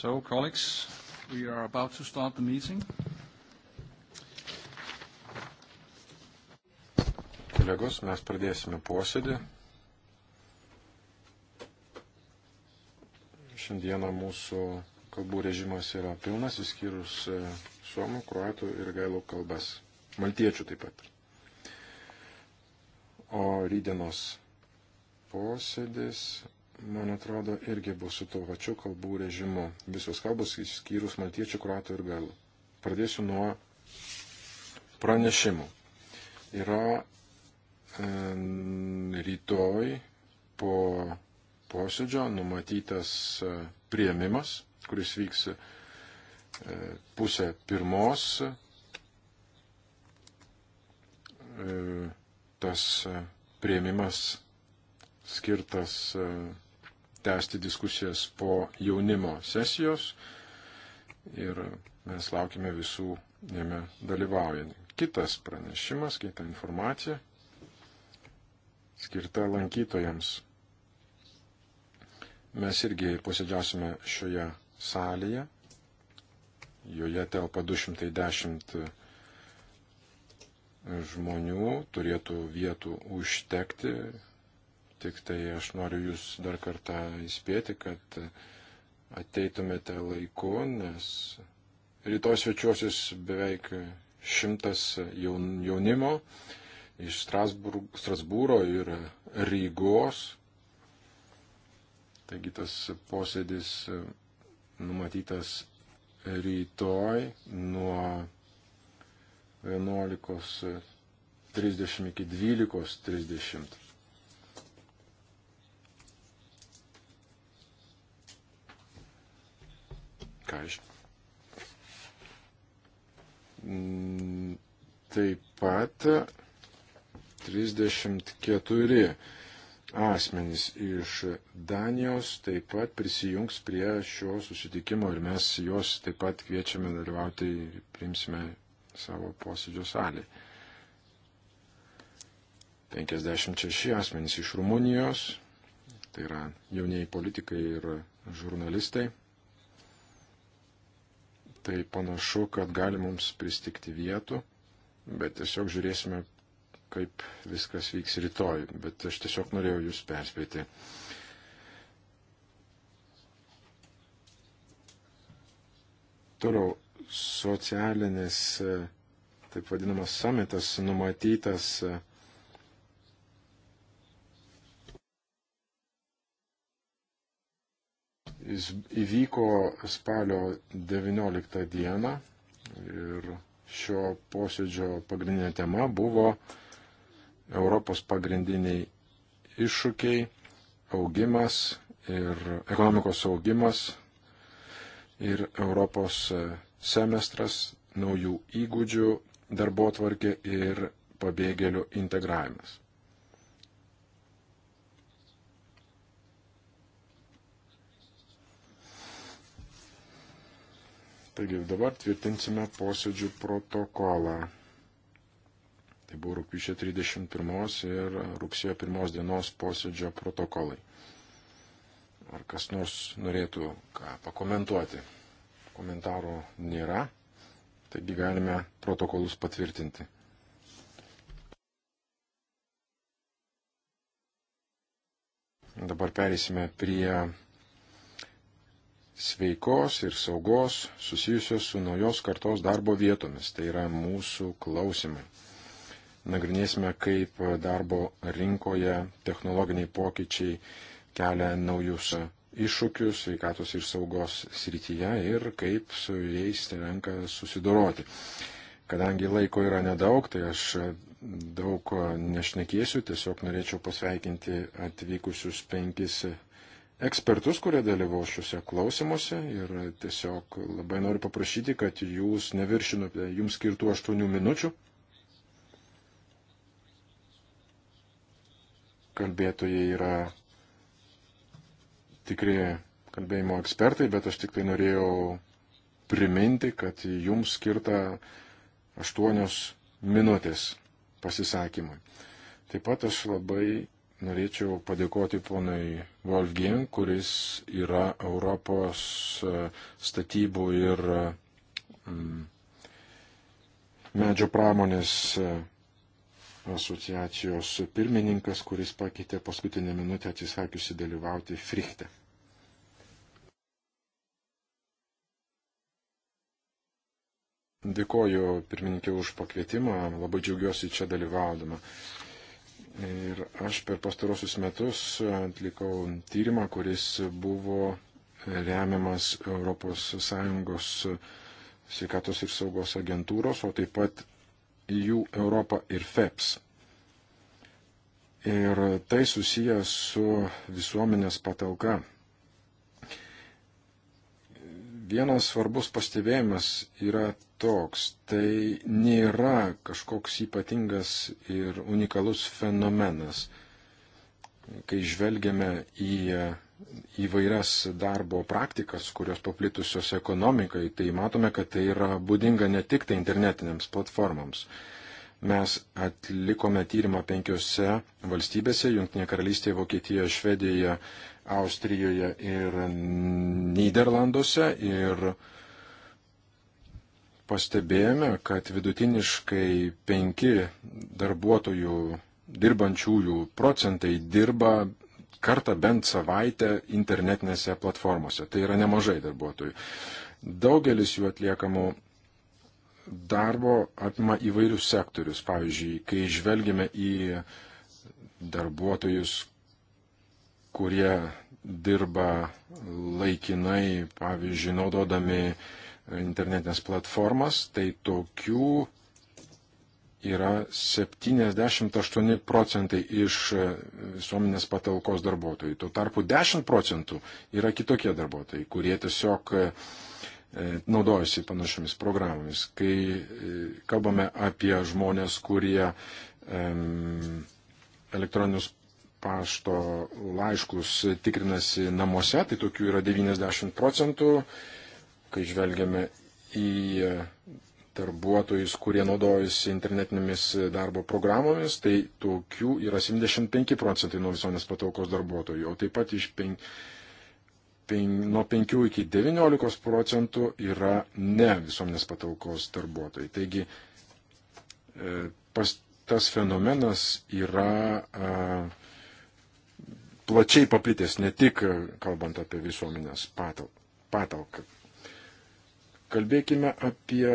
So, colleagues, we are about to start the meeting. Kolegos, mes pradėsime posėdį. Šiandieną mūsų kalbų režimas yra pilnas, įskyrus e, suomų, kruatų ir gailų kalbas. Maltiečių taip pat. O rydienos posėdis man atrodo, irgi bus su tuo pačiu kalbų režimu. Visos kalbos išskyrus maltiečių, kruatų ir galų. Pradėsiu nuo pranešimų. Yra e, rytoj po posėdžio numatytas e, prieimimas, kuris vyks e, pusę pirmos. E, tas e, prieimimas skirtas e, tęsti diskusijas po jaunimo sesijos ir mes laukime visų jame dalyvaujant. Kitas pranešimas, kita informacija skirta lankytojams. Mes irgi posėdžiausime šioje salėje. Joje telpa 210 žmonių, turėtų vietų užtekti Tik tai aš noriu jūs dar kartą įspėti, kad ateitumėte laiku, nes rytoj svečiuosis beveik šimtas jaunimo iš Strasbūro ir Rygos. Taigi tas posėdis numatytas rytoj nuo 11.30 iki 12.30. Ką iš? Mm, taip pat 34 asmenys iš Danijos taip pat prisijungs prie šio susitikimo ir mes juos taip pat kviečiame dalyvauti, priimsime savo posėdžio salį. 56 asmenys iš Rumunijos, tai yra jaunieji politikai ir žurnalistai, tai panašu, kad gali mums pristikti vietų, bet tiesiog žiūrėsime, kaip viskas vyks rytoj. Bet aš tiesiog norėjau jūs perspėti. Toliau, socialinis, e, taip vadinamas, samitas numatytas e, Jis įvyko spalio 19 dieną ir šio posėdžio pagrindinė tema buvo Europos pagrindiniai iššūkiai, augimas ir ekonomikos augimas ir Europos semestras, naujų įgūdžių darbo tvarkė ir pabėgėlių integravimas. Taigi dabar tvirtinsime posėdžių protokolą. Tai buvo rūpiučio 31 ir rugsėjo 1 dienos posėdžio protokolai. Ar kas nors norėtų ką pakomentuoti? Komentarų nėra, taigi galime protokolus patvirtinti. Dabar perėsime prie sveikos ir saugos susijusios su naujos kartos darbo vietomis. Tai yra mūsų klausimai. Nagrinėsime, kaip darbo rinkoje technologiniai pokyčiai kelia naujus iššūkius sveikatos ir saugos srityje ir kaip su jais tenka susidoroti. Kadangi laiko yra nedaug, tai aš daug nešnekėsiu, tiesiog norėčiau pasveikinti atvykusius penkis ekspertus, kurie dalyvau šiuose klausimuose ir tiesiog labai noriu paprašyti, kad jūs neviršinote jums skirtų 8 minučių. Kalbėtojai yra tikri kalbėjimo ekspertai, bet aš tik tai norėjau priminti, kad jums skirta 8 minutės pasisakymui. Taip pat aš labai norėčiau padėkoti ponai Wolfgang, kuris yra Europos e, statybų ir e, medžio pramonės e, asociacijos pirmininkas, kuris pakeitė paskutinę minutę atsisakiusi dalyvauti Frichte. Dėkoju pirmininkė už pakvietimą, labai džiaugiuosi čia dalyvaudama. Ir aš per pastarosius metus atlikau tyrimą, kuris buvo remiamas ES sveikatos ir saugos agentūros, o taip pat jų Europą ir FEPS. Ir tai susijęs su visuomenės patalka Vienas svarbus pastebėjimas yra toks, tai nėra kažkoks ypatingas ir unikalus fenomenas. Kai žvelgiame į įvairias darbo praktikas, kurios paplitusios ekonomikai, tai matome, kad tai yra būdinga ne tik tai internetinėms platformoms mes atlikome tyrimą penkiose valstybėse - Junktinėje karalystėje, Vokietijoje, Švedijoje, Austrijoje ir Niderlanduose. Ir pastebėjome, kad vidutiniškai penki darbuotojų dirbančiųjų procentai dirba kartą bent savaitę internetinėse platformose. Tai yra nemažai darbuotojų. Daugelis jų atliekamų darbo apima įvairius sektorius. Pavyzdžiui, kai žvelgime į darbuotojus, kurie dirba laikinai, pavyzdžiui, naudodami internetinės platformas, tai tokių yra 78 procentai iš visuomenės patalkos darbuotojų. Tuo tarpu 10 procentų yra kitokie darbuotojai, kurie tiesiog E, naudojasi panašiomis programomis. Kai e, kalbame apie žmonės, kurie elektroninius pašto laiškus tikrinasi namuose, tai tokių yra 90 procentų. Kai žvelgiame į darbuotojus, kurie naudojasi internetinėmis darbo programomis, tai tokių yra 75 procentai nuo visuomenės patalkos darbuotojų, o taip pat iš 5 pen, nuo 5 iki 19 procentų yra ne visuomenės patalkos darbuotojai. Taigi e, pas, tas fenomenas yra a, e, plačiai paplitęs, ne tik e, kalbant apie visuomenės patal, patalką. Kalbėkime apie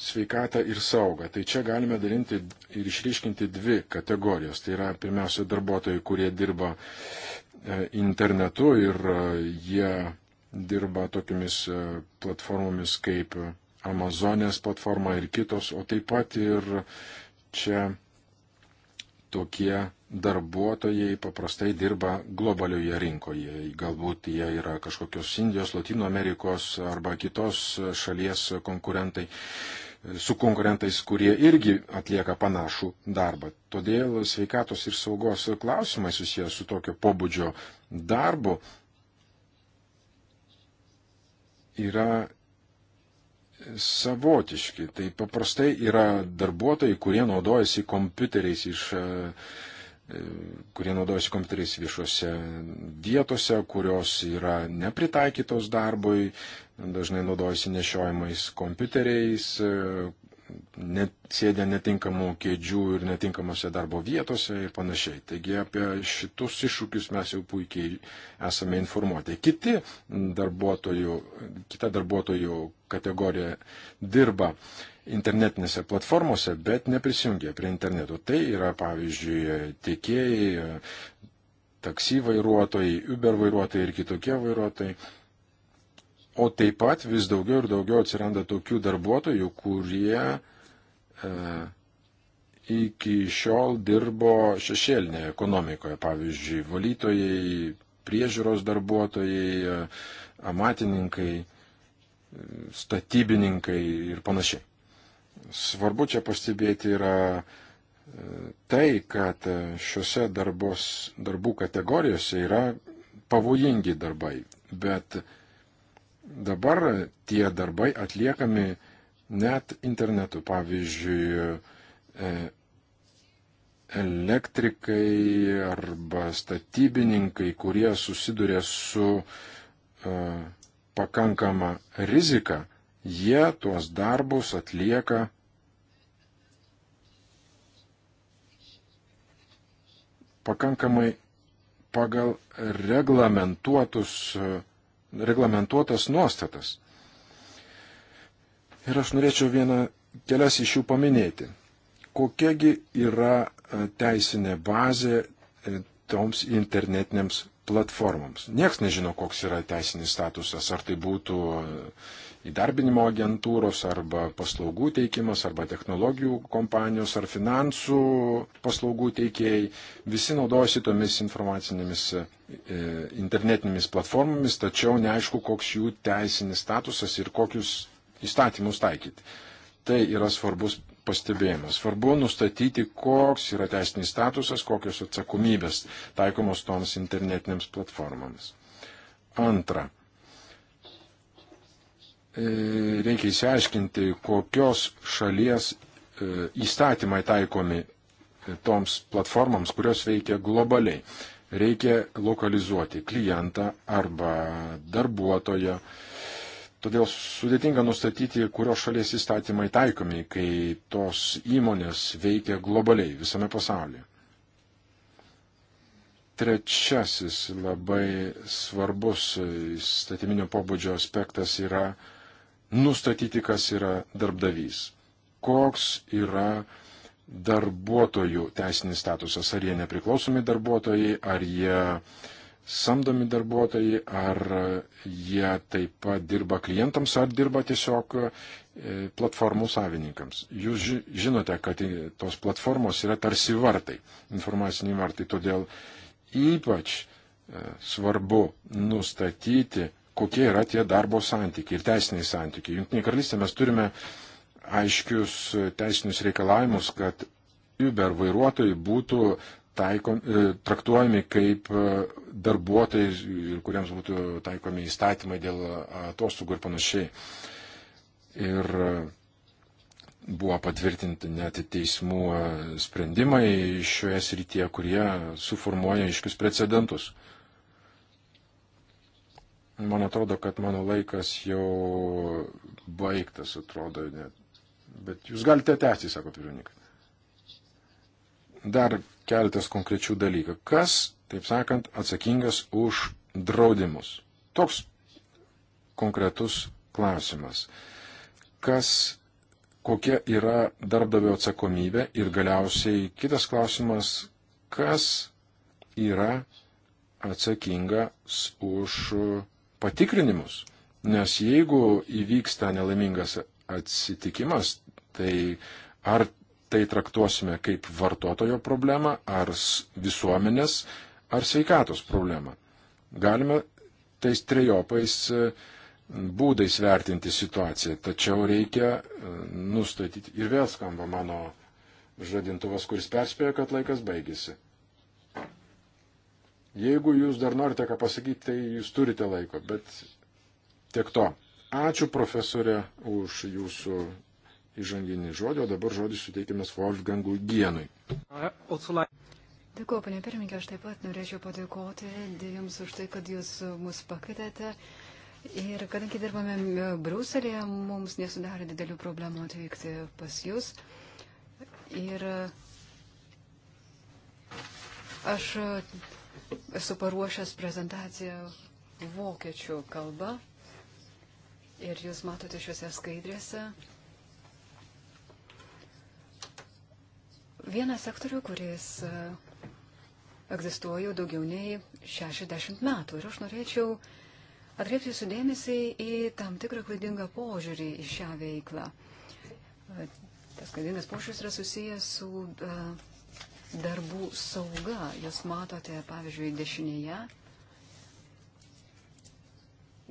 sveikatą ir saugą. Tai čia galime dalinti ir išryškinti dvi kategorijos. Tai yra pirmiausia darbuotojai, kurie dirba E, internetu ir e, jie dirba tokiamis e, platformomis kaip Amazonės platforma ir kitos, o taip pat ir čia tokie darbuotojai paprastai dirba globalioje rinkoje. Galbūt jie yra kažkokios Indijos, Latino Amerikos arba kitos šalies konkurentai su konkurentais, kurie irgi atlieka panašų darbą. Todėl sveikatos ir saugos klausimai susijęs su tokio pobūdžio darbu yra savotiški. Tai paprastai yra darbuotojai, kurie naudojasi kompiuteriais iš e, e, kurie naudojasi kompiuteriais viešose vietose, kurios yra nepritaikytos darbui, dažnai naudojasi nešiojamais kompiuteriais, e, net, sėdė netinkamų kėdžių ir netinkamose darbo vietose ir panašiai. Taigi apie šitus iššūkius mes jau puikiai esame informuoti. Kiti darbuotojų, kita darbuotojų kategorija dirba internetinėse platformose, bet neprisijungia prie interneto. Tai yra, pavyzdžiui, tiekėjai, taksi vairuotojai, Uber vairuotojai ir kitokie vairuotojai. O taip pat vis daugiau ir daugiau atsiranda tokių darbuotojų, kurie e, iki šiol dirbo šešėlinėje ekonomikoje, pavyzdžiui, valytojai, priežiūros darbuotojai, e, amatininkai, statybininkai ir panašiai. Svarbu čia pastebėti yra e, tai, kad e, šiuose darbos, darbų kategorijose yra pavojingi darbai, bet Dabar tie darbai atliekami net internetu. Pavyzdžiui, e, elektrikai arba statybininkai, kurie susiduria su e, pakankama rizika, jie tuos darbus atlieka pakankamai pagal reglamentuotus e, reglamentuotas nuostatas. Ir aš norėčiau vieną, kelias iš jų paminėti. Kokiagi yra e, teisinė bazė e, toms internetinėms platformoms? Niekas nežino, koks yra teisinis statusas, ar tai būtų uh, įdarbinimo agentūros arba paslaugų teikimas arba technologijų kompanijos ar finansų paslaugų teikėjai. Visi naudojasi tomis informacinėmis e, internetinėmis platformomis, tačiau neaišku, koks jų teisinis statusas ir kokius įstatymus taikyti. Tai yra svarbus pastebėjimas. Svarbu nustatyti, koks yra teisinis statusas, kokios atsakomybės taikomos toms internetinėms platformoms. Antra, E, reikia įsiaiškinti, kokios šalies e, įstatymai taikomi e, toms platformoms, kurios veikia globaliai. Reikia lokalizuoti klientą arba darbuotoją. Todėl sudėtinga nustatyti, kurios šalies įstatymai taikomi, kai tos įmonės veikia globaliai visame pasaulyje. Trečiasis labai svarbus įstatyminio pobūdžio aspektas yra nustatyti, kas yra darbdavys, koks yra darbuotojų teisinis statusas, ar jie nepriklausomi darbuotojai, ar jie samdomi darbuotojai, ar jie taip pat dirba klientams, ar dirba tiesiog e, platformų savininkams. Jūs žinote, kad tos platformos yra tarsi vartai, informaciniai vartai, todėl ypač e, svarbu nustatyti kokie yra tie darbo santykiai ir teisiniai santykiai. Junktinė karalystė mes turime aiškius teisinius reikalavimus, kad Uber vairuotojai būtų taikom, e, traktuojami kaip e, darbuotojai, kuriems būtų taikomi įstatymai dėl atostogų ir panašiai. Ir e, buvo patvirtinti net teismų sprendimai šioje srityje, kurie suformuoja iškius precedentus. Man atrodo, kad mano laikas jau baigtas, atrodo, net. Bet jūs galite tęsti, sako Vironikai. Dar keletas konkrečių dalykų. Kas, taip sakant, atsakingas už draudimus? Toks konkretus klausimas. Kas, kokia yra darbdavio atsakomybė ir galiausiai kitas klausimas, kas yra atsakingas už patikrinimus, nes jeigu įvyksta nelaimingas atsitikimas, tai ar tai traktuosime kaip vartotojo problemą, ar visuomenės, ar sveikatos problemą. Galime tais trejopais e, būdais vertinti situaciją, tačiau reikia e, nustatyti. Ir vėl skamba mano žadintuvas, kuris perspėja, kad laikas baigėsi. Jeigu jūs dar norite ką pasakyti, tai jūs turite laiko, bet tiek to. Ačiū profesorė už jūsų įžanginį žodį, o dabar žodį suteikiamas Wolfgangui Gienui. Dėkuoju, panė pirmininkė, aš taip pat norėčiau padėkoti Jums už tai, kad Jūs mus pakvietėte. Ir kadangi dirbame Bruselėje, mums nesudarė didelių problemų atvykti pas Jūs. Ir aš esu paruošęs prezentaciją vokiečių kalba. Ir jūs matote šiuose skaidrėse vieną sektorių, kuris e, egzistuoja jau daugiau nei 60 metų. Ir aš norėčiau atkreipti jūsų dėmesį į tam tikrą klaidingą požiūrį į šią veiklą. E, tas klaidingas požiūris yra susijęs su uh, darbų sauga. Jūs matote, pavyzdžiui, dešinėje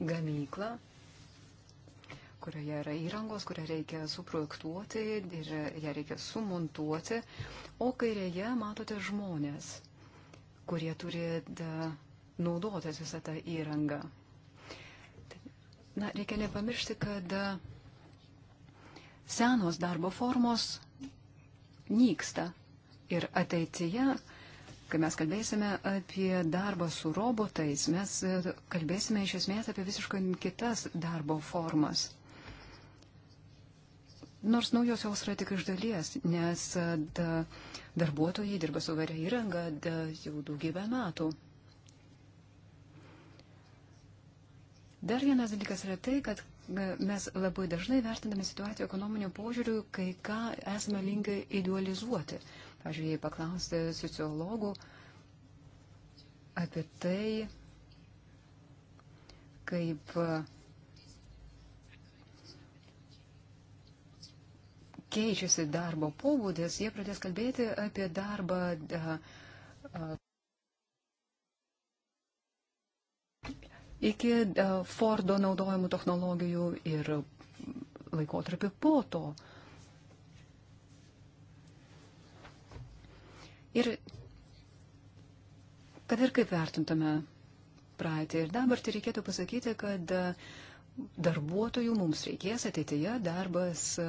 gamyklą, kurioje yra įrangos, kurią reikia suprojektuoti ir ją reikia sumontuoti, o kairėje matote žmonės, kurie turi naudotis visą tą įrangą. Na, reikia nepamiršti, kad senos darbo formos nyksta Ir ateityje, kai mes kalbėsime apie darbą su robotais, mes e, kalbėsime iš esmės apie visiškai kitas darbo formas. Nors naujos jos yra tik iš dalies, nes e, da, darbuotojai dirba su varia įranga da, jau daugybę metų. Dar vienas dalykas yra tai, kad e, mes labai dažnai vertindami situaciją ekonominių požiūrių, kai ką esame linkę idealizuoti. Uh, Pavyzdžiui, jei paklausti sociologų apie tai, kaip keičiasi darbo pobūdis, jie pradės kalbėti apie darbą. Da, a, iki Fordo naudojamų technologijų ir laikotarpį po to. Ir kad ir kaip vertintume praeitį ir dabartį, tai reikėtų pasakyti, kad e, darbuotojų mums reikės ateityje, darbas, e,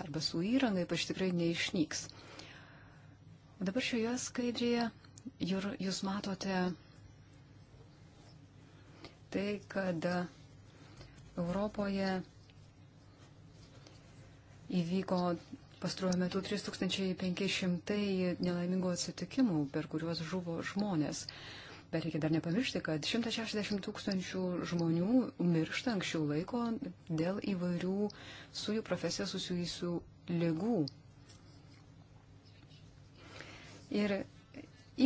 darbas su įrangai pač tikrai neišnyks. Dabar šioje skaidrėje jūs matote tai, kad e, Europoje įvyko Pastaruoju metu 3500 nelaimingų atsitikimų, per kuriuos žuvo žmonės. Bet reikia dar nepamiršti, kad 160 tūkstančių žmonių miršta anksčiau laiko dėl įvairių su jų profesija susijusių lygų. Ir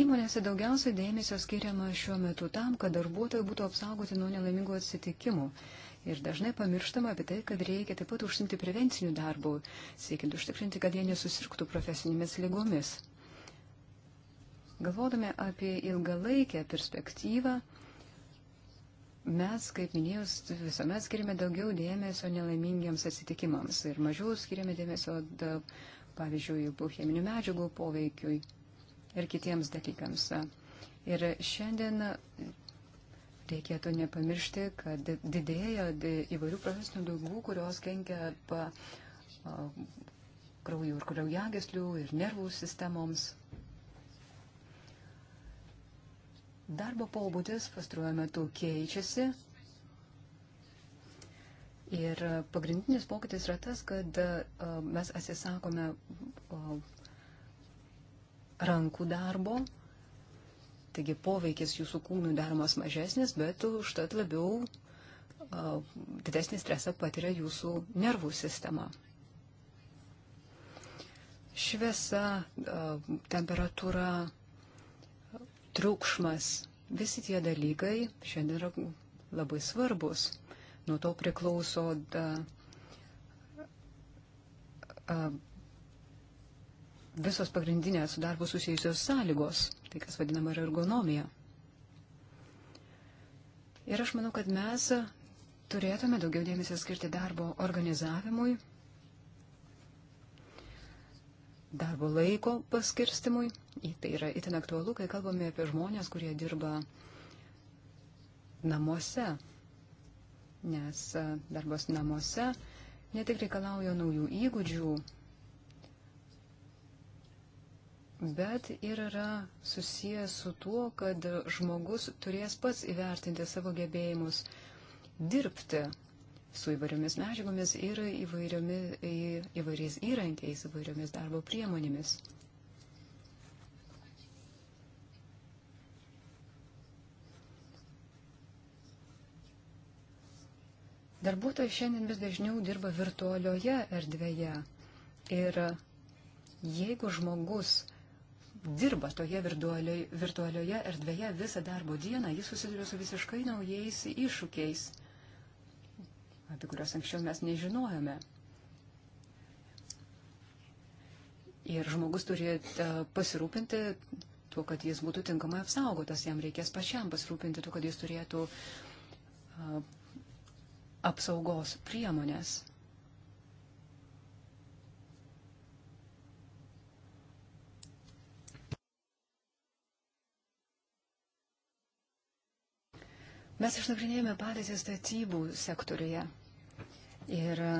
įmonėse daugiausiai dėmesio skiriama šiuo metu tam, kad darbuotojai būtų apsaugoti nuo nelaimingų atsitikimų. Ir dažnai pamirštama apie tai, kad reikia taip pat užsimti prevencinių darbų, siekiant užtikrinti, kad jie nesusirgtų profesinėmis lygomis. Galvodami apie ilgalaikę perspektyvą, mes, kaip minėjau, visuomet skiriame daugiau dėmesio nelaimingiams atsitikimams ir mažiau skiriame dėmesio, da, pavyzdžiui, cheminių medžiagų poveikiui ir kitiems dalykams. Ir šiandien Reikėtų nepamiršti, kad didėja įvairių profesinių daugų, kurios kenkia kraujų ir kraujageslių ir nervų sistemoms. Darbo pobūdis pastaruoju metu keičiasi ir pagrindinis pokytis yra tas, kad mes atsisakome rankų darbo Taigi poveikis jūsų kūnui daromas mažesnis, bet užtat labiau a, didesnį stresą patiria jūsų nervų sistema. Šviesa, a, temperatūra, triukšmas, visi tie dalykai šiandien yra labai svarbus. Nuo to priklauso da, a, visos pagrindinės su darbu susijusios sąlygos tai kas vadinama yra ergonomija. Ir aš manau, kad mes turėtume daugiau dėmesio skirti darbo organizavimui, darbo laiko paskirstimui. Tai yra itin aktualu, kai kalbame apie žmonės, kurie dirba namuose, nes darbas namuose ne tik reikalauja naujų įgūdžių, bet ir yra susijęs su tuo, kad žmogus turės pats įvertinti savo gebėjimus dirbti su įvairiomis medžiagomis ir įvairiomis, įvairiais įrankiais, įvairiomis darbo priemonėmis. Darbuotojai šiandien vis dažniau dirba virtualioje erdvėje ir jeigu žmogus dirba toje virtualioje, virtualioje erdvėje visą darbo dieną, jis susiduria su visiškai naujais iššūkiais, apie kuriuos anksčiau mes nežinojome. Ir žmogus turi e, pasirūpinti tuo, kad jis būtų tinkamai apsaugotas, jam reikės pačiam pasirūpinti tuo, kad jis turėtų e, apsaugos priemonės. Mes išnagrinėjome padėtį statybų sektoriuje ir e,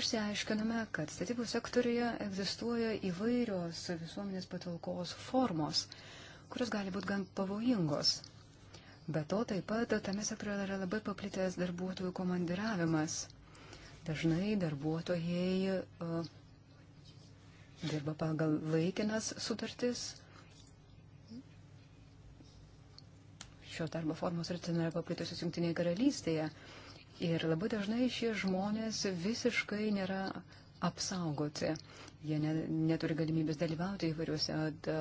išsiaiškinome, kad statybų sektoriuje egzistuoja įvairios visuomenės patalkos formos, kurios gali būti gan pavojingos. Be to taip pat tame sektoriuje yra labai paplitęs darbuotojų komandiravimas. Dažnai darbuotojai o, e, dirba pagal laikinas sutartis, šios darbo formos rutina yra paplitusios Junktinėje karalystėje. Ir labai dažnai šie žmonės visiškai nėra apsaugoti. Jie ne, neturi galimybės dalyvauti įvairiuose da,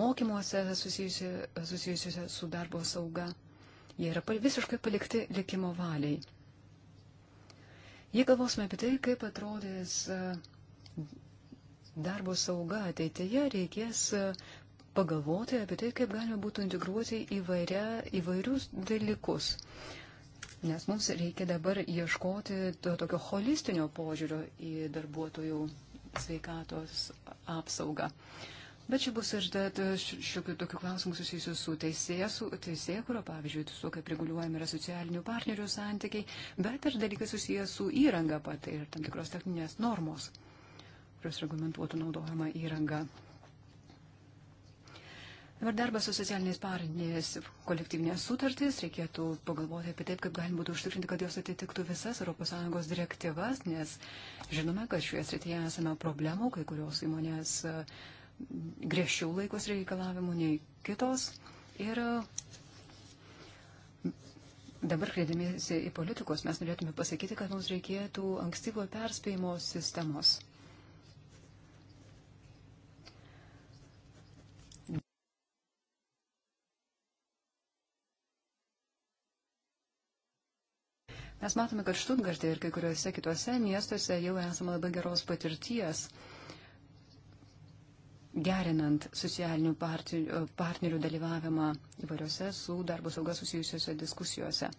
mokymuose susijusiuose su darbo sauga. Jie yra pal, visiškai palikti likimo valiai. Jei galvosime apie tai, kaip atrodys darbo sauga ateityje, reikės pagalvoti apie tai, kaip galima būtų integruoti įvairia, įvairius dalykus. Nes mums reikia dabar ieškoti to tokio holistinio požiūrio į darbuotojų sveikatos apsaugą. Bet čia bus ir šiokių tokių klausimų susijusių su teisėje, kurio, pavyzdžiui, su kaip reguliuojami yra socialinių partnerių santykiai, bet ir dalykai susijęs su įranga patai ir tam tikros techninės normos, kurios reglamentuotų naudojama įranga. Dabar darbas su socialiniais partneriais kolektyvinės sutartys. Reikėtų pagalvoti apie taip, kaip galima būtų užtikrinti, kad jos atitiktų visas ES direktyvas, nes žinome, kad šioje srityje esame problemų, kai kurios įmonės e, griežčiau laikos reikalavimų nei kitos. Ir Dabar, kreidamiesi į politikos, mes norėtume pasakyti, kad mums reikėtų ankstyvo perspėjimo sistemos. Mes matome, kad Štutgartė ir kai kuriuose kitose miestuose jau esame labai geros patirties gerinant socialinių partijų, e, partnerių dalyvavimą įvairiose su darbo sauga susijusiuose diskusijose.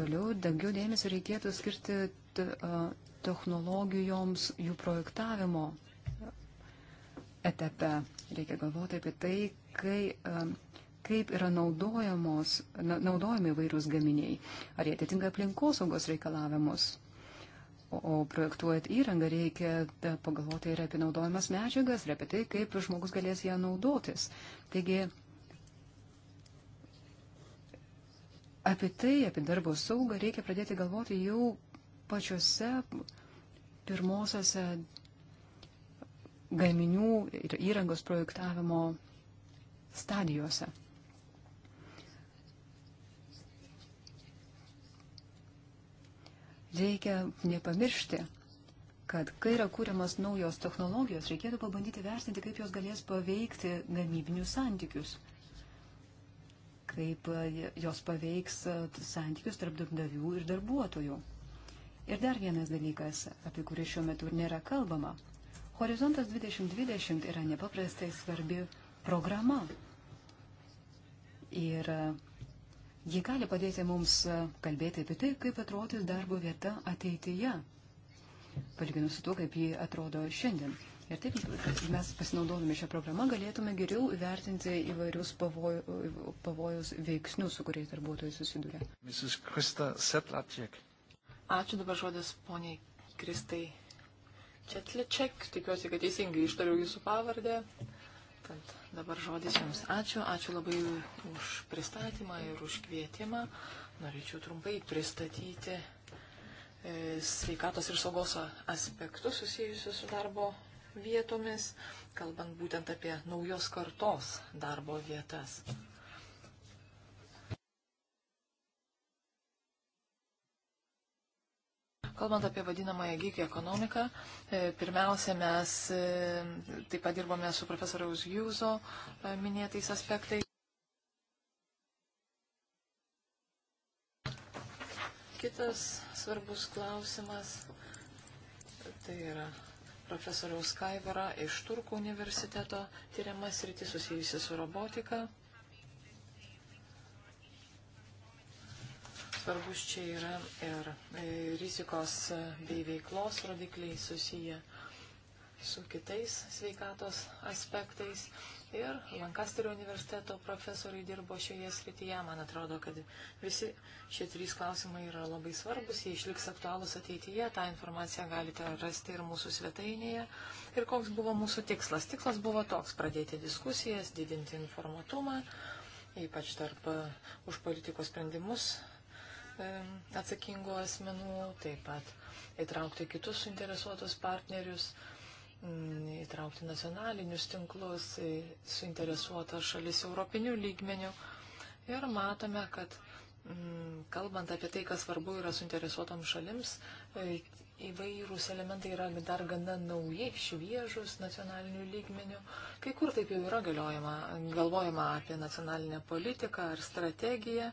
Toliau daugiau dėmesio reikėtų skirti e, technologijoms jų projektavimo etape. Reikia galvoti apie tai, kai e, kaip yra naudojami vairūs gaminiai, ar jie atitinka aplinkosaugos reikalavimus. O, o projektuojant įrangą reikia pagalvoti ir apie naudojamas medžiagas, ir apie tai, kaip žmogus galės ją naudotis. Taigi, apie tai, apie darbo saugą reikia pradėti galvoti jau pačiuose pirmosiose gaminių ir įrangos projektavimo stadijose. Reikia nepamiršti, kad kai yra kūriamas naujos technologijos, reikėtų pabandyti vertinti, kaip jos galės paveikti gamybinius santykius kaip e, jos paveiks e, santykius tarp darbdavių ir darbuotojų. Ir dar vienas dalykas, apie kurį šiuo metu nėra kalbama. Horizontas 2020 yra nepaprastai svarbi programa. Ir e, Ji gali padėti mums e, kalbėti apie tai, kaip atrodys darbo vieta ateityje, palyginus su to, kaip ji atrodo šiandien. Ir taip mes pasinaudodami šią programą galėtume geriau vertinti įvairius pavojų, pavojus veiksnius, su kuriais darbuotojai susiduria. Ačiū dabar žodis poniai Kristai Četliček. Tikiuosi, kad teisingai ištariau jūsų pavardę. Tad dabar žodis Jums ačiū. Ačiū labai už pristatymą ir už kvietimą. Norėčiau trumpai pristatyti e, sveikatos ir saugos aspektus susijusius su darbo vietomis, kalbant būtent apie naujos kartos darbo vietas. Kalbant apie vadinamąją gig ekonomiką, e, pirmiausia, mes e, taip pat dirbome su profesoriaus Jūzo e, minėtais aspektais. Kitas svarbus klausimas tai yra profesoriaus Kaivara iš Turkų universiteto tyriamas rytis susijusi su robotika. svarbus čia yra ir e, rizikos bei veiklos rodikliai susiję su kitais sveikatos aspektais. Ir Lankasterio universiteto profesoriai dirbo šioje srityje. Man atrodo, kad visi šie trys klausimai yra labai svarbus. Jie išliks aktualūs ateityje. Ta informacija galite rasti ir mūsų svetainėje. Ir koks buvo mūsų tikslas? Tikslas buvo toks - pradėti diskusijas, didinti informatumą, ypač tarp e, už politikos sprendimus E, atsakingų asmenų, taip pat įtraukti kitus suinteresuotus partnerius, įtraukti nacionalinius tinklus, suinteresuotas šalis europinių lygmenių. Ir matome, kad kalbant apie tai, kas svarbu yra suinteresuotam šalims, e, įvairūs elementai yra dar gana nauji, šviežus nacionalinių lygmenių. Kai kur taip jau yra galiojama, galvojama apie nacionalinę politiką ar strategiją.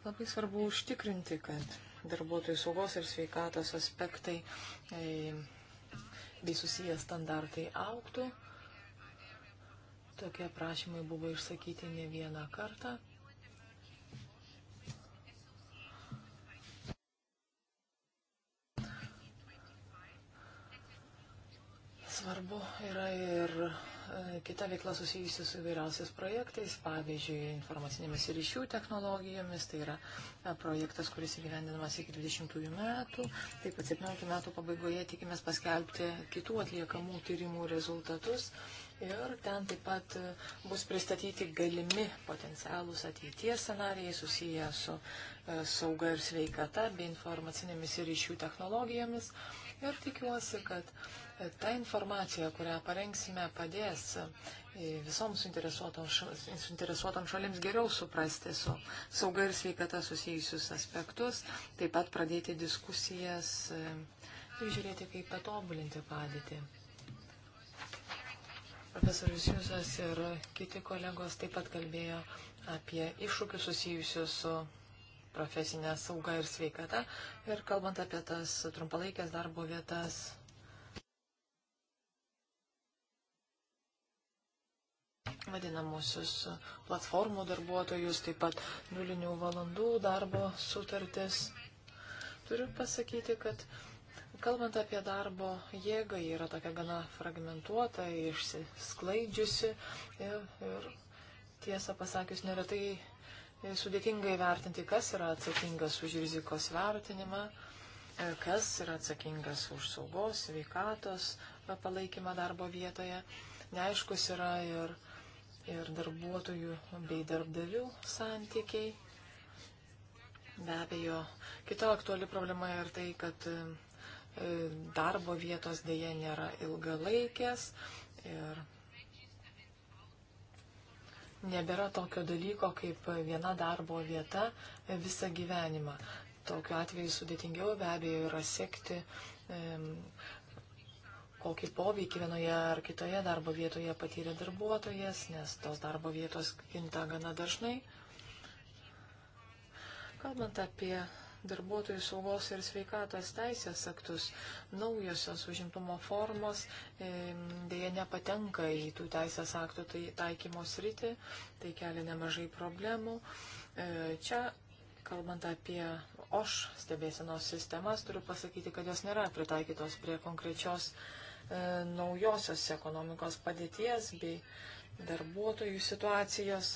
Labai svarbu užtikrinti, kad darbuotojų saugos ir sveikatos aspektai e, bei susiję standartai auktų. Tokie prašymai buvo išsakyti ne vieną kartą. Svarbu yra ir kita veikla susijusi su įvairiausiais projektais, pavyzdžiui, informacinėmis ryšių technologijomis, tai yra e, projektas, kuris įgyvendinamas iki 20 metų, taip pat 17 metų pabaigoje tikimės paskelbti kitų atliekamų tyrimų rezultatus ir ten taip pat e, bus pristatyti galimi potencialūs ateities scenarijai susiję su e, sauga ir sveikata bei informacinėmis ryšių technologijomis. Ir tikiuosi, kad Ta informacija, kurią parengsime, padės e, visoms suinteresuotoms šalims geriau suprasti su sauga ir sveikata susijusius aspektus, taip pat pradėti diskusijas e, ir žiūrėti, kaip patobulinti padėtį. Profesorius Jūsas ir kiti kolegos taip pat kalbėjo apie iššūkius susijusius su profesinė sauga ir sveikata. Ir kalbant apie tas trumpalaikės darbo vietas, vadinamosius platformų darbuotojus, taip pat nulinių valandų darbo sutartis. Turiu pasakyti, kad kalbant apie darbo jėgą, ji yra tokia gana fragmentuota, išsisklaidžiusi ir, ir tiesą pasakius, neretai sudėtingai vertinti, kas yra atsakingas už rizikos vertinimą, kas yra atsakingas už saugos, sveikatos palaikymą darbo vietoje. Neaiškus yra ir ir darbuotojų bei darbdavių santykiai. Be abejo, kita aktuali problema ir tai, kad e, darbo vietos dėje nėra ilgalaikės ir nebėra tokio dalyko kaip viena darbo vieta visą gyvenimą. Tokiu atveju sudėtingiau be abejo yra sekti kokį poveikį vienoje ar kitoje darbo vietoje patyrė darbuotojas, nes tos darbo vietos kinta gana dažnai. Kalbant apie darbuotojų saugos ir sveikatos teisės aktus, naujosios užimtumo formos e, dėje nepatenka į tų teisės aktų tai, taikymo sritį, tai kelia nemažai problemų. E, čia kalbant apie OŠ stebėsenos sistemas, turiu pasakyti, kad jos nėra pritaikytos prie konkrečios E, naujosios ekonomikos padėties bei darbuotojų situacijos.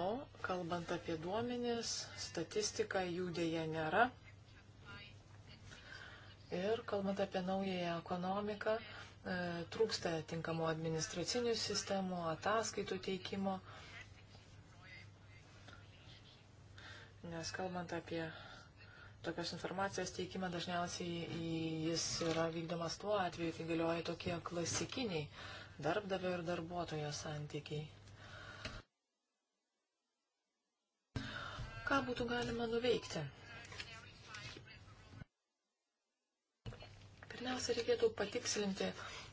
O kalbant apie duomenis, statistika jų dėje nėra. Ir kalbant apie naująją ekonomiką, e, trūksta tinkamų administracinių sistemų, ataskaitų teikimo. Nes kalbant apie tokios informacijos teikimą dažniausiai jis yra vykdomas tuo atveju, kai galioja tokie klasikiniai darbdavio ir darbuotojo santykiai. Ką būtų galima nuveikti? Pirmiausia, reikėtų patikslinti,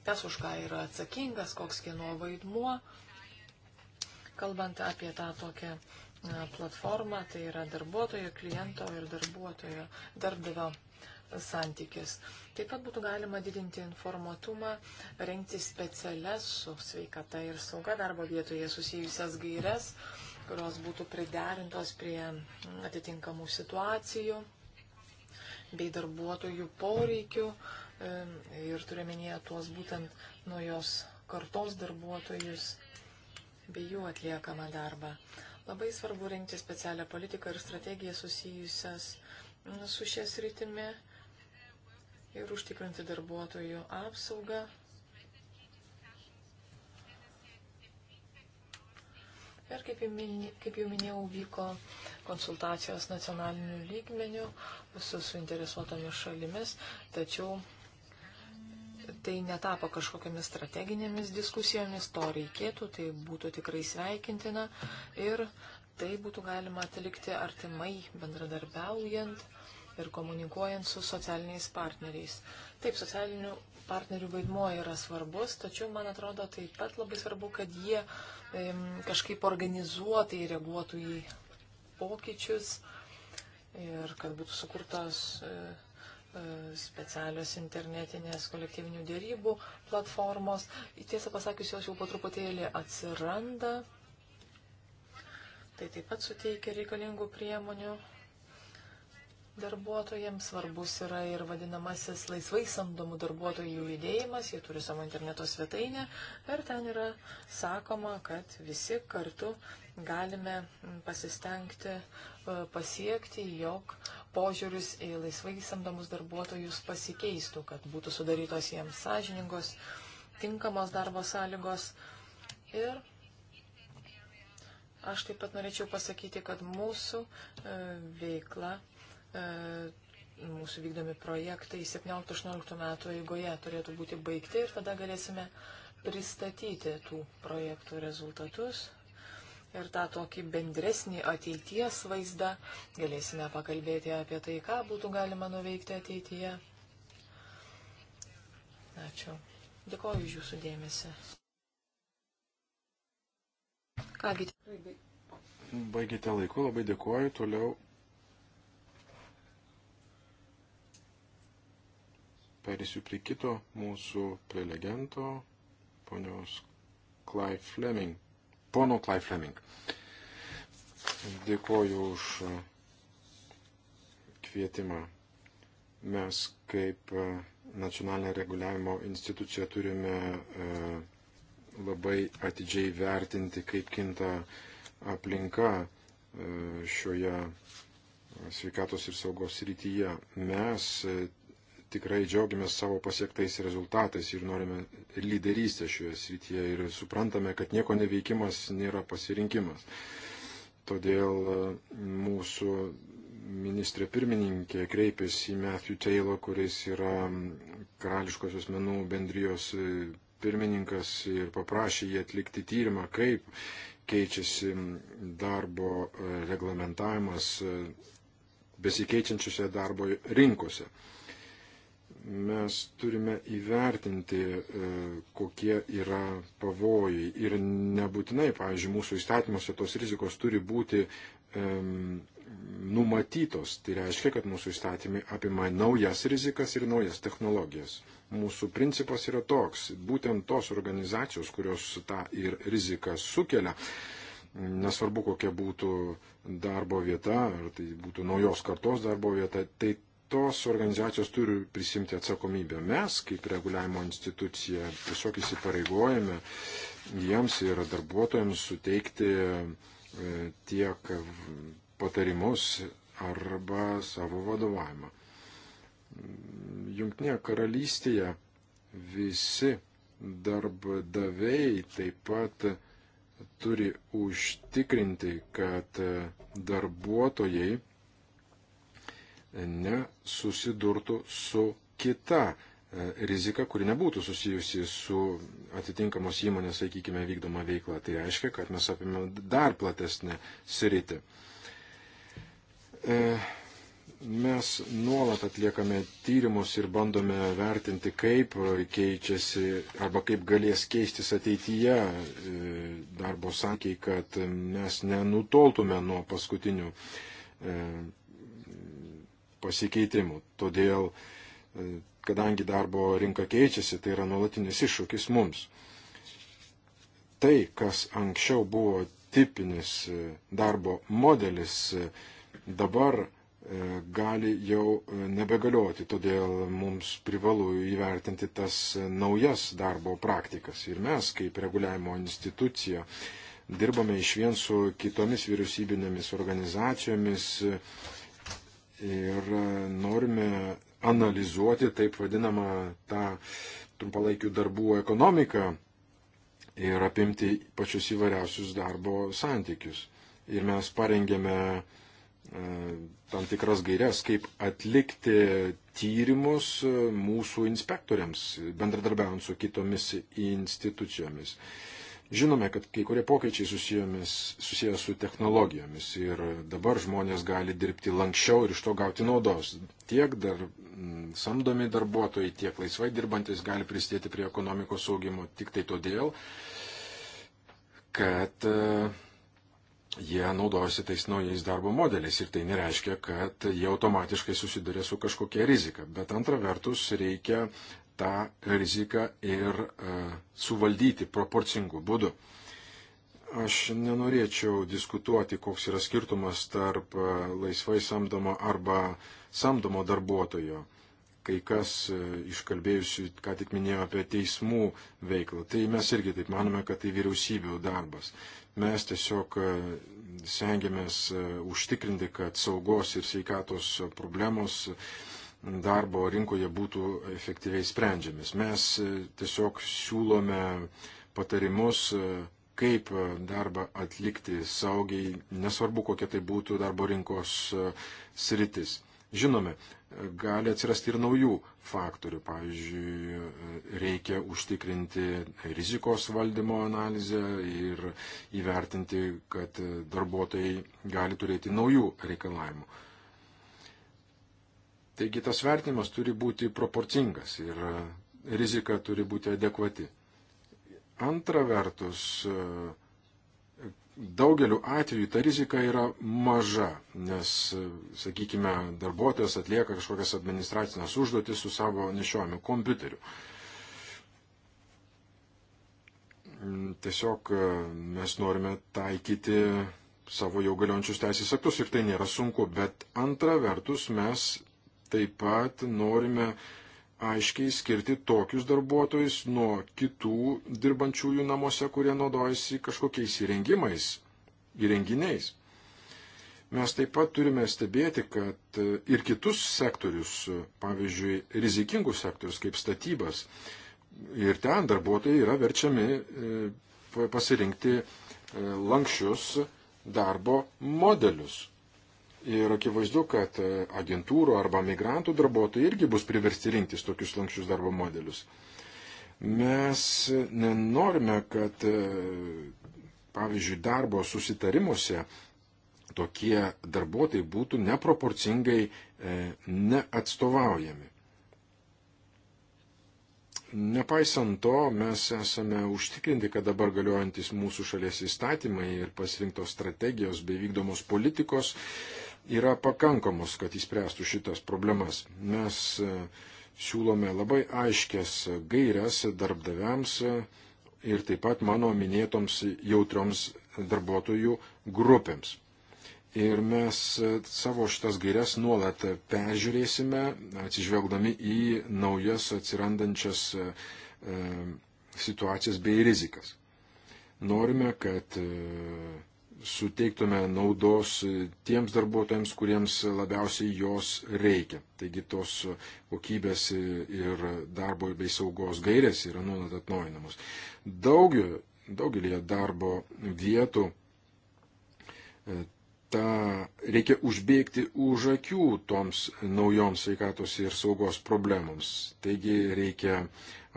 kas už ką yra atsakingas, koks kieno vaidmuo. Uh, kalbant apie tą tokią platformą, tai yra darbuotojo, kliento ir darbuotojo, darbdavio santykis. Taip pat būtų galima didinti informuotumą, rengti specialias su sveikata ir sauga darbo vietoje susijusias gairias, kurios būtų priderintos prie atitinkamų situacijų bei darbuotojų poreikių ir turiu minėję tuos būtent naujos kartos darbuotojus bei jų atliekamą darbą. Labai svarbu rinkti specialią politiką ir strategiją susijusias mm, su šias rytimi ir užtikrinti darbuotojų apsaugą. Ir kaip jau minėjau, vyko konsultacijos nacionaliniu lygmeniu su suinteresuotomis šalimis, tačiau tai netapo kažkokiamis strateginėmis diskusijomis, to reikėtų, tai būtų tikrai sveikintina ir tai būtų galima atlikti artimai bendradarbiaujant ir komunikuojant su socialiniais partneriais. Taip, socialinių partnerių vaidmuo yra svarbus, tačiau man atrodo taip pat labai svarbu, kad jie um, kažkaip organizuotai reaguotų į pokyčius ir kad būtų sukurtos uh, E, specialios internetinės kolektyvinių dėrybų platformos. Tiesą pasakius, jos jau po truputėlį atsiranda. Tai taip pat suteikia reikalingų priemonių darbuotojams. Svarbus yra ir vadinamasis laisvai samdomų darbuotojų judėjimas. Jie turi savo interneto svetainę ir ten yra sakoma, kad visi kartu galime pasistengti e, pasiekti, jog požiūris į laisvai samdomus darbuotojus pasikeistų, kad būtų sudarytos jiems sąžiningos, tinkamos darbo sąlygos. Ir aš taip pat norėčiau pasakyti, kad mūsų e, veikla, e, mūsų vykdomi projektai 17-18 metų eigoje turėtų būti baigti ir tada galėsime pristatyti tų projektų rezultatus ir tą tokį bendresnį ateities vaizdą. Galėsime pakalbėti apie tai, ką būtų galima nuveikti ateityje. Ačiū. Dėkoju už jūsų dėmesį. Kągi. Baigite laiku, labai dėkoju. Toliau perėsiu prie kito mūsų prelegento, ponios Clive Fleming. Pono Klai Fleming. Dėkoju už kvietimą. Mes kaip e, nacionalinė reguliavimo institucija turime e, labai atidžiai vertinti, kaip kinta aplinka e, šioje sveikatos ir saugos rytyje. Mes tikrai džiaugiamės savo pasiektais rezultatais ir norime lyderystę šioje srityje ir suprantame, kad nieko neveikimas nėra pasirinkimas. Todėl e, mūsų ministrė pirmininkė kreipėsi į Matthew Taylor, kuris yra karališkosios menų bendrijos e, pirmininkas ir paprašė jį atlikti tyrimą, kaip keičiasi darbo e, reglamentavimas besikeičiančiose darbo rinkose mes turime įvertinti, e, kokie yra pavojai. Ir nebūtinai, pavyzdžiui, mūsų įstatymuose tos rizikos turi būti um, numatytos. Tai reiškia, kad mūsų įstatymai apima naujas rizikas ir naujas technologijas. Mūsų principas yra toks. Būtent tos organizacijos, kurios tą ir riziką sukelia, nesvarbu kokia būtų darbo vieta, ar tai būtų naujos kartos darbo vieta, tai tos organizacijos turi prisimti atsakomybę. Mes, kaip reguliavimo institucija, tiesiog įsipareigojame jiems ir darbuotojams suteikti e, tiek patarimus arba savo vadovavimą. Junktinėje karalystėje visi darbdaviai taip pat turi užtikrinti, kad darbuotojai nesusidurtų su kita e, rizika, kuri nebūtų susijusi su atitinkamos įmonės, sakykime, vykdoma veikla. Tai reiškia, kad mes apimėm dar platesnį sritį. E, mes nuolat atliekame tyrimus ir bandome vertinti, kaip keičiasi arba kaip galės keistis ateityje e, darbo sankiai, kad mes nenutoltume nuo paskutinių pasikeitimų. Todėl, e, kadangi darbo rinka keičiasi, tai yra nuolatinis iššūkis mums. Tai, kas anksčiau buvo tipinis e, darbo modelis, e, dabar gali jau nebegalioti, todėl mums privalu įvertinti tas naujas darbo praktikas. Ir mes, kaip reguliavimo institucija, dirbame iš vien su kitomis vyriausybinėmis organizacijomis, ir e, norime analizuoti taip vadinamą tą trumpalaikių darbų ekonomiką ir apimti pačius įvairiausius darbo santykius. Ir mes parengėme e, tam tikras gairias, kaip atlikti tyrimus e, mūsų inspektoriams, bendradarbiavant su kitomis institucijomis. Žinome, kad kai kurie pokyčiai susiję su technologijomis ir dabar žmonės gali dirbti lankščiau ir iš to gauti naudos. Tiek dar mm, samdomi darbuotojai, tiek laisvai dirbantis gali prisidėti prie ekonomikos augimo tik tai todėl, kad e, jie naudojasi tais naujais darbo modeliais ir tai nereiškia, kad jie automatiškai susiduria su kažkokia rizika. Bet antra vertus reikia tą riziką ir e, suvaldyti proporcingų būdų. Aš nenorėčiau diskutuoti, koks yra skirtumas tarp e, laisvai samdomo arba samdomo darbuotojo. Kai kas e, iškalbėjusių ką tik minėjo apie teismų veiklą, tai mes irgi taip manome, kad tai vyriausybių darbas. Mes tiesiog stengiamės užtikrinti, kad saugos ir sveikatos problemos uh, darbo rinkoje būtų efektyviai sprendžiamis. Mes e, tiesiog siūlome patarimus, e, kaip darbą atlikti saugiai, nesvarbu kokia tai būtų darbo rinkos e, sritis. Žinome, gali atsirasti ir naujų faktorių. Pavyzdžiui, reikia užtikrinti rizikos valdymo analizę ir įvertinti, kad darbuotojai gali turėti naujų reikalavimų. Taigi tas vertinimas turi būti proporcingas ir e, rizika turi būti adekvati. Antra vertus, e, daugeliu atveju ta rizika yra maža, nes, e, sakykime, darbuotojas atlieka kažkokias administracinės užduotis su savo nešiojimu kompiuteriu. Mm, tiesiog mes norime taikyti savo jau galiojančius teisės aktus ir tai nėra sunku, bet antra vertus mes taip pat norime aiškiai skirti tokius darbuotojus nuo kitų dirbančiųjų namuose, kurie naudojasi kažkokiais įrengimais, įrenginiais. Mes taip pat turime stebėti, kad ir kitus sektorius, pavyzdžiui, rizikingus sektorius kaip statybas, ir ten darbuotojai yra verčiami e, pasirinkti e, lankščius darbo modelius. Ir akivaizdu, kad e, agentūrų arba migrantų darbuotojai irgi bus priversti rinktis tokius lankščius darbo modelius. Mes nenorime, kad, e, pavyzdžiui, darbo susitarimuose tokie darbuotojai būtų neproporcingai e, neatstovaujami. Nepaisant to, mes esame užtikrinti, kad dabar galiojantis mūsų šalies įstatymai ir pasirinktos strategijos bei vykdomos politikos e, yra pakankamos, kad įspręstų šitas problemas. Mes e, siūlome labai aiškias gairias darbdaviams e, ir taip pat mano minėtoms jautrioms darbuotojų grupėms. Ir mes e, savo šitas gairias nuolat peržiūrėsime, atsižvelgdami į naujas atsirandančias situacijas bei rizikas. Norime, kad suteiktume naudos tiems darbuotojams, kuriems labiausiai jos reikia. Taigi tos kokybės ir darbo bei saugos gairės yra nuolat atnaujinamos. Daugiu, daugelį darbo vietų e, ta, reikia užbėgti už akių toms naujoms sveikatos ir saugos problemams. Taigi reikia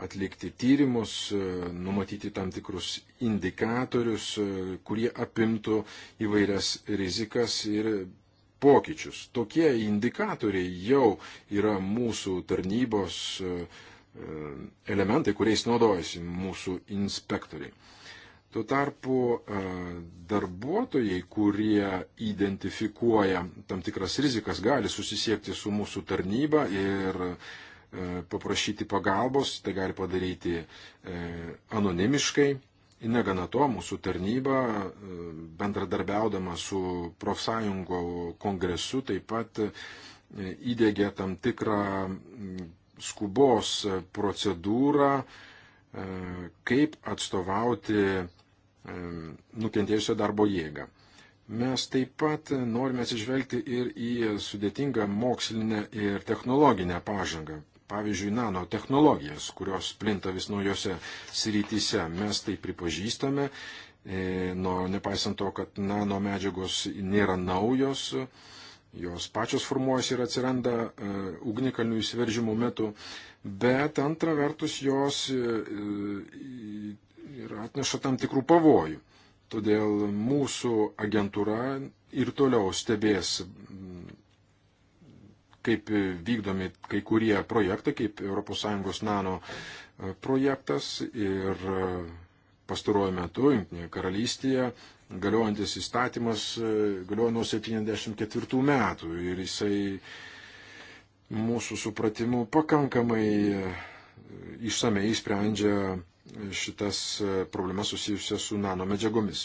atlikti tyrimus, e, numatyti tam tikrus indikatorius, e, kurie apimtų įvairias rizikas ir pokyčius. Tokie indikatoriai jau yra mūsų tarnybos e, elementai, kuriais naudojasi mūsų inspektoriai. Tuo tarpu darbuotojai, kurie identifikuoja tam tikras rizikas, gali susisiekti su mūsų tarnyba ir uh, E, paprašyti pagalbos, tai gali padaryti e, anonimiškai. Negana to, mūsų tarnyba, e, bendradarbiaudama su profsąjungo kongresu, taip pat įdėgė tam tikrą skubos procedūrą, kaip atstovauti nukentėjusią darbo jėgą. Mes taip pat norime atsižvelgti ir į sudėtingą mokslinę ir technologinę pažangą pavyzdžiui, nanotehnologijas, kurios plinta vis naujose srityse. Mes tai pripažįstame, e, nuo nepaisant to, kad nanomedžiagos nėra naujos, jos pačios formuojasi ir atsiranda e, ugnikalnių įsiveržimo metu, bet antra vertus jos e, ir atneša tam tikrų pavojų. Todėl mūsų agentūra ir toliau stebės kaip vykdomi kai kurie projektai, kaip ES nano e, projektas ir e, pastaruoju metu Junktinėje karalystėje galiojantis įstatymas e, galioja nuo 74 metų ir jisai mūsų supratimu pakankamai išsamei sprendžia šitas problemas susijusias su nano medžiagomis.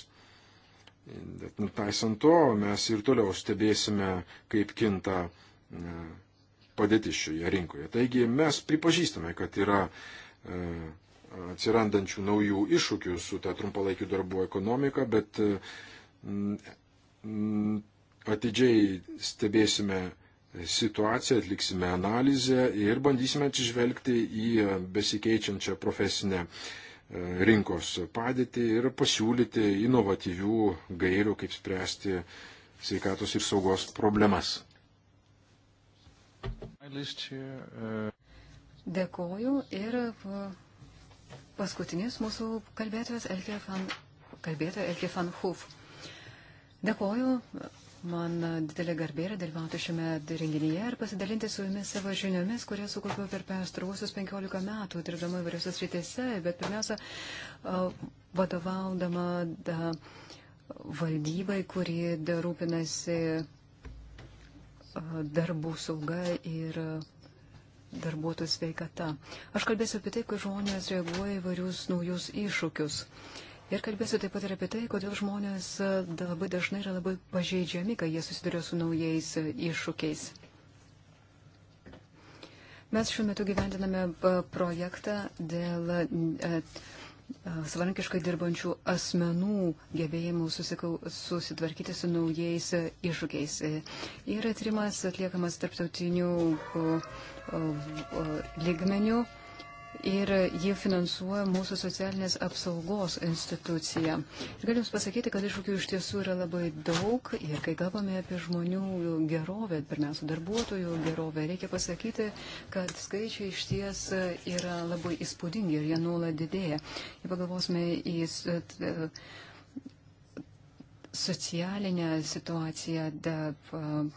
Bet nutaisant to, mes ir toliau stebėsime, kaip kinta E, padėtis šioje rinkoje. Taigi mes pripažįstame, kad yra e, atsirandančių naujų iššūkių su ta trumpalaikių darbų ekonomika, bet mm, mm, atidžiai stebėsime situaciją, atliksime analizę ir bandysime atsižvelgti į besikeičiančią profesinę e, rinkos padėtį ir pasiūlyti inovatyvių gairių, kaip spręsti sveikatos ir saugos problemas. Dėkoju ir paskutinis mūsų kalbėtojas Elke van, kalbėtoja Elke van Huf. Dėkoju, man didelė garbė yra dalyvauti šiame renginyje ir pasidalinti su jumis savo žiniomis, kurie sukaupiau per pastaruosius 15 metų, dirbdama įvairiose srityse, bet pirmiausia, vadovaudama da, valdybai, kuri rūpinasi darbų sauga ir darbuotojų sveikata. Aš kalbėsiu apie tai, kad žmonės reaguoja įvairius naujus iššūkius. Ir kalbėsiu taip pat ir apie tai, kodėl žmonės labai dažnai yra labai pažeidžiami, kai jie susiduria su naujais iššūkiais. Mes šiuo metu gyvendiname projektą dėl savarankiškai dirbančių asmenų gebėjimų susikau, susitvarkyti su naujais e, iššūkiais. Ir e, tyrimas atliekamas tarptautinių lygmenių. Uh, uh, ir jie finansuoja mūsų socialinės apsaugos instituciją. Ir galiu Jums pasakyti, kad iššūkių iš tiesų yra labai daug ir kai kalbame apie žmonių gerovę, pirmiausia, darbuotojų gerovę, reikia pasakyti, kad skaičiai iš ties yra labai įspūdingi ir jie nuolat didėja. Jei pagalvosime į socialinę situaciją, da,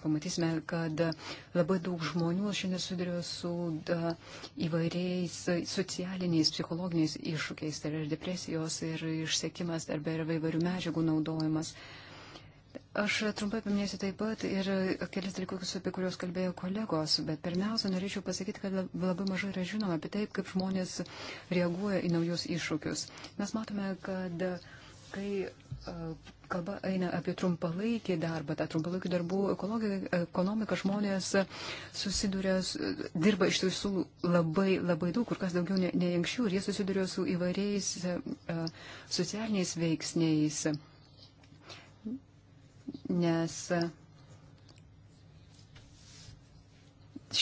pamatysime, kad labai daug žmonių šiandien suduria su da, įvairiais socialiniais, psichologiniais iššūkiais, tai yra ir depresijos, ir išsekimas, arba ir įvairių medžiagų naudojimas. Aš trumpai paminėsiu taip pat ir kelias dalykus, apie kuriuos kalbėjo kolegos, bet pirmiausia, norėčiau pasakyti, kad labai mažai yra žinoma apie taip, kaip žmonės reaguoja į naujus iššūkius. Mes matome, kad kai kalba eina apie trumpalaikį darbą. Ta trumpalaikį darbų ekonomika žmonės susiduria, dirba iš tiesų labai, labai daug, kur kas daugiau nei ne anksčiau, ir jie susiduria su įvairiais e, e, socialiniais veiksniais. Nes e,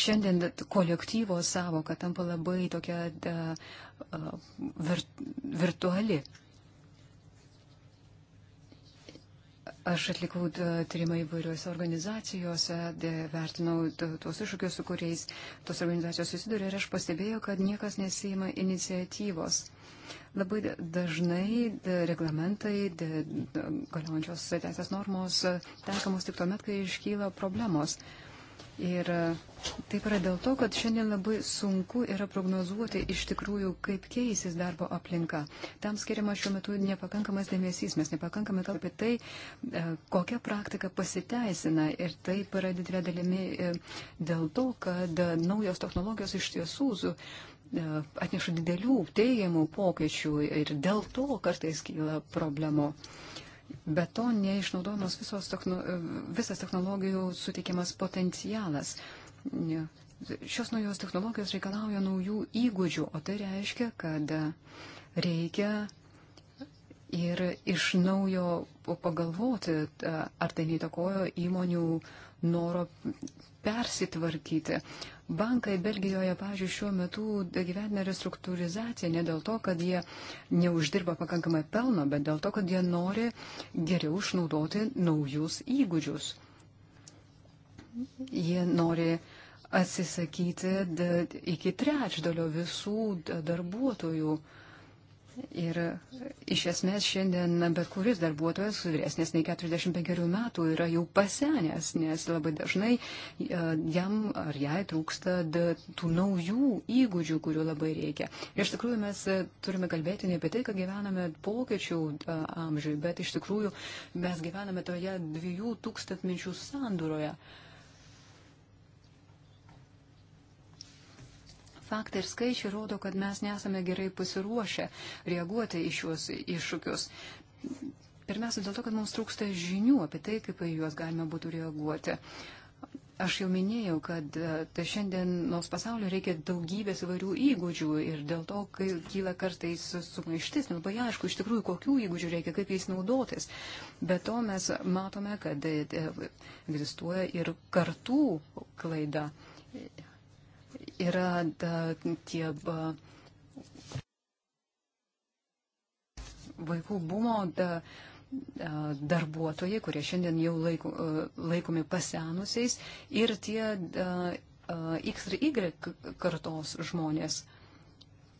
šiandien kolektyvo savoka tampa labai tokia da, virt, virtuali. Aš atlikau e, tyrimą įvairiuose organizacijose, vertinau tuos iššūkius, su kuriais tos organizacijos susiduria ir aš pastebėjau, kad niekas nesima iniciatyvos. Labai dažnai reglamentai, galiojančios teisės normos e, taikomos tik tuomet, kai iškyla problemos. Ir e, taip yra dėl to, kad šiandien labai sunku yra prognozuoti iš tikrųjų, kaip keisis darbo aplinka. Tam skiriama šiuo metu nepakankamas dėmesys, mes nepakankamai kalbame apie tai, e, kokia praktika pasiteisina. Ir taip yra didelė dalimi e, dėl to, kad naujos technologijos iš tiesų atneša didelių teigiamų pokyčių ir dėl to kartais kyla problemų. Be to neišnaudojamas visos, visas technologijų suteikiamas potencialas. Šios naujos technologijos reikalauja naujų įgūdžių, o tai reiškia, kad reikia ir iš naujo pagalvoti, ar tai neįtakojo įmonių noro persitvarkyti. Bankai Belgijoje, pažiūrėjau, šiuo metu gyvena restruktūrizaciją ne dėl to, kad jie neuždirba pakankamai pelno, bet dėl to, kad jie nori geriau išnaudoti naujus įgūdžius. Jie nori atsisakyti iki trečdalio visų darbuotojų. Uh, Ir iš esmės šiandien bet kuris darbuotojas vyresnės nei 45 metų yra jau pasenęs, nes labai dažnai e, jam ar jai trūksta tų naujų įgūdžių, kurių labai reikia. Ir iš tikrųjų mes e, turime kalbėti ne apie tai, kad gyvename pokyčių e, amžiui, bet iš tikrųjų mes gyvename toje dviejų tūkstantmečių sanduroje. Faktai ir skaičiai rodo, kad mes nesame gerai pasiruošę reaguoti į šiuos iššūkius. Pirmiausia, dėl to, kad mums trūksta žinių apie tai, kaip į juos galima būtų reaguoti. Aš jau minėjau, kad e, tai šiandienos pasaulio reikia daugybės įvairių įgūdžių ir dėl to, kai kyla kartais sumaištis, labai aišku, iš tikrųjų, kokių įgūdžių reikia, kaip jais naudotis. Be to mes matome, kad e, e, egzistuoja ir kartų klaida yra da, tie ba, vaikų bumo da, da, darbuotojai, kurie šiandien jau laiko, e, laikomi pasenusiais, ir tie da, X ir Y kartos žmonės.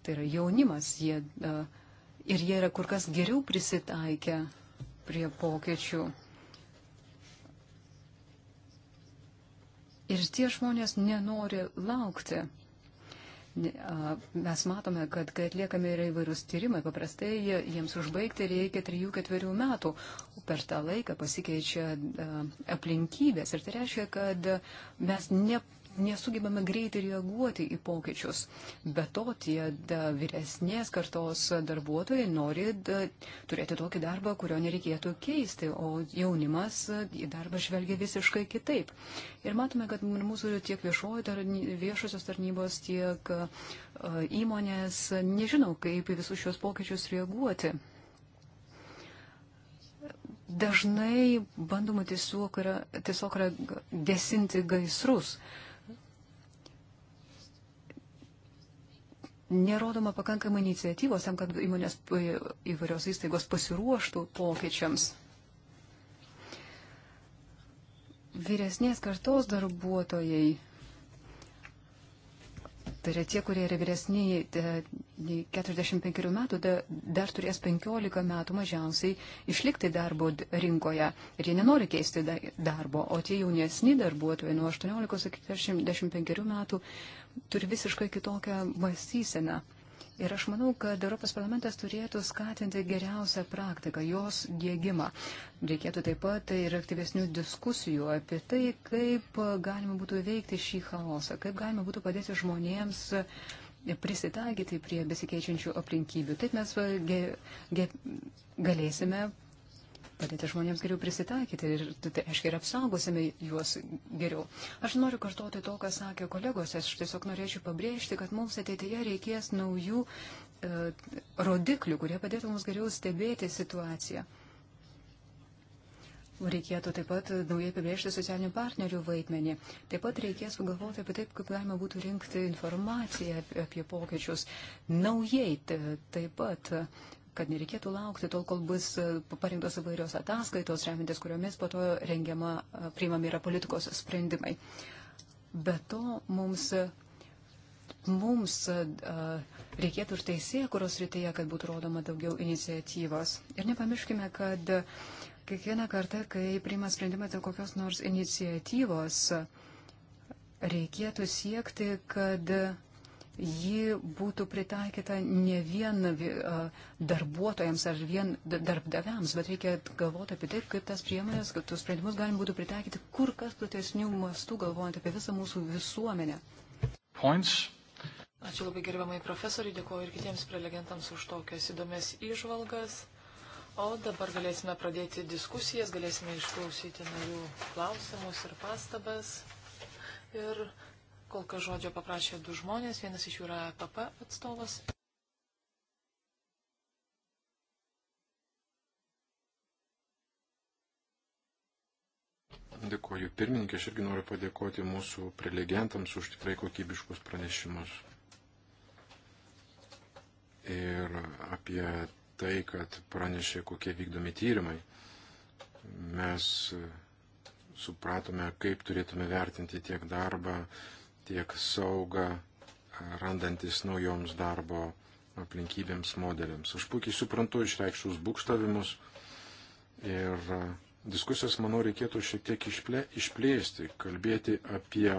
Tai yra jaunimas, jie, da, ir jie yra kur kas geriau prisitaikę prie pokyčių. Ir tie žmonės nenori laukti. Mes matome, kad kai atliekami yra įvairūs tyrimai, paprastai jiems užbaigti reikia 3-4 metų. Per tą laiką pasikeičia aplinkybės ir tai reiškia, kad mes ne, nesugebame greitai reaguoti į pokyčius. Be to, tie da, vyresnės kartos darbuotojai nori da, turėti tokį darbą, kurio nereikėtų keisti, o jaunimas e, į darbą žvelgia visiškai kitaip. Ir matome, kad mūsų tiek viešojo, tarny, viešosios tarnybos, tiek a, e, įmonės nežinau, kaip į visus šios pokyčius reaguoti dažnai bandoma tiesiog, yra, tiesiog yra gesinti gaisrus, nerodoma pakankamai iniciatyvos tam, kad įmonės e, įvairios įstaigos pasiruoštų pokyčiams. Vyresnės kartos darbuotojai, tai yra tie, kurie yra vyresni e, nei 45 metų, dar turės 15 metų mažiausiai išlikti darbo rinkoje ir jie nenori keisti darbo, o tie jaunesni darbuotojai nuo 18 iki 45 metų turi visiškai kitokią mąstyseną. Ir aš manau, kad Europos parlamentas turėtų skatinti geriausią praktiką, jos dėgymą. Reikėtų taip pat ir aktyvesnių diskusijų apie tai, kaip galima būtų veikti šį chaosą, kaip galima būtų padėti žmonėms prisitaikyti prie besikeičiančių aplinkybių. Taip mes ge, ge, galėsime padėti žmonėms geriau prisitaikyti ir, tai, aiškiai, ir apsaugosime juos geriau. Aš noriu kartoti to, ką sakė kolegos, aš tiesiog norėčiau pabrėžti, kad mums ateityje reikės naujų e, rodiklių, kurie padėtų mums geriau stebėti situaciją. Reikėtų taip pat naujai apibriežti socialinių partnerių vaidmenį. Taip pat reikės pagalvoti apie taip, kaip galima būtų rinkti informaciją apie, apie pokyčius. Naujai taip pat kad nereikėtų laukti tol, kol bus e, parengtos įvairios ataskaitos, remintis kuriomis po to rengiama, e, priimami yra politikos sprendimai. Be to, mums, e, mums reikėtų ir teisė, kurios rytėje, kad būtų rodoma daugiau iniciatyvos. Ir nepamirškime, kad kiekvieną kartą, kai priima sprendimą dėl kokios nors iniciatyvos, reikėtų siekti, kad ji būtų pritaikyta ne vien darbuotojams ar vien darbdaviams, bet reikia galvoti apie taip, kaip tas priemonės, kad tuos sprendimus galim būtų pritaikyti kur kas platesnių mastų, galvojant apie visą mūsų visuomenę. Points. Ačiū labai gerbiamai profesoriai, dėkuoju ir kitiems prelegentams už tokias įdomias išvalgas. O dabar galėsime pradėti diskusijas, galėsime išklausyti narių klausimus ir pastabas. Ir Kol kas žodžio paprašė du žmonės, vienas iš jų yra PP atstovas. Dėkuoju pirmininkė, aš irgi noriu padėkoti mūsų prelegentams už tikrai kokybiškus pranešimus. Ir apie tai, kad pranešė, kokie vykdomi tyrimai, mes supratome, kaip turėtume vertinti tiek darbą tiek saugą randantis naujoms darbo aplinkybėms modeliams. Aš puikiai suprantu išreikštus būkštavimus ir e, diskusijas, manau, reikėtų šiek tiek išplė, išplėsti, kalbėti apie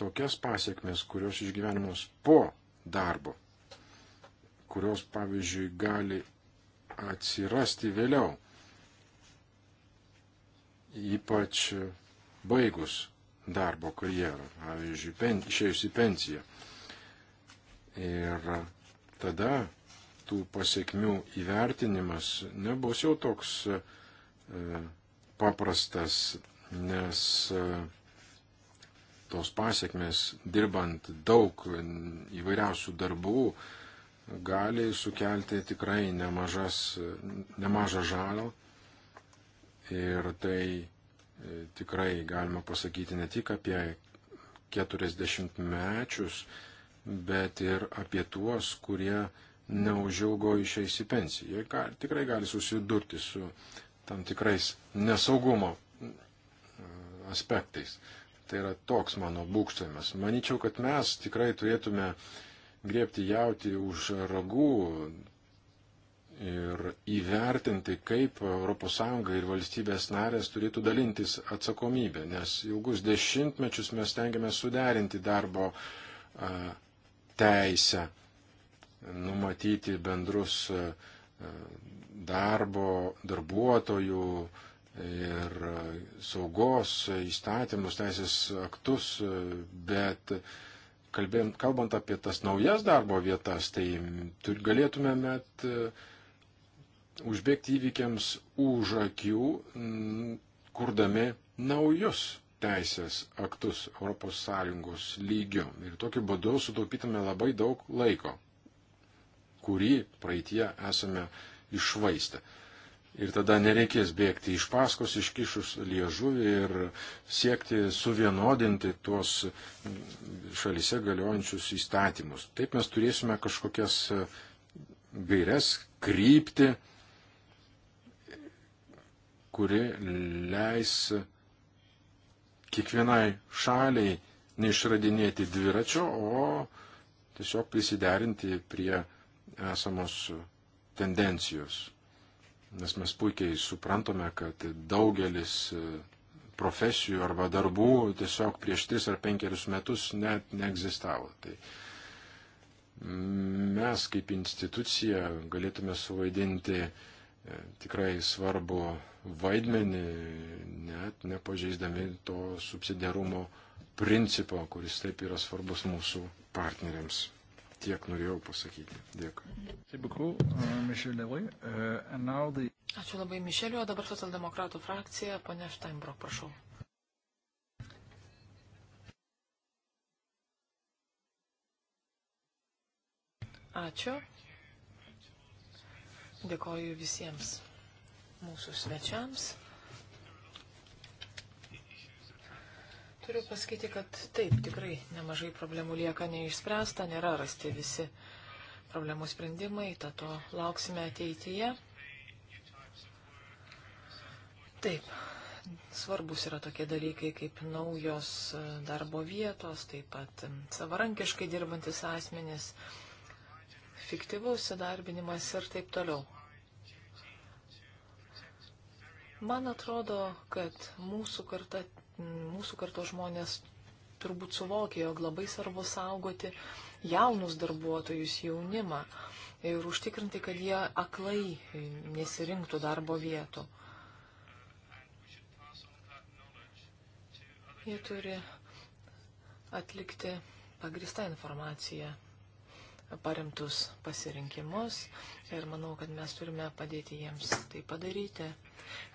tokias pasiekmes, kurios išgyvenimos po darbo, kurios, pavyzdžiui, gali atsirasti vėliau, ypač baigus darbo karjerą, pavyzdžiui, pen, išėjus į pensiją. Ir tada tų pasiekmių įvertinimas nebus jau toks e, paprastas, nes e, tos pasiekmes dirbant daug įvairiausių darbų gali sukelti tikrai nemažas, nemažą žalą ir tai tikrai galima pasakyti ne tik apie 40-mečius, bet ir apie tuos, kurie neužilgo išeis į pensiją. Jie tikrai gali susidurti su tam tikrais nesaugumo mm, aspektais. Tai yra toks mano būkštavimas. Manyčiau, kad mes tikrai turėtume griebti jauti už ragų, ir įvertinti, kaip ES ir valstybės narės turėtų dalintis atsakomybę, nes ilgus dešimtmečius mes tengiamės suderinti darbo teisę, numatyti bendrus darbo darbuotojų ir saugos įstatymus, teisės aktus, bet kalbėjom, kalbant apie tas naujas darbo vietas, tai galėtume met uh, užbėgti įvykiams už akių, kurdami naujus teisės aktus ES lygiu. Ir tokiu būdu sutaupytume labai daug laiko, kurį praeitie esame išvaistę. Ir tada nereikės bėgti iš paskos, iškišus liežuvį ir siekti suvienodinti tuos šalise galiojančius įstatymus. Taip mes turėsime kažkokias gairias krypti, kuri leis kiekvienai šaliai neišradinėti dviračio, o tiesiog prisiderinti prie esamos tendencijos. Nes mes puikiai suprantame, kad daugelis profesijų arba darbų tiesiog prieš 3 ar 5 metus net neegzistavo. Tai mes kaip institucija galėtume suvaidinti e, tikrai svarbu vaidmenį, net nepažeisdami to subsidiarumo principo, kuris taip yra svarbus mūsų partneriams. Tiek norėjau pasakyti. Dėkui. Euh, euh, Ačiū labai, Mišeliu. O dabar socialdemokratų frakcija, ponia Steinbrok, prašau. Ačiū. Dėkoju visiems mūsų svečiams. Turiu pasakyti, kad taip, tikrai nemažai problemų lieka neišspręsta, nėra rasti visi problemų sprendimai, tad to lauksime ateityje. Taip, svarbus yra tokie dalykai kaip naujos darbo vietos, taip pat savarankiškai dirbantis asmenys, fiktyvus įdarbinimas ir taip toliau. Man atrodo, kad mūsų, karta, mūsų karto žmonės turbūt suvokė, jog labai svarbu saugoti jaunus darbuotojus, jaunimą ir užtikrinti, kad jie aklai nesirinktų darbo vietų. Jie turi atlikti pagristą informaciją paremtus pasirinkimus ir manau, kad mes turime padėti jiems tai padaryti.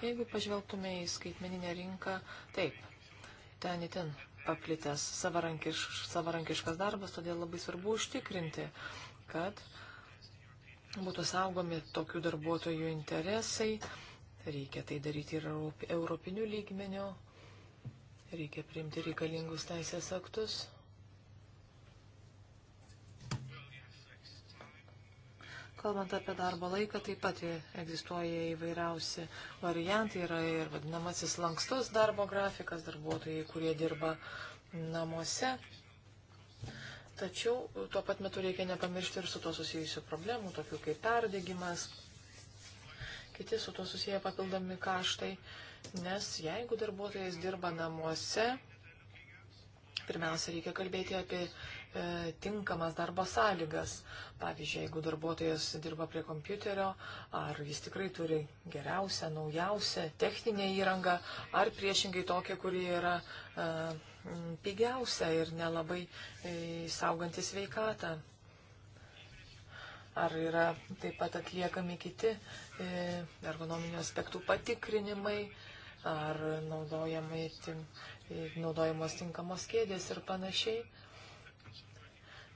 Jeigu pažvelgtume į skaitmeninę rinką, taip, ten įtin paplitęs savarankiš, savarankiškas darbas, todėl labai svarbu užtikrinti, kad būtų saugomi tokių darbuotojų interesai. Reikia tai daryti ir europinių lygmenių. Reikia priimti reikalingus teisės aktus. Kalbant apie darbo laiką, taip pat egzistuoja įvairiausi variantai. Yra ir vadinamasis lankstus darbo grafikas, darbuotojai, kurie dirba namuose. Tačiau tuo pat metu reikia nepamiršti ir su to susijusių problemų, tokių kaip perdėgymas, kiti su to susiję papildomi kaštai. Nes jeigu darbuotojas dirba namuose, pirmiausia, reikia kalbėti apie E, tinkamas darbo sąlygas. Pavyzdžiui, jeigu darbuotojas dirba prie kompiuterio, ar jis tikrai turi geriausią, naujausią techninę įrangą, ar priešingai tokią, kuri yra e, pigiausia ir nelabai e, sauganti sveikatą. Ar yra taip pat atliekami kiti ergonominių aspektų patikrinimai, ar naudojamos tinkamos kėdės ir panašiai.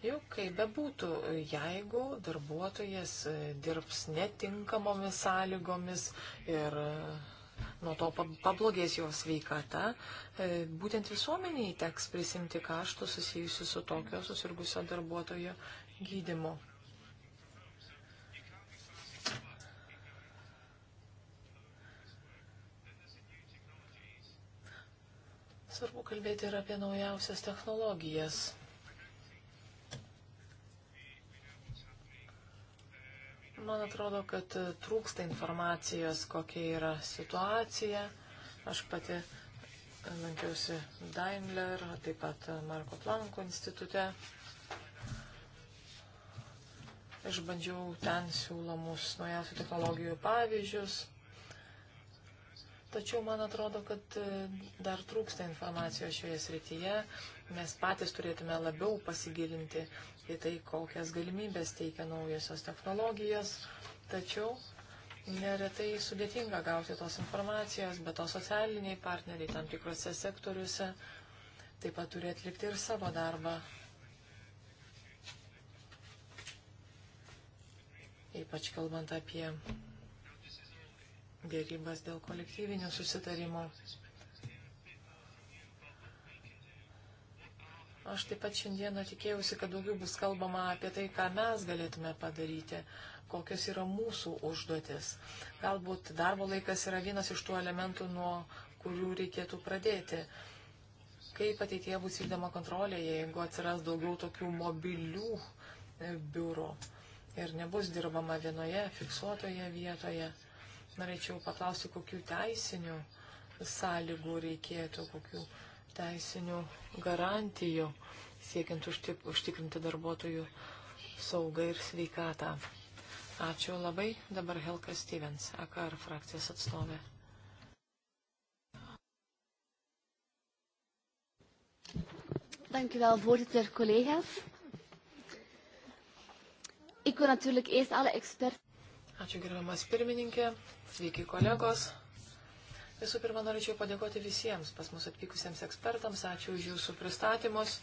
Juk kaip bebūtų, jeigu darbuotojas dirbs netinkamomis sąlygomis ir e, nuo to pablogės jo sveikata, e, būtent visuomeniai teks prisimti kaštų susijusių su tokio susirgusio darbuotojo gydimu. Svarbu kalbėti ir apie naujausias technologijas. Man atrodo, kad e, trūksta informacijos, kokia yra situacija. Aš pati e, lankiausi Daimler, taip pat e, Marko Planko institute. Išbandžiau ten siūlomus naujausių technologijų pavyzdžius. Tačiau man atrodo, kad dar trūksta informacijos šioje srityje. Mes patys turėtume labiau pasigilinti į tai, kokias galimybės teikia naujosios technologijos, tačiau neretai sudėtinga gauti tos informacijos, bet to socialiniai partneriai tam tikrose sektoriuose taip pat turi atlikti ir savo darbą. Ypač kalbant apie dėrybas dėl kolektyvinio susitarimo. Aš taip pat šiandieną tikėjausi, kad daugiau bus kalbama apie tai, ką mes galėtume padaryti, kokios yra mūsų užduotis. Galbūt darbo laikas yra vienas iš tų elementų, nuo kurių reikėtų pradėti. Kaip ateityje bus vykdoma kontrolė, jeigu atsiras daugiau tokių mobilių e, biurų ir nebus dirbama vienoje fiksuotoje vietoje. Norėčiau paklausti, kokių teisinių sąlygų reikėtų, kokių teisinių garantijų, siekiant užtikrinti darbuotojų saugą ir sveikatą. Ačiū labai. Dabar Helka Stevens, AKR frakcijos atstovė. Dank u wel, voorzitter, collega's. Ik wil natuurlijk eerst alle experts. Ačiū gerbiamas pirmininkė, sveiki kolegos. Visų pirma, norėčiau padėkoti visiems pas mus atvykusiems ekspertams. Ačiū už jūsų pristatymus.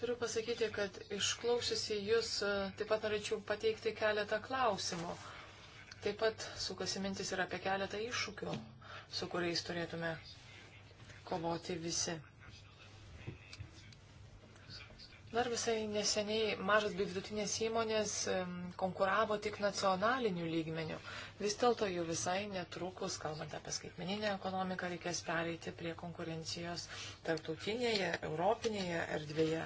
Turiu pasakyti, kad išklausiusi jūs e, taip pat norėčiau pateikti keletą klausimų. Taip pat sukasi mintis ir apie keletą iššūkių, su kuriais turėtume kovoti visi. Dar visai neseniai mažas bei vidutinės įmonės konkuravo tik nacionaliniu lygmeniu. Vis dėlto jau visai netrukus, kalbant apie skaitmeninę ekonomiką, reikės pereiti prie konkurencijos tarptautinėje, europinėje erdvėje.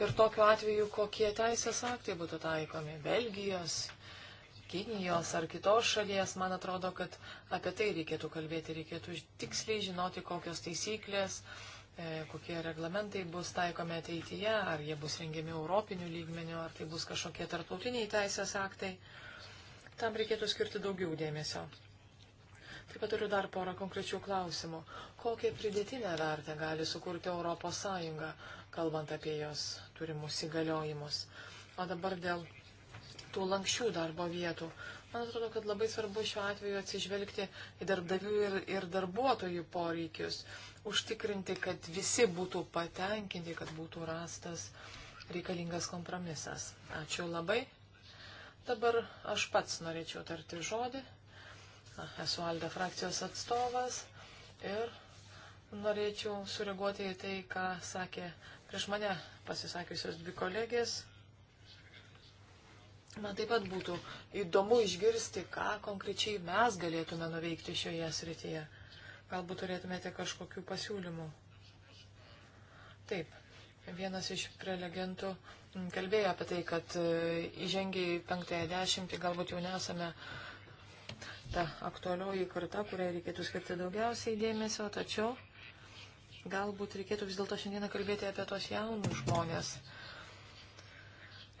Ir tokiu atveju, kokie teisės aktai būtų taikomi Belgijos, Kinijos ar kitos šalies, man atrodo, kad apie tai reikėtų kalbėti, reikėtų tiksliai žinoti, kokios taisyklės E, kokie reglamentai bus taikomi ateityje, ar jie bus rengiami europinių lygmenių, ar tai bus kažkokie tarptautiniai teisės aktai. Tam reikėtų skirti daugiau dėmesio. Taip pat turiu dar porą konkrečių klausimų. Kokią pridėtinę vertę gali sukurti ES, kalbant apie jos turimus įgaliojimus? O dabar dėl tų lankščių darbo vietų. Man atrodo, kad labai svarbu šiuo atveju atsižvelgti į darbdavių ir, ir darbuotojų poreikius užtikrinti, kad visi būtų patenkinti, kad būtų rastas reikalingas kompromisas. Ačiū labai. Dabar aš pats norėčiau tarti žodį. Esu Alda frakcijos atstovas ir norėčiau sureaguoti į tai, ką sakė prieš mane pasisakiusios dvi kolegės. Man taip pat būtų įdomu išgirsti, ką konkrečiai mes galėtume nuveikti šioje srityje. Galbūt turėtumėte kažkokių pasiūlymų. Taip, vienas iš prelegentų kalbėjo apie tai, kad e, įžengiai penktąją dešimtį galbūt jau nesame ta aktualioji karta, kuriai reikėtų skirti daugiausiai dėmesio, tačiau galbūt reikėtų vis dėlto šiandieną kalbėti apie tos jaunus žmonės.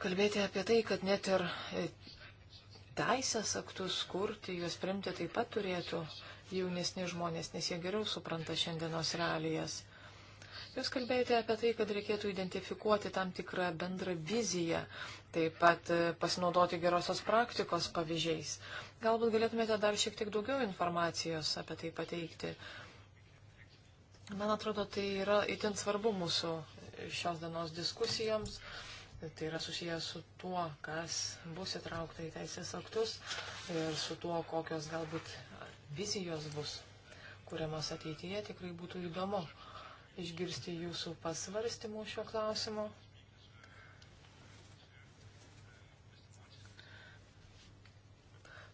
Kalbėti apie tai, kad net ir e, teisės aktus kurti, juos primti taip pat turėtų jaunesni žmonės, nes jie geriau supranta šiandienos realijas. Jūs kalbėjote apie tai, kad reikėtų identifikuoti tam tikrą bendrą viziją, taip pat e, pasinaudoti gerosios praktikos pavyzdžiais. Galbūt galėtumėte dar šiek tiek daugiau informacijos apie tai pateikti. Man atrodo, tai yra itin svarbu mūsų šios dienos diskusijoms. Tai yra susijęs su tuo, kas bus įtraukta į teisės aktus ir su tuo, kokios galbūt vizijos bus kuriamos ateityje, tikrai būtų įdomu išgirsti jūsų pasvarstymų šio klausimu.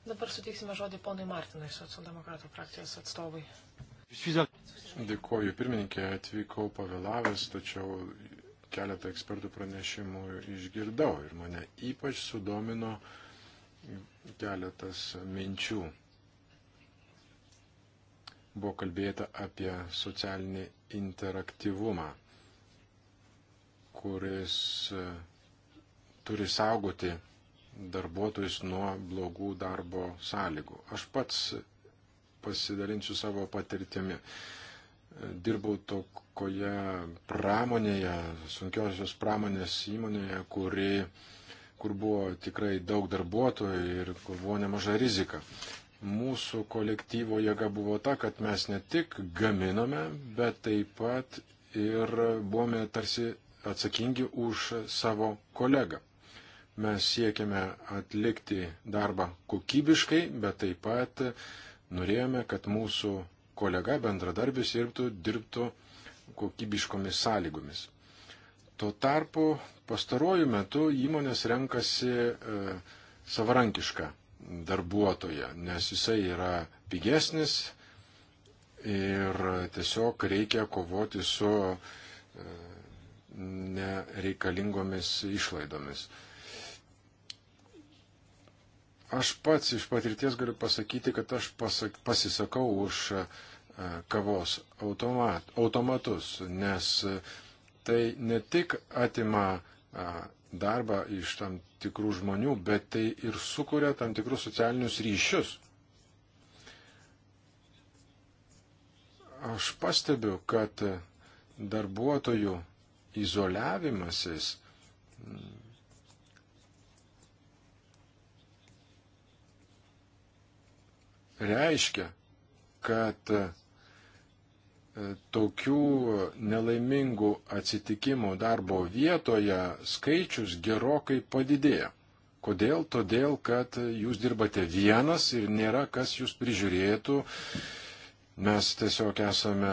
Dabar suteiksime žodį ponai Martinai, socialdemokratų frakcijos atstovai. Dėkuoju, pirmininkė, atvykau pavėlavęs, tačiau keletą ekspertų pranešimų išgirdau ir mane ypač sudomino keletas minčių buvo kalbėta apie socialinį interaktyvumą, kuris e, turi saugoti darbuotojus nuo blogų darbo sąlygų. Aš pats pasidalinsiu savo patirtimi. E, dirbau tokioje pramonėje, sunkiosios pramonės įmonėje, kuri, kur buvo tikrai daug darbuotojų ir kur buvo nemaža rizika mūsų kolektyvo jėga buvo ta, kad mes ne tik gaminome, bet taip pat ir buvome tarsi atsakingi už savo kolegą. Mes siekiame atlikti darbą kokybiškai, bet taip pat norėjome, kad mūsų kolega bendradarbis dirbtų, dirbtų kokybiškomis sąlygomis. Tuo tarpu pastaruoju metu įmonės renkasi e, savarankišką darbuotoją, nes jisai yra pigesnis ir tiesiog reikia kovoti su e, nereikalingomis išlaidomis. Aš pats iš patirties galiu pasakyti, kad aš pasak, pasisakau už e, kavos automat, automatus, nes tai ne tik atima darbą iš tam tikrų žmonių, bet tai ir sukuria tam tikrus socialinius ryšius. Aš pastebiu, kad darbuotojų izoliavimasis mm, reiškia, kad E, tokių nelaimingų atsitikimų darbo vietoje skaičius gerokai padidėjo. Kodėl? Todėl, kad jūs dirbate vienas ir nėra kas jūs prižiūrėtų. Mes tiesiog esame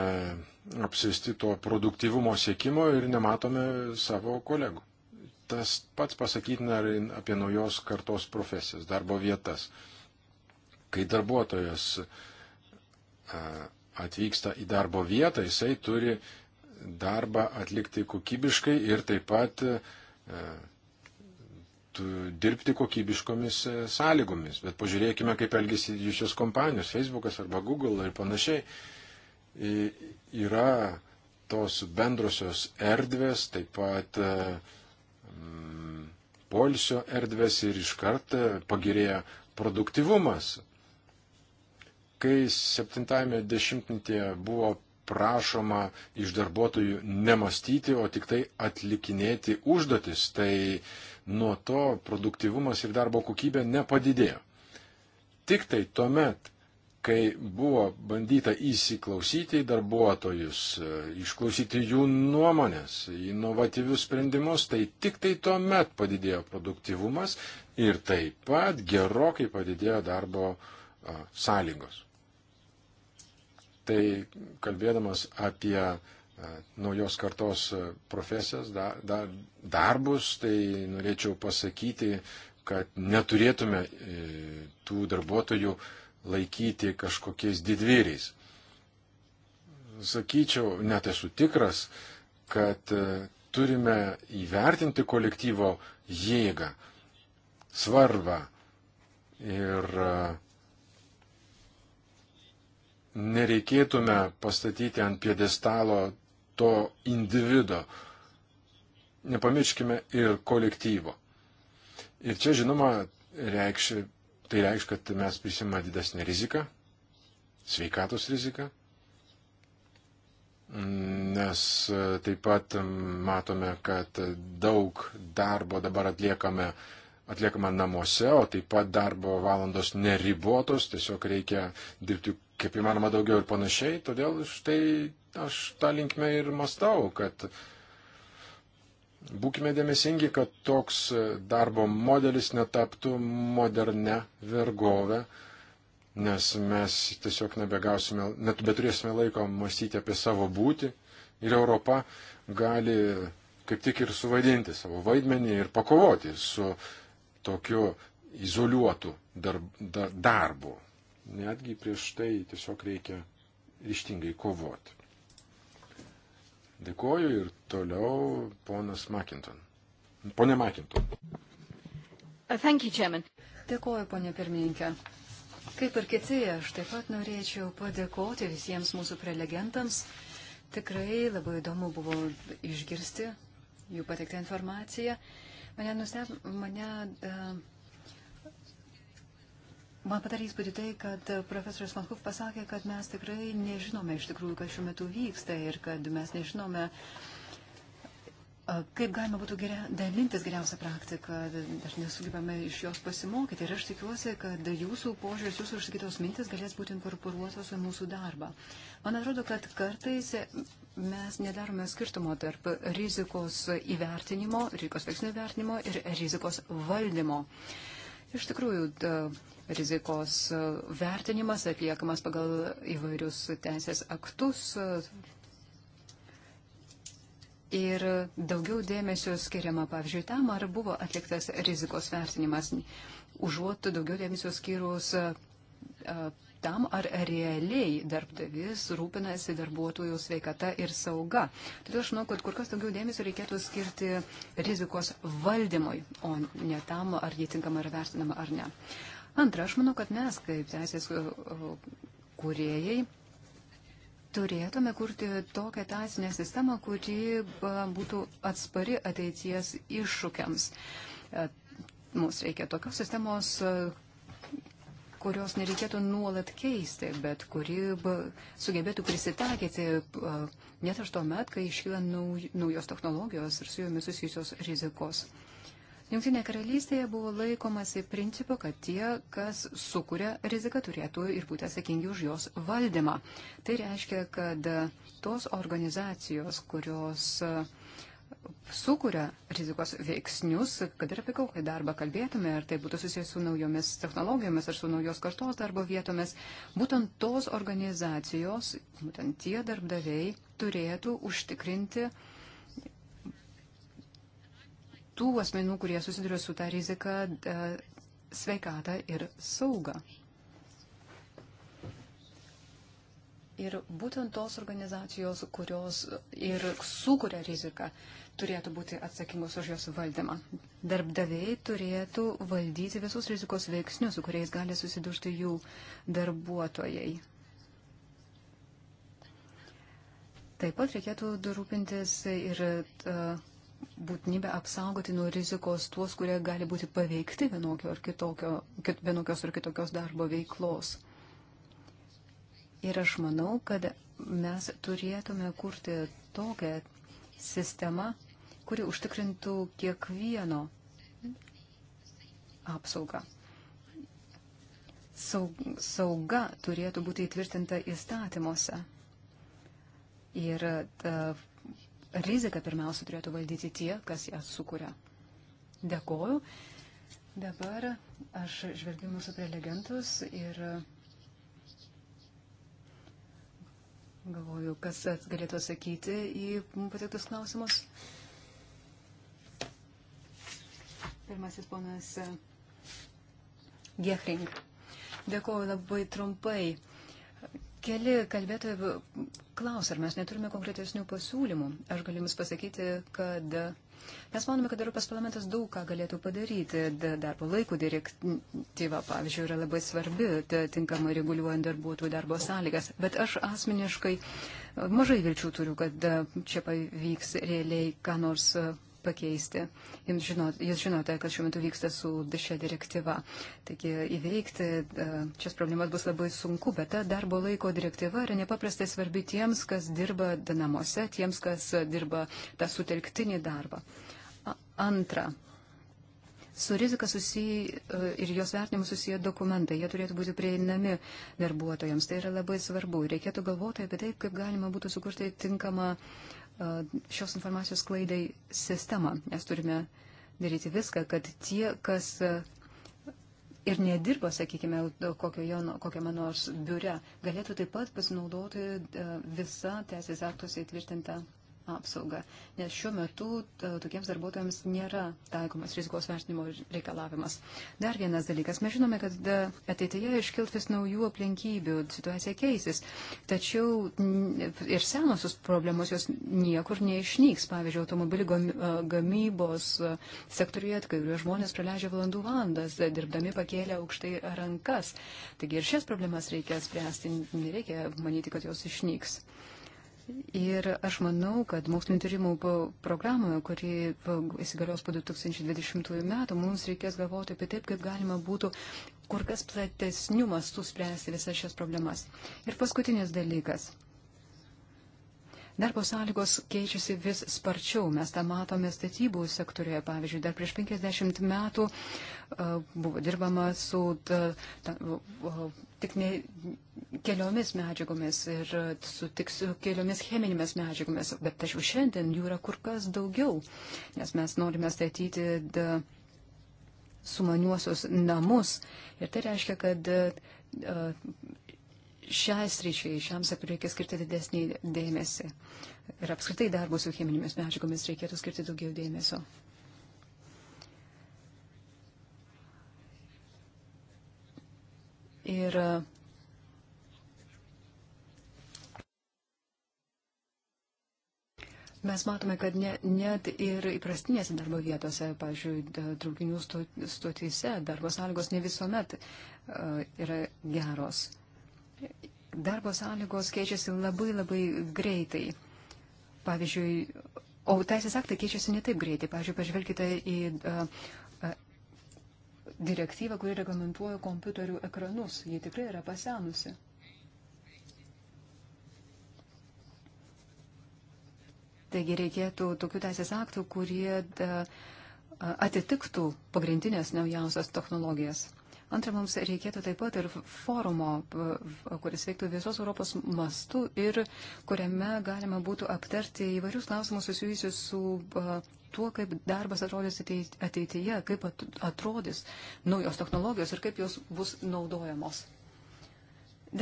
apsisti to produktivumo siekimo ir nematome savo kolegų. Tas pats pasakytina apie naujos kartos profesijas, darbo vietas. Kai darbuotojas atvyksta į darbo vietą, jisai turi darbą atlikti kokybiškai ir taip pat e, dirbti kokybiškomis e, sąlygomis. Bet pažiūrėkime, kaip elgesi didžiosios kompanijos, Facebookas arba Google ir panašiai. E, yra tos bendrosios erdvės, taip pat mm, e, polsio erdvės ir iškart pagirėja produktivumas kai 70-ame dešimtmetyje buvo prašoma iš darbuotojų nemastyti, o tik tai atlikinėti užduotis, tai nuo to produktivumas ir darbo kokybė nepadidėjo. Tik tai tuomet, kai buvo bandyta įsiklausyti į darbuotojus, išklausyti jų nuomonės, inovatyvius sprendimus, tai tik tai tuomet padidėjo produktivumas ir taip pat gerokai padidėjo darbo sąlygos. Tai kalbėdamas apie e, naujos kartos e, profesijas, dar, dar, darbus, tai norėčiau pasakyti, kad neturėtume e, tų darbuotojų laikyti kažkokiais didvyriais. Sakyčiau, net esu tikras, kad turime įvertinti kolektyvo jėgą, svarbą ir uh, nereikėtume pastatyti ant piedestalo to individo. Nepamirškime ir kolektyvo. Ir čia, žinoma, reikš, tai reikš, kad mes prisima didesnį riziką, sveikatos riziką, nes taip pat matome, kad daug darbo dabar atliekame atliekama namuose, o taip pat darbo valandos neribotos, tiesiog reikia dirbti kaip įmanoma daugiau ir panašiai. Todėl štai aš tą linkmę ir mastau, kad būkime dėmesingi, kad toks darbo modelis netaptų modernę vergovę, nes mes tiesiog nebegausime, net beturėsime laiko mąstyti apie savo būtį ir Europa gali kaip tik ir suvaidinti savo vaidmenį ir pakovoti su tokiu izoliuotų darb, dar, darbu. Netgi prieš tai tiesiog reikia ryštingai kovoti. Dėkoju ir toliau ponas Makinton. Pone Makinton. Dėkoju, ponė pirmininkė. Kaip ir kiti, aš taip pat norėčiau padėkoti visiems mūsų prelegentams. Tikrai labai įdomu buvo išgirsti jų pateiktą informaciją. Mane, nusteb, mane uh, Man padarė įspūdį tai, kad profesorius Mankuf pasakė, kad mes tikrai nežinome iš tikrųjų, kas šiuo metu vyksta ir kad mes nežinome, kaip galima būtų geria, dalintis geriausią praktiką, dar nesugebame iš jos pasimokyti. Ir aš tikiuosi, kad jūsų požiūris, jūsų išsakytos mintis galės būti inkorporuotos į mūsų darbą. Man atrodo, kad kartais mes nedarome skirtumo tarp rizikos įvertinimo, rizikos veiksnio įvertinimo ir rizikos valdymo. Iš tikrųjų, da, Rizikos vertinimas atliekamas pagal įvairius teisės aktus. Ir daugiau dėmesio skiriama, pavyzdžiui, tam, ar buvo atliktas rizikos vertinimas, užuot daugiau dėmesio skyrus tam, ar realiai darbdavys rūpinasi darbuotojų sveikata ir sauga. Todėl aš manau, kad kur kas daugiau dėmesio reikėtų skirti rizikos valdymui, o ne tam, ar jį tinkama yra vertinama ar ne. Antra, aš manau, kad mes kaip teisės e, e, kuriejai turėtume kurti tokią teisinę sistemą, kuri e, būtų atspari ateities iššūkiams. Mums reikia tokios sistemos, kurios nereikėtų nuolat keisti, bet kuri sugebėtų prisitaikyti net aš tuo met, kai iškyla naujos technologijos ir su jomis susijusios rizikos. Junktinė karalystėje buvo laikomasi principu, kad tie, kas sukuria riziką, turėtų ir būti atsakingi už jos valdymą. Tai reiškia, kad tos organizacijos, kurios e, sukuria rizikos veiksnius, kad ir apie kokį darbą kalbėtume, ar tai būtų susijęs su naujomis technologijomis ar su naujos kartos darbo vietomis, būtent tos organizacijos, būtent tie darbdaviai turėtų užtikrinti uh, tų asmenų, kurie susiduria su tą rizika, e, sveikatą ir saugą. Ir būtent tos organizacijos, kurios ir sukuria riziką, turėtų būti atsakingos už jos valdymą. Darbdaviai turėtų valdyti visus rizikos veiksnius, su kuriais gali susidurti jų darbuotojai. Taip pat reikėtų rūpintis ir uh, būtinybę apsaugoti nuo rizikos tuos, kurie gali būti paveikti vienokio ar kitokio, kit, vienokios ar kitokios darbo veiklos. Ir aš manau, kad mes turėtume kurti tokią sistemą, kuri užtikrintų kiekvieno apsaugą. Saug, sauga turėtų būti įtvirtinta įstatymuose. Ir ta, riziką pirmiausia turėtų valdyti tie, kas ją sukuria. Dėkoju. Dabar aš žvelgiu mūsų prelegentus ir galvoju, kas galėtų atsakyti į patiktus klausimus. Pirmasis ponas Gehring. Dėkoju labai trumpai. Keli kalbėtojai klaus, ar mes neturime konkretesnių pasiūlymų. Aš galiu Jums pasakyti, kad mes manome, kad Europos parlamentas daug ką galėtų padaryti. Darbo laikų direktyva, pavyzdžiui, yra labai svarbi, tinkamai reguliuojant darbuotojų darbo sąlygas. Bet aš asmeniškai mažai vilčių turiu, kad čia pavyks realiai ką nors pakeisti. Jums žinot, jūs žinote, kas šiuo metu vyksta su šia direktyva. Taigi įveikti e, šias problemas bus labai sunku, bet ta darbo laiko direktyva yra nepaprastai svarbi tiems, kas dirba namuose, tiems, kas dirba tą sutelktinį darbą. Antra. Su rizika susiję e, ir jos vertinimu susiję dokumentai. Jie turėtų būti prieinami darbuotojams. Tai yra labai svarbu. Reikėtų galvoti apie tai, kaip galima būtų sukurti tinkamą uh, E, šios informacijos klaidai sistemą. Mes turime daryti viską, kad tie, kas e, ir nedirba, sakykime, kokiame nors biure, galėtų taip pat pasinaudoti e, visą teisės aktuose įtvirtintą apsaugą, nes šiuo metu e, tokiems darbuotojams nėra taikomas rizikos vertinimo reikalavimas. Dar vienas dalykas. Mes žinome, kad e, ateityje iškiltis naujų aplinkybių, situacija keisis, tačiau ir senosios problemos jos niekur neišnyks. Pavyzdžiui, automobilių e, gamybos sektoriuje, kai kurie žmonės praleidžia valandų valandas, dirbdami pakėlę aukštai rankas. Taigi ir šias problemas reikia spręsti, nereikia manyti, kad jos išnyks. Ir aš manau, kad mokslinio tyrimų programoje, kuri įsigalios po 2020 metų, mums reikės galvoti apie taip, kaip galima būtų kur kas platesnių mastų spręsti visas šias problemas. Ir paskutinis dalykas. Darbo sąlygos keičiasi vis sparčiau. Mes tą matome statybų sektoriuje. Pavyzdžiui, dar prieš 50 metų buvo dirbama su ta, ta, tik ne keliomis medžiagomis ir su tik su keliomis cheminėmis medžiagomis. Bet tačiau šiandien jų yra kur kas daugiau, nes mes norime statyti da, sumaniuosius namus. Ir tai reiškia, kad šiai sričiai, šiam sektoriui reikia skirti didesnį dėmesį. Ir apskritai darbus su cheminėmis medžiagomis reikėtų skirti daugiau dėmesio. Ir Mes matome, kad ne, net ir įprastinėse darbo vietose, pavyzdžiui, traukinių stotyse darbo sąlygos ne visuomet uh, yra geros. Darbo sąlygos keičiasi labai labai greitai. Pavyzdžiui, o teisės aktai keičiasi ne taip greitai. Pavyzdžiui, pažvelkite į uh, uh, direktyvą, kuri reglamentuoja kompiuterių ekranus. Ji tikrai yra pasenusi. Taigi reikėtų tokių teisės aktų, kurie uh, atitiktų pagrindinės naujausias technologijas. Antra, mums reikėtų taip pat ir forumo, kuris veiktų visos Europos mastu ir kuriame galima būtų aptarti įvairius klausimus susijusius su tuo, kaip darbas atrodys ateityje, kaip atrodys naujos technologijos ir kaip jos bus naudojamos.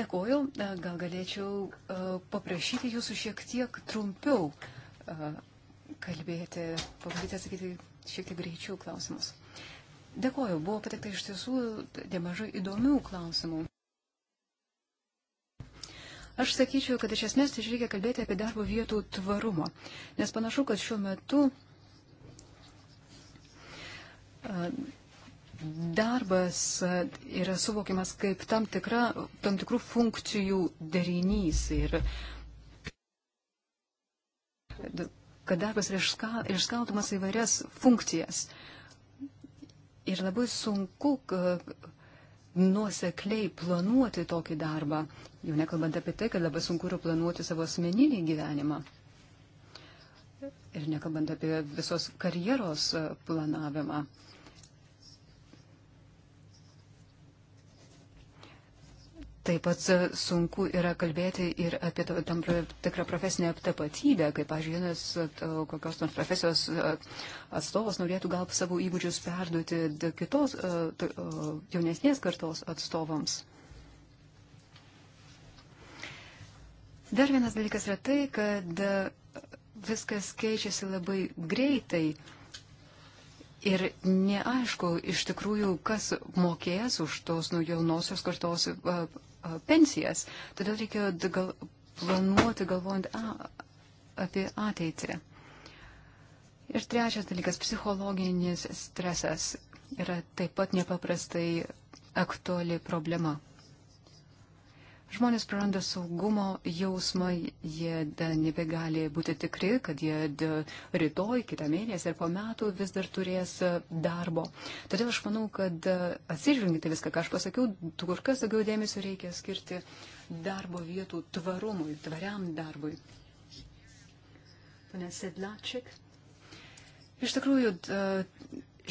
Dėkoju, gal galėčiau paprašyti jūsų šiek tiek trumpiau kalbėti, pabandyti atsakyti šiek tiek greičiau klausimus. Dėkoju, buvo patikta iš tiesų nemažai įdomių klausimų. Aš sakyčiau, kad iš esmės tai reikia kalbėti apie darbo vietų tvarumą, nes panašu, kad šiuo metu darbas yra suvokiamas kaip tam, tikra, tam tikrų funkcijų darinys ir kad darbas yra išskaudomas įvairias funkcijas. Uh, Ir labai sunku nuosekliai planuoti tokį darbą, jau nekalbant apie tai, kad labai sunku yra planuoti savo asmeninį gyvenimą. Ir nekalbant apie visos karjeros e, planavimą. Taip pat sunku yra kalbėti ir apie tam tikrą profesinę tapatybę, kaip, pažiūrėjus, kokios nors profesijos atstovas norėtų gal savo įgūdžius perduoti kitos jaunesnės kartos atstovams. Dar vienas dalykas yra tai, kad viskas keičiasi labai greitai. Ir neaišku iš tikrųjų, kas mokės už tos nu, jaunosios kartos pensijas. Todėl reikėjo gal, planuoti galvojant a, apie ateitį. Ir trečias dalykas - psichologinis stresas yra taip pat nepaprastai aktuali problema. Žmonės praranda saugumo jausmą, jie nebegali būti tikri, kad jie rytoj, kitą mėnesį ir po metų vis dar turės e, darbo. Todėl aš manau, kad e, atsižvelgiant į viską, ką aš pasakiau, kur kas daugiau dėmesio reikia skirti darbo vietų tvarumui, tvariam darbui. Pane Sedlačik. Iš tikrųjų,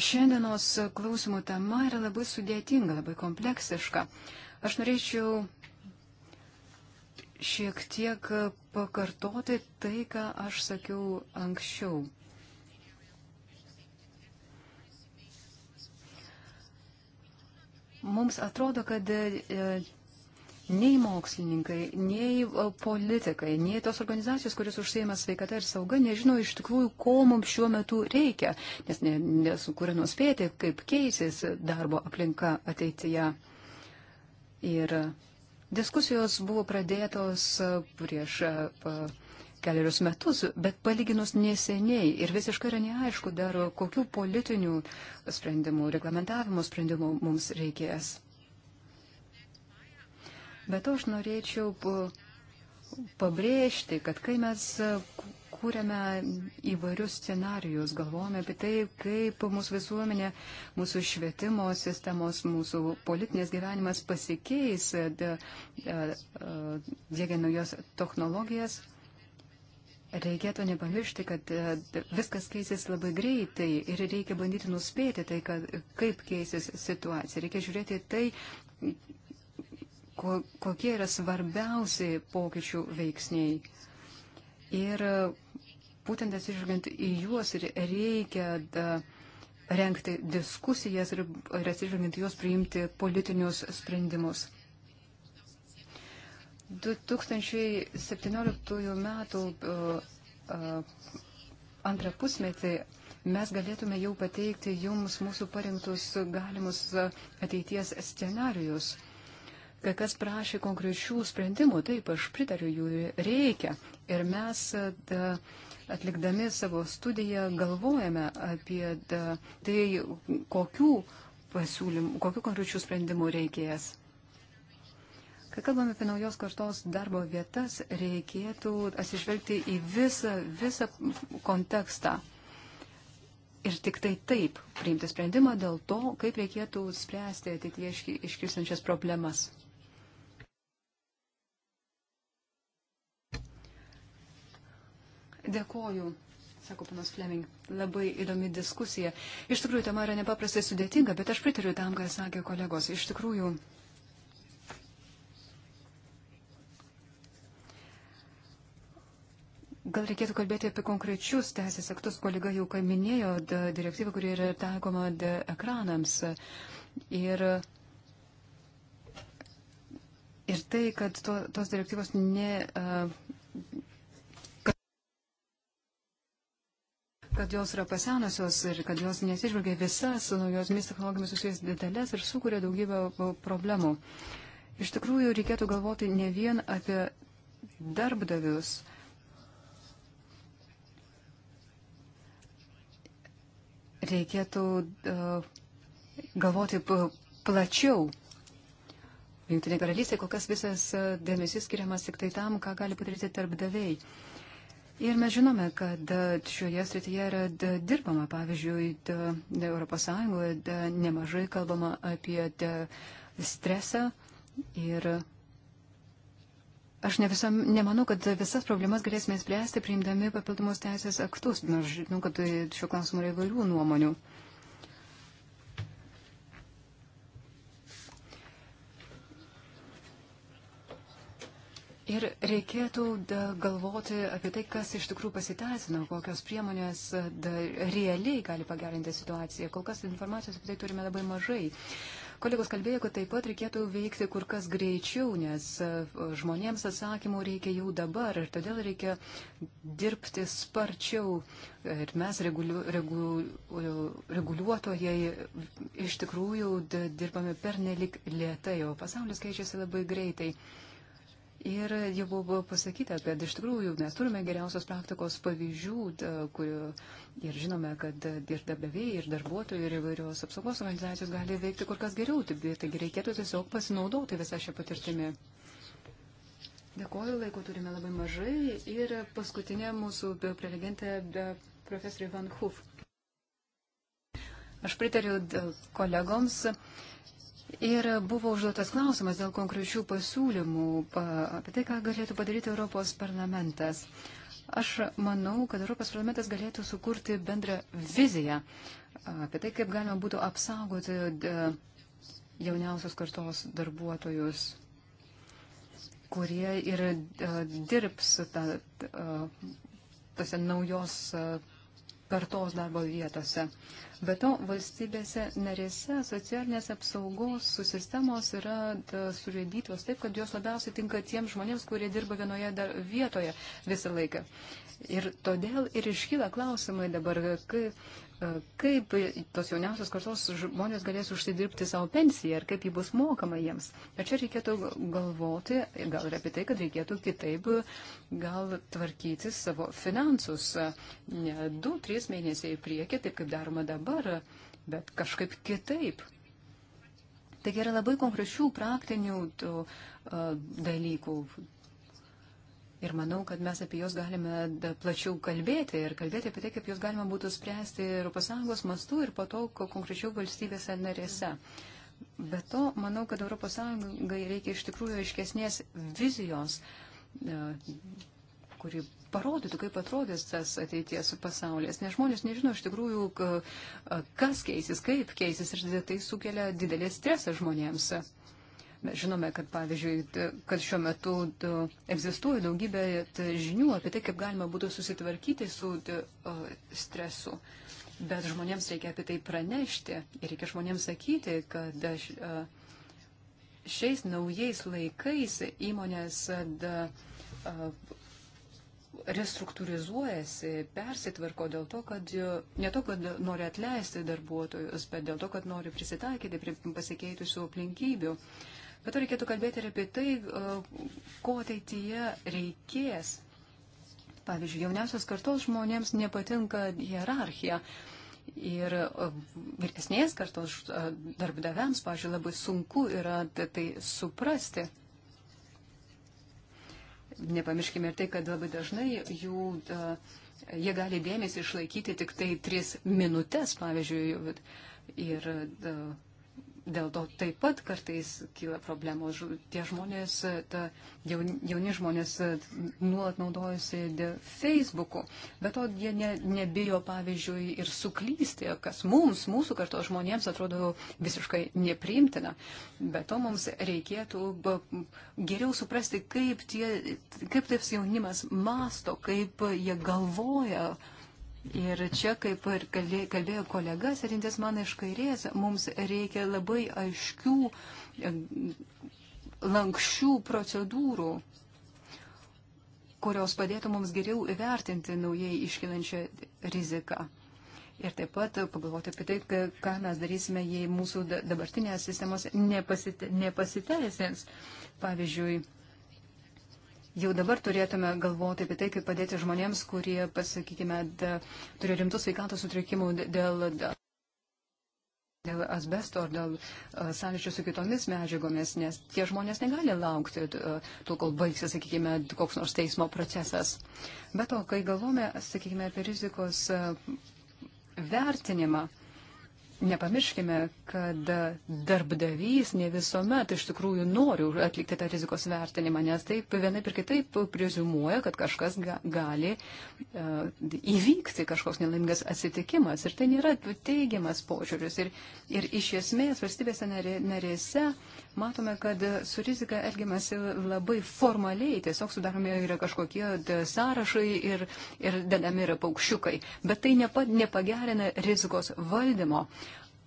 šiandienos klausimų tema yra labai sudėtinga, labai kompleksiška. Aš norėčiau šiek tiek pakartoti tai, ką aš sakiau anksčiau. Mums atrodo, kad e, nei mokslininkai, nei e, politikai, nei tos organizacijos, kuris užsieima sveikata ir sauga, nežino iš tikrųjų, ko mums šiuo metu reikia, nes ne, nesukūrė nuspėti, kaip keisis darbo aplinka ateityje. Ir Diskusijos buvo pradėtos e, prieš e, keliarius metus, bet palyginus neseniai ir visiškai yra neaišku dar, kokių politinių sprendimų, reglamentavimo sprendimų mums reikės. Bet aš norėčiau pabrėžti, kad kai mes e, kūrėme įvairius scenarius, galvojame apie tai, kaip mūsų visuomenė, mūsų švietimo sistemos, mūsų politinės gyvenimas pasikeis, e, dėgia e, e, naujas technologijas. Reikėtų nepamiršti, kad viskas keisis labai greitai ir reikia bandyti nuspėti tai, kad, kaip keisis situacija. Reikia žiūrėti tai, ko, kokie yra svarbiausi pokyčių veiksniai. Ir būtent atsižvelgiant į juos ir reikia da, renkti diskusijas ir, ir atsižvelgiant į juos priimti politinius sprendimus. 2017 metų antrą pusmetį mes galėtume jau pateikti jums mūsų parinktus galimus ateities scenarius. Kai kas prašė konkrečių sprendimų, taip, aš pritariu, jų reikia. Ir mes e, da, atlikdami savo studiją galvojame apie da, tai, kokių pasiūlymų, kokių konkrečių sprendimų reikės. Kai kalbame apie naujos kartos darbo vietas, reikėtų atsižvelgti į visą, visą kontekstą. Ir tik tai taip priimti sprendimą dėl to, kaip reikėtų spręsti ateityje iškilsančias problemas. Dėkoju, sako panas Fleming. Labai įdomi diskusija. Iš tikrųjų, tema yra nepaprastai sudėtinga, bet aš pritariu tam, ką sakė kolegos. Iš tikrųjų, Gal reikėtų kalbėti apie konkrečius teisės aktus. Kolega jau minėjo direktyvą, kuri yra taikoma ekranams. Ir, ir tai, kad to, tos direktyvos ne, kad jos yra pasenusios ir kad jos nesižvelgia visas su naujosmis technologijomis susijęs detalės ir sukuria daugybę problemų. Iš tikrųjų, reikėtų galvoti ne vien apie darbdavius. Reikėtų uh, galvoti plačiau. Junktinė karalystė kol kas visas e, dėmesys skiriamas tik tai tam, ką gali padaryti darbdaviai. Uh, Ir mes žinome, kad šioje srityje yra dirbama, pavyzdžiui, ES nemažai kalbama apie stresą ir aš ne visam, nemanau, kad visas problemas galėsime spręsti priimdami papildomus teisės aktus, nors žinau, kad šiuo klausimu yra įvairių nuomonių. Ir reikėtų da, galvoti apie tai, kas iš tikrųjų pasiteisino, kokios priemonės da, realiai gali pagerinti situaciją. Kol kas informacijos apie tai turime labai mažai. Kolegos kalbėjo, kad taip pat reikėtų veikti kur kas greičiau, nes žmonėms atsakymų reikia jau dabar ir todėl reikia dirbti sparčiau. Ir mes reguliu, regu, reguliuotojai iš tikrųjų dirbame per nelik lietai, o pasaulis keičiasi labai greitai. Ir jau buvo pasakyta, kad iš tikrųjų mes turime geriausios praktikos pavyzdžių da, kur, ir žinome, kad ir darbdaviai, ir darbuotojai, ir įvairios apsaugos organizacijos gali veikti kur kas geriau. Taigi reikėtų tiesiog pasinaudoti visą šią patirtimį. Dėkoju, laiko turime labai mažai. Ir paskutinė mūsų prelegentė profesorė Van Huf. Aš pritariu kolegoms. Uh, Ir buvo užduotas klausimas dėl konkrečių pasiūlymų apie tai, ką galėtų padaryti Europos parlamentas. Aš manau, kad Europos parlamentas galėtų sukurti bendrą viziją apie tai, kaip galima būtų apsaugoti jauniausios kartos darbuotojus, kurie ir dirbs ta, tose naujos kartos darbo vietose. Be to, valstybėse narėse socialinės apsaugos susistemos yra surėdytos taip, kad jos labiausiai tinka tiems žmonėms, kurie dirba vienoje vietoje visą laiką. Ir todėl ir iškyla klausimai dabar, kai E, kaip tos jauniausios kartos žmonės galės užsidirbti savo pensiją ir kaip ji bus mokama jiems. Ir čia reikėtų galvoti, gal ir apie tai, kad reikėtų kitaip gal tvarkyti savo finansus. Ne 2-3 mėnesiai į priekį, taip kaip daroma dabar, bet kažkaip kitaip. Taigi yra labai konkrečių praktinių tų, uh, e, dalykų, Ir manau, kad mes apie juos galime plačiau kalbėti ir kalbėti apie tai, kaip juos galima būtų spręsti ES mastu ir po to konkrečiau valstybėse narėse. Be to, manau, kad ES reikia iš tikrųjų aiškesnės vizijos, e, kuri parodytų, kaip atrodys tas ateities pasaulis. Nes žmonės nežino iš tikrųjų, kas keisis, kaip keisis ir tai sukelia didelį stresą žmonėms. Mes žinome, kad pavyzdžiui, kad šiuo metu egzistuoja daugybė žinių apie tai, kaip galima būtų susitvarkyti su stresu. Bet žmonėms reikia apie tai pranešti ir reikia žmonėms sakyti, kad šiais naujais laikais įmonės restruktūrizuojasi, persitvarko dėl to, kad ne to, kad nori atleisti darbuotojus, bet dėl to, kad nori prisitaikyti prie pasikeitusių aplinkybių. Bet to reikėtų kalbėti ir apie tai, e, ko ateityje reikės. Pavyzdžiui, jauniausios kartos žmonėms nepatinka hierarchija. Ir e, vyresnės kartos e, darbdaviams, pažiūrėjau, labai sunku yra tai suprasti. Nepamirškime ir tai, kad labai dažnai jų, jie gali dėmesį išlaikyti tik tai tris minutės, pavyzdžiui. Ir dėl to taip pat kartais kyla problemos. Tie žmonės, ta, jauni, jauni žmonės e, nuolat naudojasi Facebook'u, bet to jie ne, nebijo, pavyzdžiui, ir suklysti, kas mums, mūsų karto žmonėms atrodo visiškai nepriimtina. Bet to mums reikėtų geriau suprasti, kaip, tie, kaip tas jaunimas masto, kaip jie galvoja Ir čia, kaip ir kalbėjo kolega, sėdintis man iš kairės, mums reikia labai aiškių, e, lankščių procedūrų, kurios padėtų mums geriau įvertinti naujai iškilančią riziką. Ir taip pat pagalvoti apie tai, ką mes darysime, jei mūsų dabartinės sistemos nepasiteisins. Pavyzdžiui, jau dabar turėtume galvoti apie tai, kaip padėti žmonėms, kurie, pasakykime, turi rimtų sveikatos sutrikimų dėl, dėl asbesto ar dėl sąlyčio su kitomis medžiagomis, nes tie žmonės negali laukti, tol kol baigsis, sakykime, koks nors teismo procesas. Bet to, kai galvome, sakykime, apie rizikos vertinimą, nepamirškime, kad darbdavys ne visuomet iš tikrųjų nori atlikti tą rizikos vertinimą, nes taip vienaip ir kitaip prizumuoja, kad kažkas ga, gali uh, įvykti, kažkoks nelaimingas atsitikimas. Ir tai nėra teigiamas požiūris. Ir, ir iš esmės valstybėse narėse matome, kad su rizika elgiamasi labai formaliai, tiesiog sudaromi yra kažkokie sąrašai ir, ir dedami yra paukščiukai, bet tai nepa, nepagerina rizikos valdymo.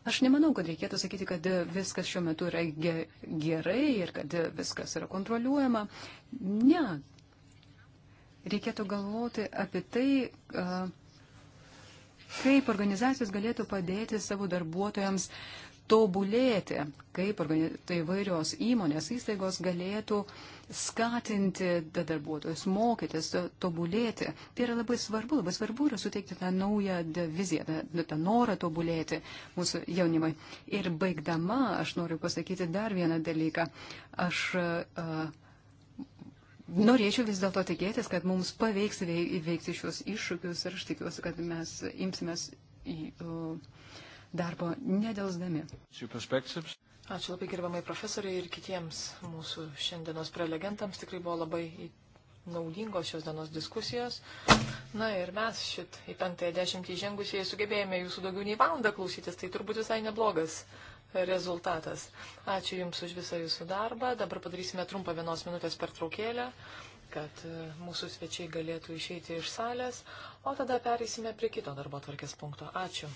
Aš nemanau, kad reikėtų sakyti, kad viskas šiuo metu yra gerai ir kad viskas yra kontroliuojama. Ne. Reikėtų galvoti apie tai, kaip organizacijos galėtų padėti savo darbuotojams uh, tobulėti, kaip tai vairios įmonės, įstaigos galėtų skatinti darbuotojus, mokytis, tobulėti. Tai yra labai svarbu, labai svarbu yra suteikti tą naują viziją, tą, nu, tą norą tobulėti mūsų jaunimui. Ir baigdama, aš noriu pasakyti dar vieną dalyką. Aš uh, Norėčiau vis dėlto tikėtis, kad mums pavyks įveikti šios iššūkius ir aš tikiuosi, kad mes imsimės į, uh, darbo nedelsdami. Ačiū labai gerbamai profesoriai ir kitiems mūsų šiandienos prelegentams. Tikrai buvo labai naudingos šios dienos diskusijos. Na ir mes šit į penktąją dešimtį žengusiai sugebėjome jūsų daugiau nei valandą klausytis, tai turbūt visai neblogas rezultatas. Ačiū Jums už visą Jūsų darbą. Dabar padarysime trumpą vienos minutės pertraukėlę, kad e, mūsų svečiai galėtų išeiti iš salės, o tada perėsime prie kito darbo tvarkės punkto. Ačiū.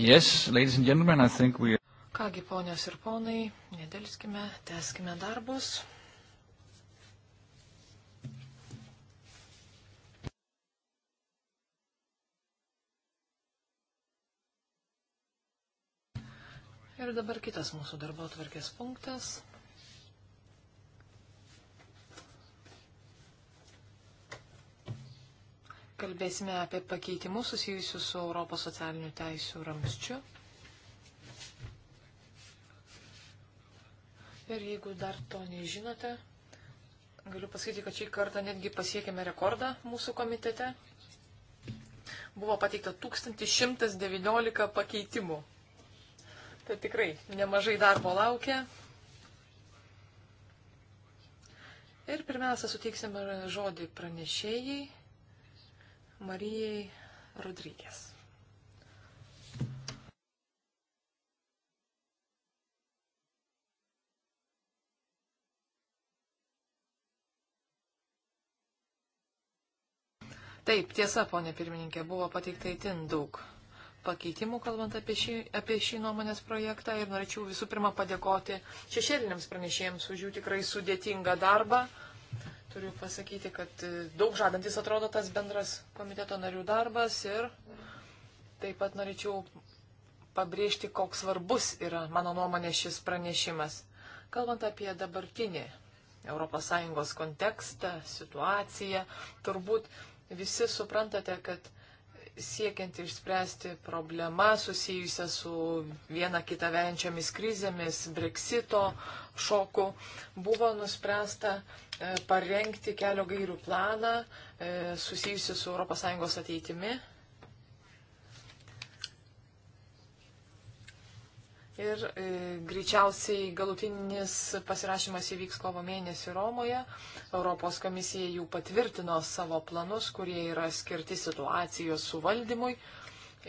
Yes, ladies and gentlemen, I think we... Kągi, ponios ir ponai, nedėlskime, teskime darbus. Ir dabar kitas mūsų darbo atvarkės punktas. kalbėsime apie pakeitimus susijusius su Europos socialinių teisų ramščiu. Ir jeigu dar to nežinote, galiu pasakyti, kad šį kartą netgi pasiekėme rekordą mūsų komitete. Buvo pateikta 1119 pakeitimų. Tai tikrai nemažai darbo laukia. Ir pirmiausia, suteiksime žodį pranešėjai. Marijai Rodrygės. Taip, tiesa, ponė pirmininkė, buvo pateikta įtin daug pakeitimų, kalbant apie šį, apie šį nuomonės projektą ir norėčiau visų pirma padėkoti šešėliniams pranešėjams už jų tikrai sudėtingą darbą. Turiu pasakyti, kad e, daug žadantis atrodo tas bendras komiteto narių darbas ir taip pat norėčiau pabrėžti, koks svarbus yra mano nuomonė šis pranešimas. Kalbant apie dabartinį ES kontekstą, situaciją, turbūt visi suprantate, kad siekiant išspręsti problemą susijusią su viena kita venčiamis krizėmis, breksito šoku, buvo nuspręsta e, parengti kelio gairių planą e, susijusiu su ES ateitimi Ir e, greičiausiai galutinis pasirašymas įvyks kovo mėnesį Romoje. Europos komisija jau patvirtino savo planus, kurie yra skirti situacijos suvaldymui.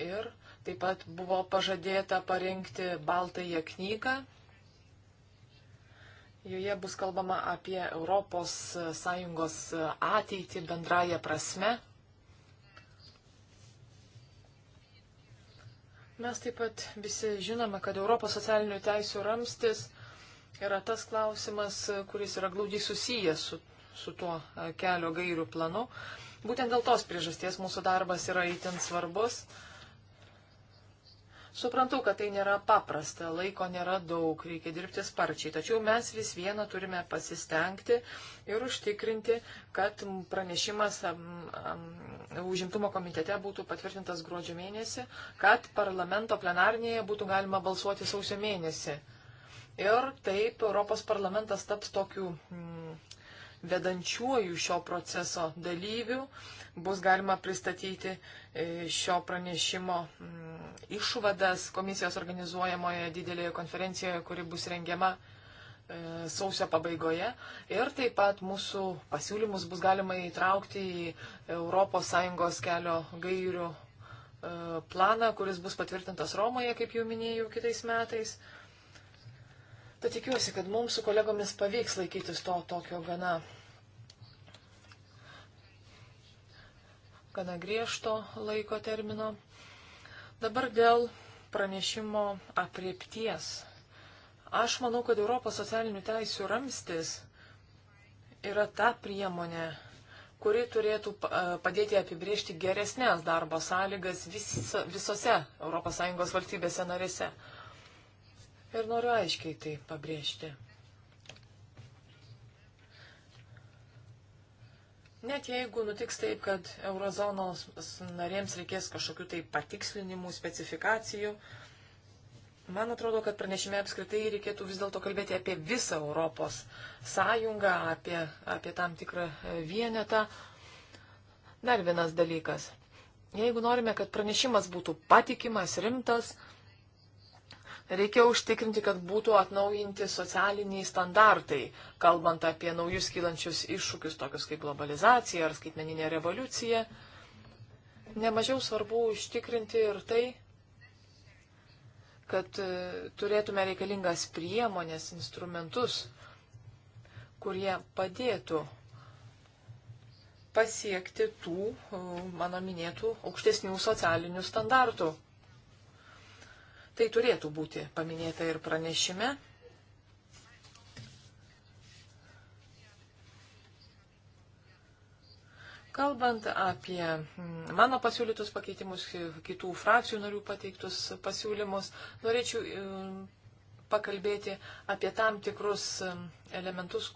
Ir taip pat buvo pažadėta parengti baltąją knygą. Joje bus kalbama apie ES ateitį bendrają prasme. Mes taip pat visi žinome, kad Europos socialinių teisų ramstis yra tas klausimas, kuris yra glaudžiai susijęs su, su tuo e, kelio gairių planu. Būtent dėl tos priežasties mūsų darbas yra įtin svarbus. Suprantu, kad tai nėra paprasta, laiko nėra daug, reikia dirbti sparčiai, tačiau mes vis vieną turime pasistengti ir užtikrinti, kad pranešimas um, um, užimtumo komitete būtų patvirtintas gruodžio mėnesį, kad parlamento plenarnėje būtų galima balsuoti sausio mėnesį. Ir taip Europos parlamentas taps tokiu mm, vedančiuoju šio proceso dalyviu bus galima pristatyti e, šio pranešimo mm, išvadas komisijos organizuojamoje didelėje konferencijoje, kuri bus rengiama e, sausio pabaigoje. Ir taip pat mūsų pasiūlymus bus galima įtraukti į ES kelio gairių e, planą, kuris bus patvirtintas Romoje, kaip jau minėjau, kitais metais. Tad tikiuosi, kad mums su kolegomis pavyks laikytis to tokio gana gana griežto laiko termino. Dabar dėl pranešimo apriepties. Aš manau, kad Europos socialinių teisių ramstis yra ta priemonė, kuri turėtų padėti apibriežti geresnės darbo sąlygas viso, visose ES valstybėse narėse. Ir noriu aiškiai tai pabrėžti. Net jeigu nutiks taip, kad eurozonos narėms reikės kažkokių tai patikslinimų, specifikacijų, man atrodo, kad pranešime apskritai reikėtų vis dėlto kalbėti apie visą Europos sąjungą, apie, apie tam tikrą e, vienetą. Dar vienas dalykas. Jeigu norime, kad pranešimas būtų patikimas, rimtas, Reikia užtikrinti, kad būtų atnaujinti socialiniai standartai, kalbant apie naujus kylančius iššūkius, tokius kaip globalizacija ar skaitmeninė revoliucija. Nemažiau svarbu užtikrinti ir tai, kad e, turėtume reikalingas priemonės, instrumentus, kurie padėtų pasiekti tų e, mano minėtų aukštesnių socialinių standartų. Tai turėtų būti paminėta ir pranešime. Kalbant apie mm, mano pasiūlytus pakeitimus, kitų frakcijų narių pateiktus pasiūlymus, norėčiau mm, pakalbėti apie tam tikrus mm, elementus,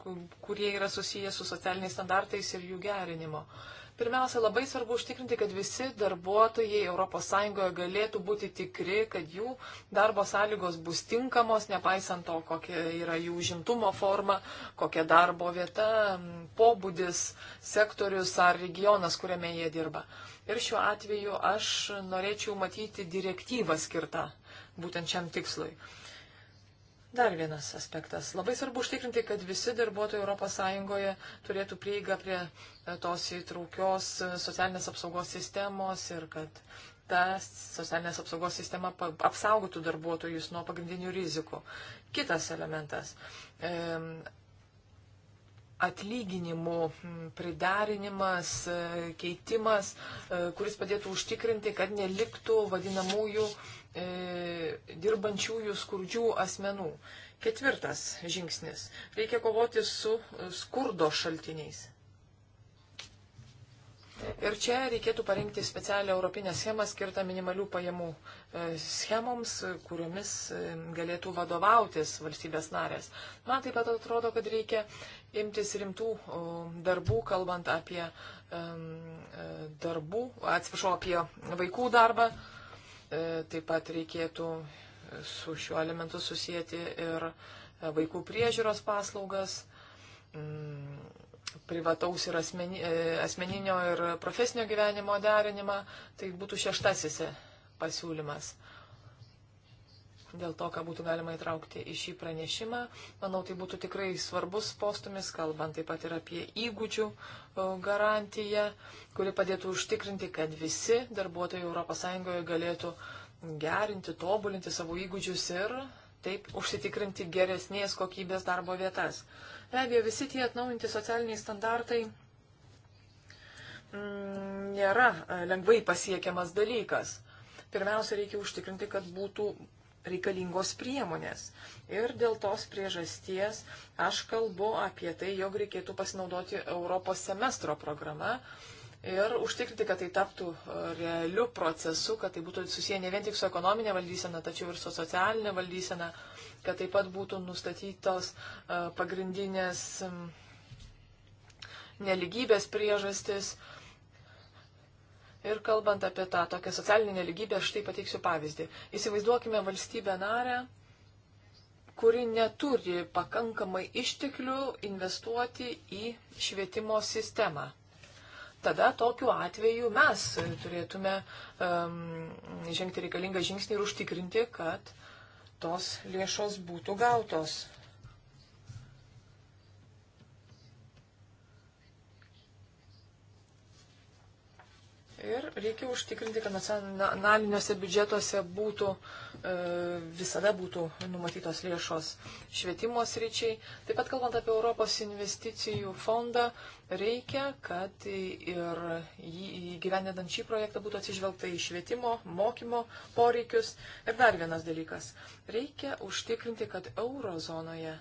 kurie yra susiję su socialiniais standartais ir jų gerinimo. Uh, Pirmiausia, labai svarbu užtikrinti, kad visi darbuotojai ES galėtų būti tikri, kad jų darbo sąlygos bus tinkamos, nepaisant to, kokia yra jų žimtumo forma, kokia darbo vieta, pobūdis, sektorius ar regionas, kuriame jie dirba. Ir šiuo atveju aš norėčiau matyti direktyvą skirtą būtent šiam tikslui. Dar vienas aspektas. Labai svarbu užtikrinti, kad visi darbuotojai ES turėtų prieigą prie e, tos įtraukios e, socialinės apsaugos sistemos ir kad ta socialinės apsaugos sistema apsaugotų darbuotojus nuo pagrindinių rizikų. Kitas elementas. E, atlyginimų pridarinimas, keitimas, e, kuris padėtų užtikrinti, kad neliktų vadinamųjų E, dirbančiųjų skurdžių asmenų. Ketvirtas žingsnis. Reikia kovoti su skurdo šaltiniais. Ir čia reikėtų parengti specialią europinę schemą skirtą minimalių pajamų e, schemoms, kuriomis e, galėtų vadovautis valstybės narės. Man taip pat atrodo, kad reikia imtis rimtų darbų, kalbant apie darbų, atsiprašau, apie vaikų darbą. E, taip pat reikėtų su šiuo elementu susijęti ir e, vaikų priežiūros paslaugas, mm, privataus ir asmeni, e, asmeninio ir profesinio gyvenimo derinimą. Tai būtų šeštasis pasiūlymas dėl to, ką būtų galima įtraukti į šį pranešimą. Manau, tai būtų tikrai svarbus postumis, kalbant taip pat ir apie įgūdžių garantiją, kuri padėtų užtikrinti, kad visi darbuotojai ES galėtų gerinti, tobulinti savo įgūdžius ir taip užsitikrinti geresnės kokybės darbo vietas. Be abejo, visi tie atnaujinti socialiniai standartai mm, nėra e, lengvai pasiekiamas dalykas. Pirmiausia, reikia užtikrinti, kad būtų reikalingos priemonės. Ir dėl tos priežasties aš kalbu apie tai, jog reikėtų pasinaudoti Europos semestro programą ir užtikrinti, kad tai taptų realiu procesu, kad tai būtų susiję ne vien tik su ekonominė valdysena, tačiau ir su socialinė valdysena, kad taip pat būtų nustatytos e, pagrindinės neligybės priežastis Ir kalbant apie tą tokią socialinę neligybę, aš tai pateiksiu pavyzdį. Įsivaizduokime valstybę narę, kuri neturi pakankamai išteklių investuoti į švietimo sistemą. Tada tokiu atveju mes turėtume um, žengti reikalingą žingsnį ir užtikrinti, kad tos lėšos būtų gautos. Ir reikia užtikrinti, kad nacionaliniuose biudžetuose būtų, e, visada būtų numatytos lėšos švietimo sričiai. Taip pat kalbant apie Europos investicijų fondą, reikia, kad ir įgyvenedant šį projektą būtų atsižvelgta į švietimo, mokymo poreikius. Ir dar vienas dalykas. Reikia užtikrinti, kad eurozonoje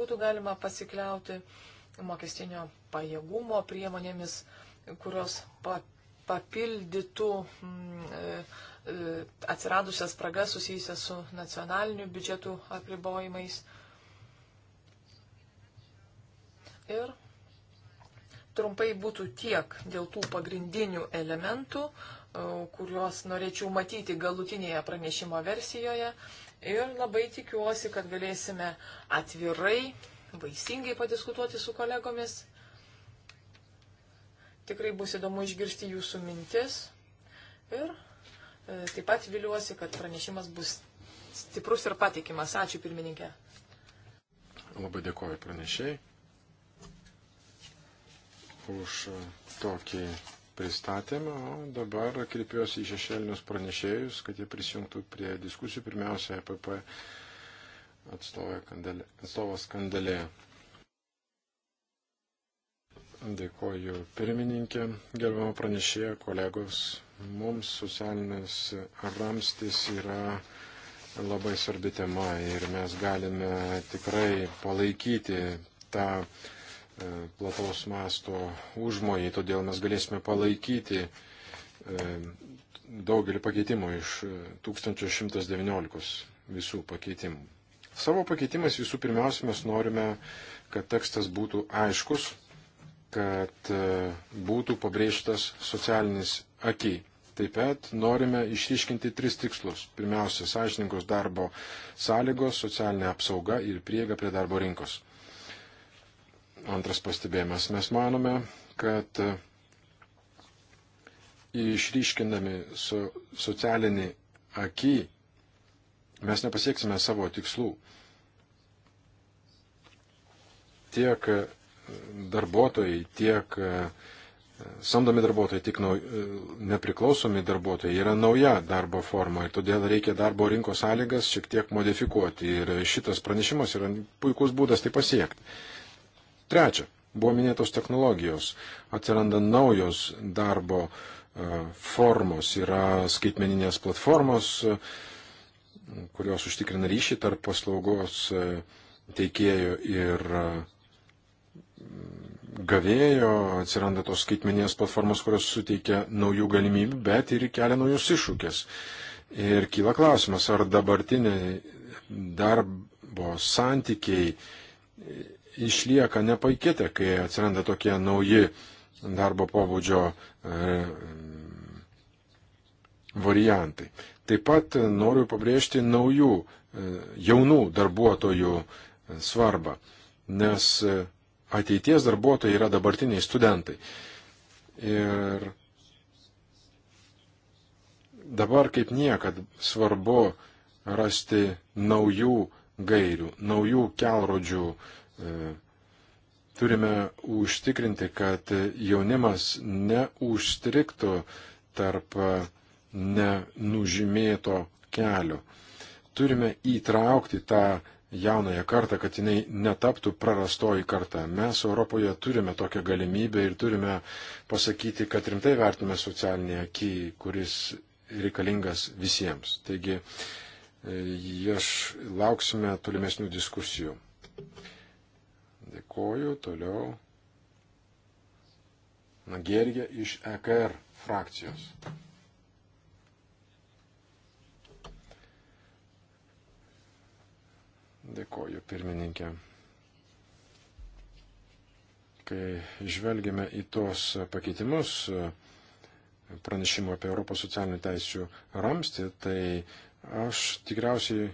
būtų galima pasikliauti mokestinio pajėgumo priemonėmis kurios papildytų mm, e, e, atsiradusias spragas susijusias su nacionaliniu biudžetu apribojimais. Ir trumpai būtų tiek dėl tų pagrindinių elementų, e, kuriuos norėčiau matyti galutinėje pranešimo versijoje. Ir labai tikiuosi, kad galėsime atvirai, vaisingai padiskutuoti su kolegomis. Tikrai bus įdomu išgirsti jūsų mintis. Ir e, taip pat viliuosi, kad pranešimas bus stiprus ir patikimas. Ačiū pirmininkė. Labai dėkoju pranešiai už e, tokį pristatymą, o dabar kreipiuosi į šešėlinius pranešėjus, kad jie prisijungtų prie diskusijų. Pirmiausia, EPP atstovas skandalė. Dėkoju pirmininkė, gerbama pranešėja, kolegos. Mums socialinis ramstis yra labai svarbi tema ir mes galime tikrai palaikyti tą e, plataus masto užmojį, todėl mes galėsime palaikyti e, daugelį pakeitimų iš 1119 visų pakeitimų. Savo pakeitimais visų pirmiausia mes norime, kad tekstas būtų aiškus, kad e, būtų pabrėžtas socialinis akiai. Taip pat norime išryškinti tris tikslus. Pirmiausia, sąžininkos darbo sąlygos, socialinė apsauga ir prieiga prie darbo rinkos. Antras pastebėjimas. Mes manome, kad e, išryškindami so, socialinį akį mes nepasieksime savo tikslų. Tiek darbuotojai, tiek e, samdomi darbuotojai, tiek e, nepriklausomi darbuotojai yra nauja darbo forma ir todėl reikia darbo rinkos sąlygas šiek tiek modifikuoti ir šitas pranešimas yra puikus būdas tai pasiekti. Trečia, buvo minėtos technologijos, atsiranda naujos darbo e, formos, yra skaitmeninės platformos, kurios užtikrina ryšį tarp paslaugos teikėjų ir gavėjo, atsiranda tos skaitmeninės platformos, kurios suteikia naujų galimybių, bet ir kelia naujus iššūkės. Ir kyla klausimas, ar dabartiniai darbo santykiai išlieka nepaikėtę, kai atsiranda tokie nauji darbo pobūdžio e, variantai. Taip pat noriu pabrėžti naujų e, jaunų darbuotojų svarbą, nes e, ateities darbuotojai yra dabartiniai studentai. Ir dabar kaip niekad svarbu rasti naujų gairių, naujų kelrodžių. E, turime užtikrinti, kad jaunimas neužstriktų tarp nenužymėto kelio. Turime įtraukti tą jaunąją kartą, kad jinai netaptų prarastoji karta. Mes Europoje turime tokią galimybę ir turime pasakyti, kad rimtai vertume socialinį akį, kuris reikalingas visiems. Taigi, e, aš lauksime tolimesnių diskusijų. Dėkoju, toliau. Nagergė iš EKR frakcijos. Dėkoju, pirmininkė. Kai žvelgime į tos pakeitimus pranešimo apie Europos socialinių teisių ramstį, tai aš tikriausiai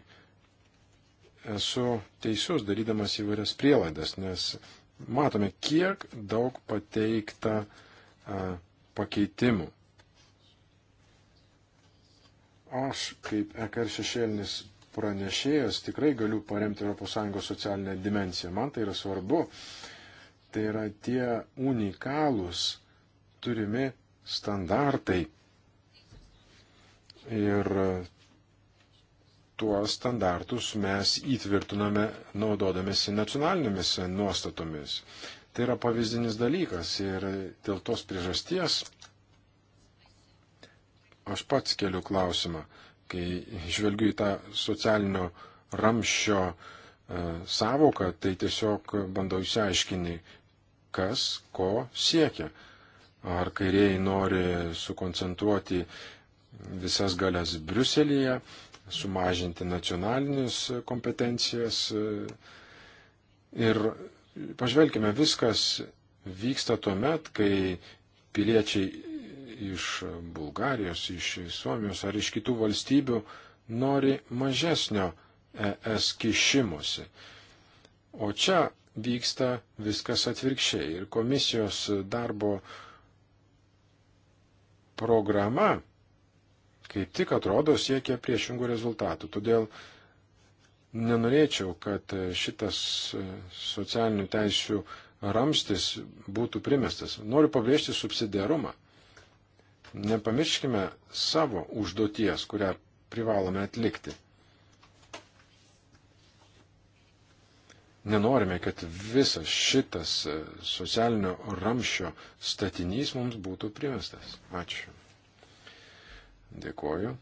esu teisus darydamas įvairias prielaidas, nes matome, kiek daug pateikta a, pakeitimų. Aš kaip EKR šešėlinis pranešėjas tikrai galiu paremti ES socialinę dimenciją. Man tai yra svarbu. Tai yra tie unikalūs turimi standartai. Ir tuos standartus mes įtvirtiname naudodamėsi nacionalinėmis nuostatomis. Tai yra pavyzdinis dalykas ir dėl tos priežasties aš pats keliu klausimą, Kai žvelgiu į tą socialinio ramščio e, savoką, tai tiesiog bandau išsiaiškinti, kas ko siekia. Ar kairieji nori sukoncentruoti visas galės Briuselėje, sumažinti nacionalinės kompetencijas. E, ir pažvelkime, viskas vyksta tuo met, kai piliečiai iš Bulgarijos, iš Suomijos ar iš kitų valstybių nori mažesnio ES kišimusi. O čia vyksta viskas atvirkščiai ir komisijos darbo programa kaip tik atrodo siekia priešingų rezultatų. Todėl nenorėčiau, kad šitas socialinių teisių ramstis būtų primestas. Noriu pabrėžti subsidiarumą. Nepamirškime savo užduoties, kurią privalome atlikti. Nenorime, kad visas šitas e, socialinio ramščio statinys mums būtų primestas. Ačiū. Dėkoju.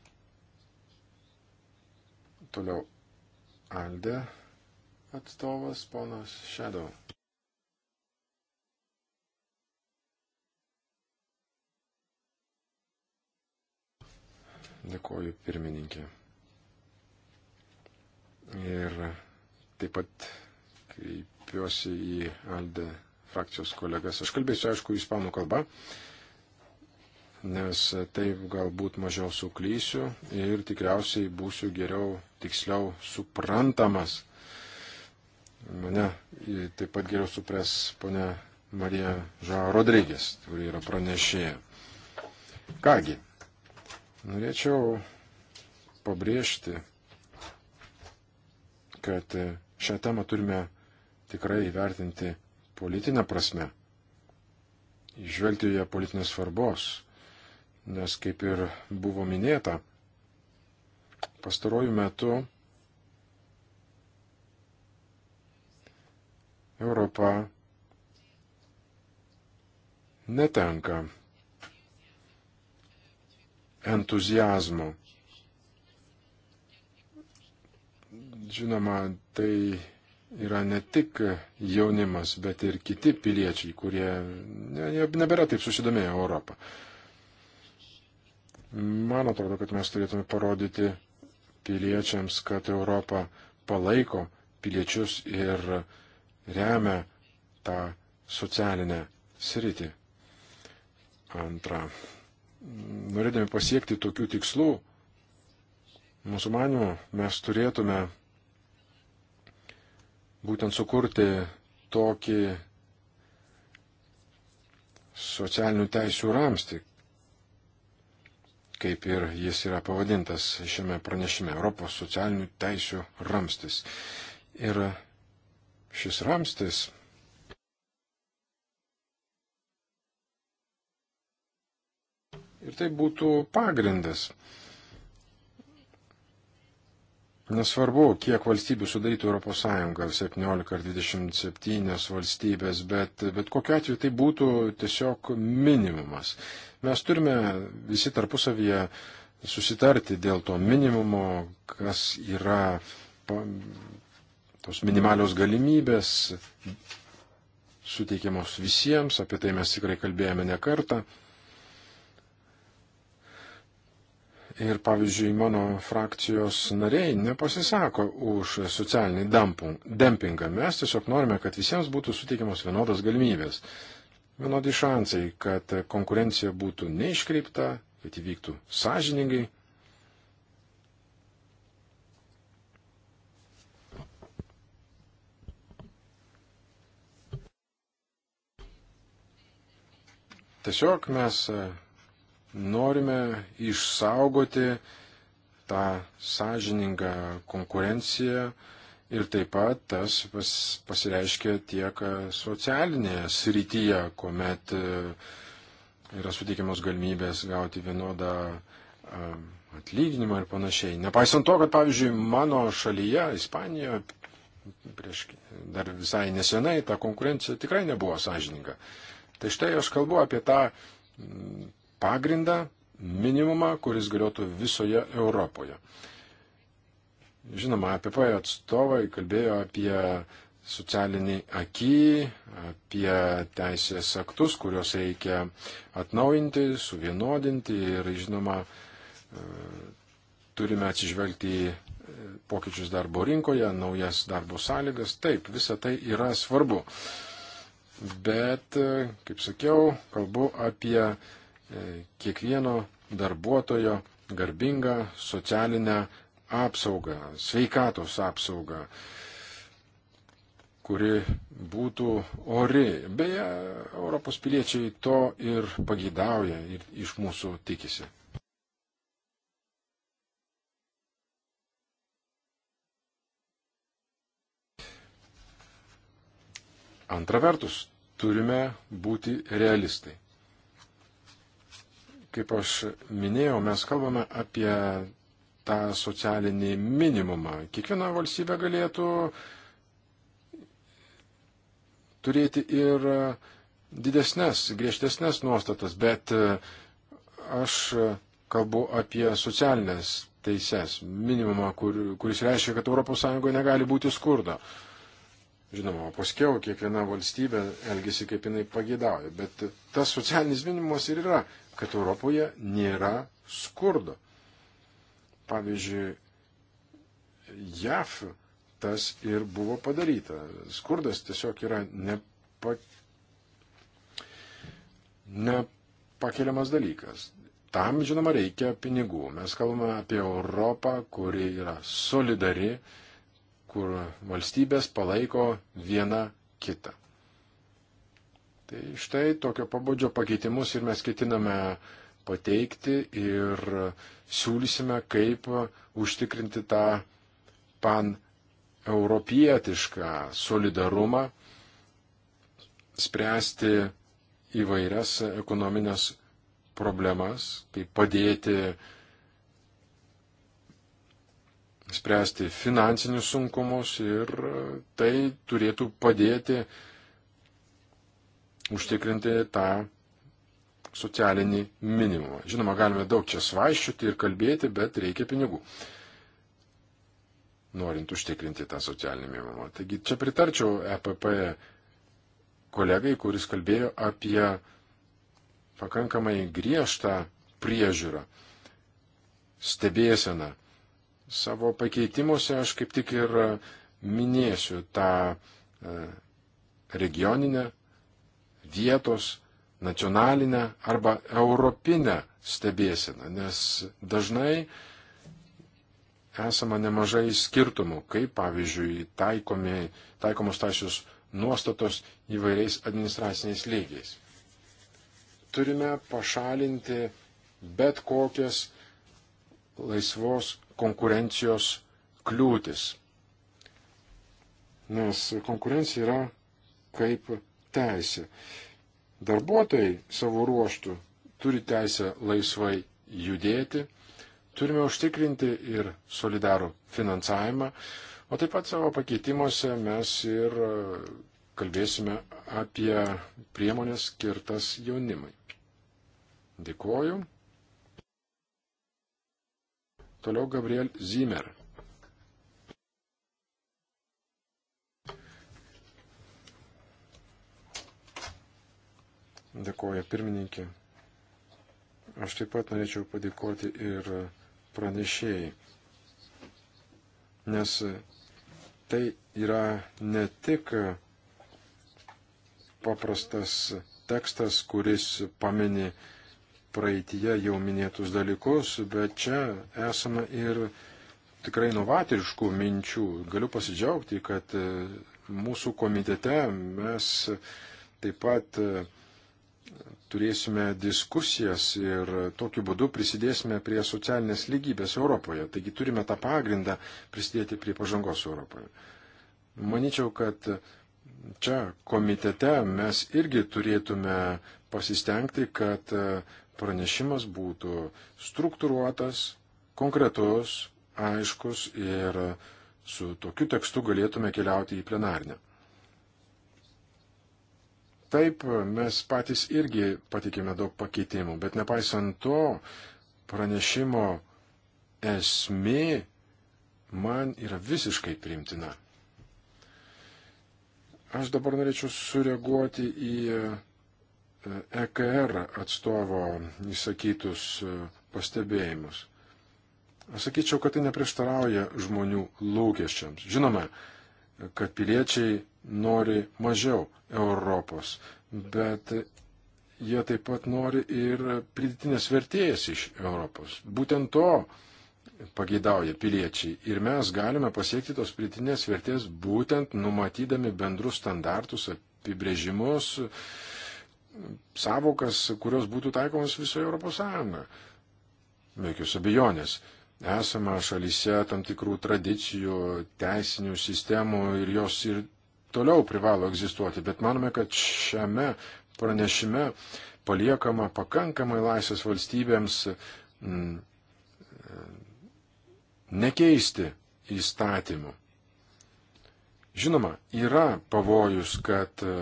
Toliau Alde atstovas ponas Šedau. Dėkoju pirmininkė. Ir taip pat kreipiuosi į Aldę frakcijos kolegas. Aš kalbėsiu, aišku, ispanų kalbą, nes taip galbūt mažiau suklysiu ir tikriausiai būsiu geriau, tiksliau suprantamas. Mane taip pat geriau supras ponia Marija Žao Rodrygės, kuri yra pranešėja. Kągi, Norėčiau pabrėžti, kad šią temą turime tikrai įvertinti politinę prasme, išvelgti joje politinės svarbos, nes kaip ir buvo minėta, pastarojų metų Europa netenka entuzijazmo. Žinoma, tai yra ne tik jaunimas, bet ir kiti piliečiai, kurie ne, nebėra taip susidomėję Europą. Man atrodo, kad mes turėtume parodyti piliečiams, kad Europa palaiko piliečius ir remia tą socialinę sritį. Antra, norėdami pasiekti tokių tikslų, mūsų manimo, mes turėtume būtent sukurti tokį socialinių teisių ramstį, kaip ir jis yra pavadintas šiame pranešime Europos socialinių teisių ramstis. Ir šis ramstis Ir tai būtų pagrindas. Nesvarbu, kiek valstybių sudarytų ES, 17 ar 27 valstybės, bet, bet kokiu atveju tai būtų tiesiog minimumas. Mes turime visi tarpusavyje susitarti dėl to minimumo, kas yra tos minimalios galimybės suteikiamos visiems, apie tai mes tikrai kalbėjome ne kartą. Ir pavyzdžiui, mano frakcijos nariai nepasisako už socialinį dempingą. Mes tiesiog norime, kad visiems būtų suteikiamos vienodos galimybės, vienodi šansai, kad konkurencija būtų neiškreipta, kad įvyktų sąžiningai. Tiesiog mes Norime išsaugoti tą sąžiningą konkurenciją ir taip pat tas pas, pasireiškia tiek socialinėje srityje, kuomet e, yra suteikiamos galimybės gauti vienodą e, atlyginimą ir panašiai. Nepaisant to, kad, pavyzdžiui, mano šalyje, Ispanijoje, prieš dar visai nesenai ta konkurencija tikrai nebuvo sąžininga. Tai štai aš kalbu apie tą pagrindą, minimumą, kuris galiotų visoje Europoje. Žinoma, APP atstovai kalbėjo apie socialinį akį, apie teisės aktus, kuriuos reikia atnaujinti, suvienodinti ir, žinoma, e, turime atsižvelgti į pokyčius darbo rinkoje, naujas darbo sąlygas. Taip, visa tai yra svarbu. Bet, e, kaip sakiau, kalbu apie E, kiekvieno darbuotojo garbingą socialinę apsaugą, sveikatos apsaugą, kuri būtų ori. Beje, Europos piliečiai to ir pagydauja ir iš mūsų tikisi. Antra vertus, turime būti realistai. Kaip aš minėjau, mes kalbame apie tą socialinį minimumą. Kiekviena valstybė galėtų turėti ir didesnės, griežtesnės nuostatas, bet aš kalbu apie socialinės teises, minimumą, kur, kuris reiškia, kad ES negali būti skurdo. Žinoma, paskiau kiekviena valstybė elgesi kaip jinai pagėdauja, bet tas socialinis minimumas ir yra, kad Europoje nėra skurdo. Pavyzdžiui, JAF tas ir buvo padaryta. Skurdas tiesiog yra nepa... nepakeliamas dalykas. Tam, žinoma, reikia pinigų. Mes kalbame apie Europą, kuri yra solidari, kur valstybės palaiko vieną kitą. Tai štai tokio pabudžio pakeitimus ir mes ketiname pateikti ir siūlysime, kaip užtikrinti tą pan europietišką solidarumą, spręsti įvairias ekonominės problemas, kaip padėti spręsti finansinius sunkumus ir tai turėtų padėti užtikrinti tą socialinį minimumą. Žinoma, galime daug čia svaiščiuti ir kalbėti, bet reikia pinigų, norint užtikrinti tą socialinį minimumą. Taigi čia pritarčiau EPP kolegai, kuris kalbėjo apie pakankamai griežtą priežiūrą, stebėseną Savo pakeitimuose aš kaip tik ir e, minėsiu tą e, regioninę, vietos, nacionalinę arba europinę stebėseną, nes dažnai esama nemažai skirtumų, kaip pavyzdžiui taikomi, taikomos tašius nuostatos įvairiais administraciniais lygiais. Turime pašalinti bet kokias laisvos konkurencijos kliūtis. Nes konkurencija yra kaip teisė. Darbuotojai savo ruoštų turi teisę laisvai judėti, turime užtikrinti ir solidarų finansavimą, o taip pat savo pakeitimuose mes ir e, kalbėsime apie priemonės skirtas jaunimai. Dėkuoju. Toliau Gabriel Zimmer. Dėkoju pirmininkė. Aš taip pat norėčiau padėkoti ir pranešėjai, nes tai yra ne tik paprastas tekstas, kuris pamini praeitie jau minėtus dalykus, bet čia esame ir tikrai novatiškų minčių. Galiu pasidžiaugti, kad e, mūsų komitete mes taip pat e, turėsime diskusijas ir tokiu būdu prisidėsime prie socialinės lygybės Europoje. Taigi turime tą pagrindą prisidėti prie pažangos Europoje. Maničiau, kad čia komitete mes irgi turėtume pasistengti, kad e, pranešimas būtų struktūruotas, konkretus, aiškus ir su tokiu tekstu galėtume keliauti į plenarnę. Taip, mes patys irgi patikėme daug pakeitimų, bet nepaisant to, pranešimo esmė man yra visiškai primtina. Aš dabar norėčiau sureaguoti į EKR atstovo įsakytus e, pastebėjimus. Aš sakyčiau, kad tai neprieštarauja žmonių lūkesčiams. Žinoma, kad piliečiai nori mažiau Europos, bet jie taip pat nori ir pridėtinės vertėjas iš Europos. Būtent to pageidauja piliečiai. Ir mes galime pasiekti tos pridėtinės vertės būtent numatydami bendrus standartus, apibrėžimus, uh, savokas, kurios būtų taikomas visoje Europos Sąjungoje. Be jokios abejonės. Esama šalyse tam tikrų tradicijų, teisinių sistemų ir jos ir toliau privalo egzistuoti, bet manome, kad šiame pranešime paliekama pakankamai laisvės valstybėms m, mm, nekeisti įstatymų. Žinoma, yra pavojus, kad e,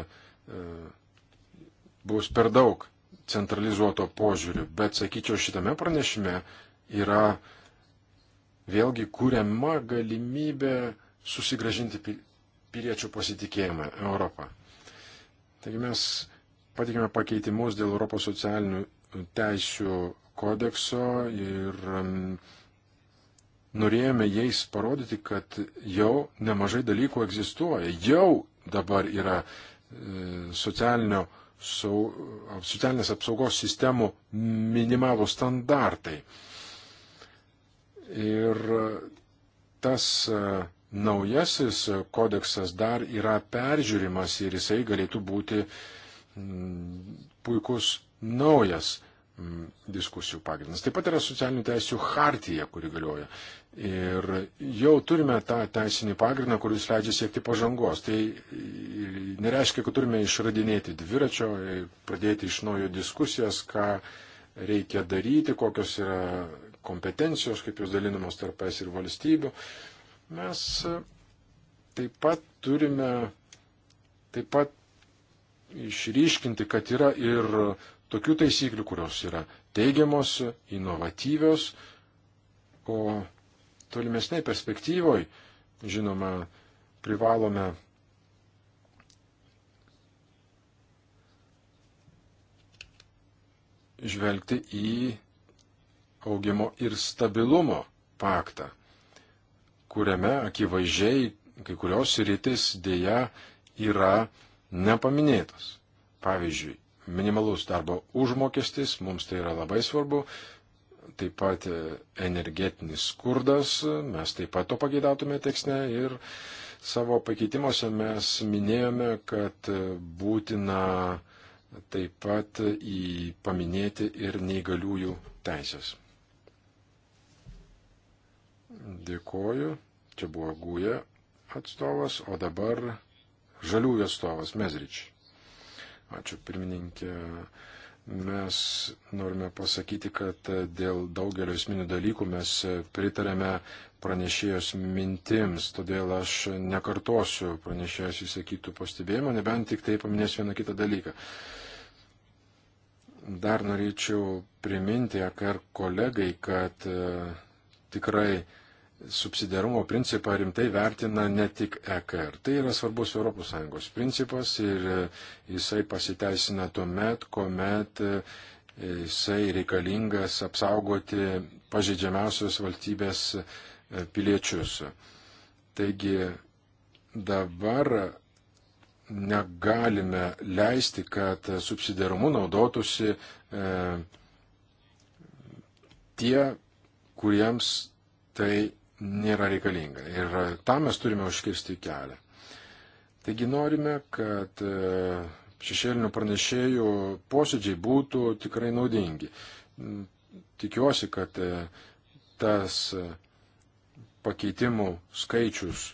bus per daug centralizuoto požiūrių, bet, sakyčiau, šitame pranešime yra vėlgi kūriama galimybė susigražinti piliečių pasitikėjimą Europą. Taigi mes patikime pakeitimus dėl Europos socialinių teisių kodekso ir norėjome jais parodyti, kad jau nemažai dalykų egzistuoja, jau dabar yra e, socialinio socialinės apsaugos sistemų minimalų standartai. Ir tas e, naujasis kodeksas dar yra peržiūrimas ir jisai galėtų būti puikus naujas Mm, diskusijų pagrindas. Taip pat yra socialinių teisų hartija, kuri galioja. Ir jau turime tą teisinį pagrindą, kuris leidžia siekti pažangos. Tai nereiškia, kad turime išradinėti dviračio ir pradėti iš naujo diskusijas, ką reikia daryti, kokios yra kompetencijos, kaip jos dalinamos tarp es ir valstybių. Mes taip pat turime taip pat išryškinti, kad yra ir tokių taisyklių, kurios yra teigiamos, inovatyvios, o tolimesniai perspektyvoj, žinoma, privalome žvelgti į augimo ir stabilumo paktą, kuriame akivaizdžiai kai kurios rytis dėja yra nepaminėtos. Pavyzdžiui, minimalus darbo užmokestis, mums tai yra labai svarbu, taip pat e, energetinis skurdas, mes taip pat to pageidautume tekste ir savo pakeitimuose mes minėjome, kad e, būtina taip pat į paminėti ir neįgaliųjų teisės. Dėkoju, čia buvo Gūja atstovas, o dabar žaliųjų atstovas Mezričiai. Ačiū pirmininkė. Mes norime pasakyti, kad dėl daugelio esminių dalykų mes pritarėme pranešėjos mintims, todėl aš nekartosiu pranešėjos įsakytų pastebėjimų, nebent tik tai paminėsiu vieną kitą dalyką. Dar norėčiau priminti, ar kolegai, kad e, tikrai subsidiarumo principą rimtai vertina ne tik EKR. Tai yra svarbus ES principas ir e, jisai pasiteisina tuo met, kuomet e, jisai reikalingas apsaugoti pažeidžiamiausios valstybės e, piliečius. Taigi dabar negalime leisti, kad subsidiarumu naudotųsi e, tie, kuriems tai nėra reikalinga. Ir tam mes turime užkirsti kelią. Taigi norime, kad e, šešėlinių pranešėjų posėdžiai būtų tikrai naudingi. Mm, tikiuosi, kad e, tas e, pakeitimų skaičius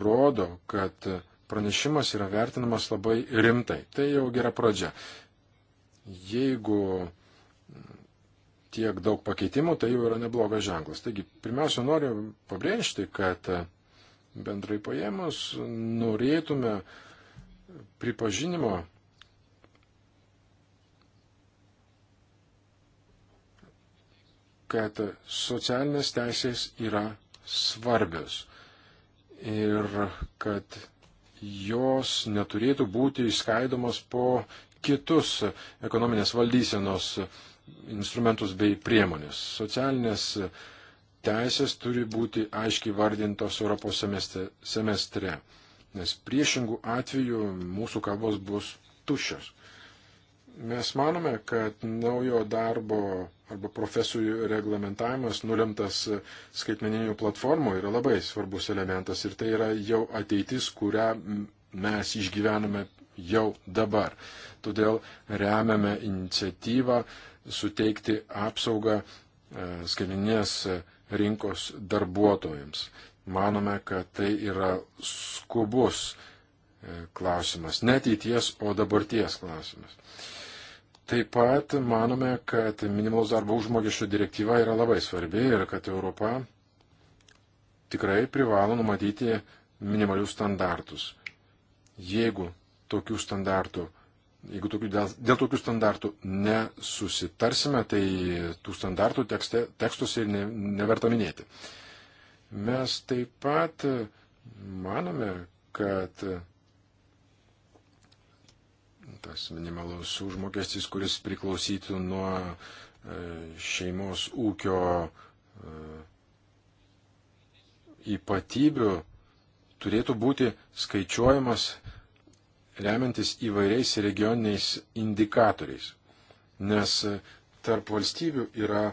rodo, kad pranešimas yra vertinamas labai rimtai. Tai jau gera pradžia. Jeigu tiek daug pakeitimų, tai jau yra neblogas ženklas. Taigi, pirmiausia, noriu pabrėžti, kad bendrai paėmus norėtume pripažinimo kad socialinės teisės yra svarbios ir kad jos neturėtų būti išskaidomos po kitus ekonominės valdysenos instrumentus bei priemonės. Socialinės teisės turi būti aiškiai vardintos Europos semestre, semestre nes priešingų atveju mūsų kalbos bus tušios. Mes manome, kad naujo darbo arba profesijų reglamentavimas nulemtas skaitmeninių platformų yra labai svarbus elementas ir tai yra jau ateitis, kurią mes išgyvename jau dabar. Todėl remiame iniciatyvą suteikti apsaugą e, skaitmeninės e, rinkos darbuotojams. Manome, kad tai yra skubus e, klausimas, ne ateities, o dabarties klausimas. Taip pat manome, kad minimalus darbo užmokesčio direktyva yra labai svarbi ir kad Europa tikrai privalo numatyti minimalius standartus. Jeigu tokių standartų Jeigu tokių, dėl, dėl tokių standartų nesusitarsime, tai tų standartų tekste, tekstuose ir ne, neverta minėti. Mes taip pat manome, kad tas minimalus užmokestis, kuris priklausytų nuo e, šeimos ūkio e, ypatybių, turėtų būti skaičiuojamas remiantis įvairiais regioniniais indikatoriais, nes tarp valstybių yra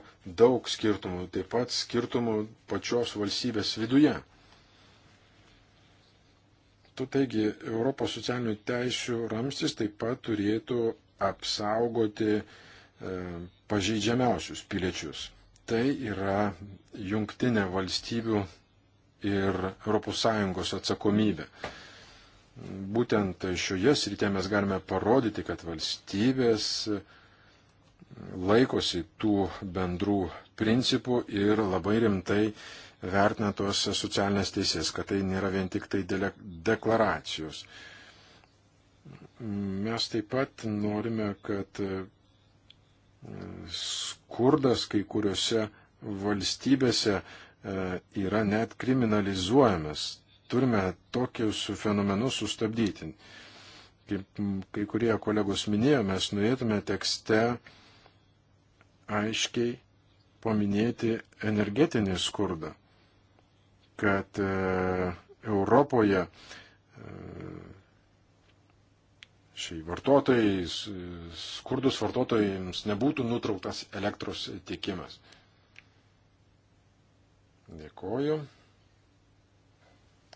daug skirtumų, taip pat skirtumų pačios valstybės viduje. Tu taigi Europos socialinių teisių ramstis taip pat turėtų apsaugoti e, pažeidžiamiausius piliečius. Tai yra jungtinė valstybių ir ES atsakomybė būtent šioje srityje mes galime parodyti, kad valstybės laikosi tų bendrų principų ir labai rimtai vertina tos socialinės teisės, kad tai nėra vien tik tai deklaracijos. Mes taip pat norime, kad e, skurdas kai kuriuose valstybėse e, yra net kriminalizuojamas turime tokius fenomenus sustabdyti. Kaip kai kurie kolegos minėjo, mes norėtume tekste aiškiai paminėti energetinį skurdą, kad e, Europoje e, šiai vartotojai, skurdus vartotojams nebūtų nutrauktas elektros tiekimas. Dėkoju.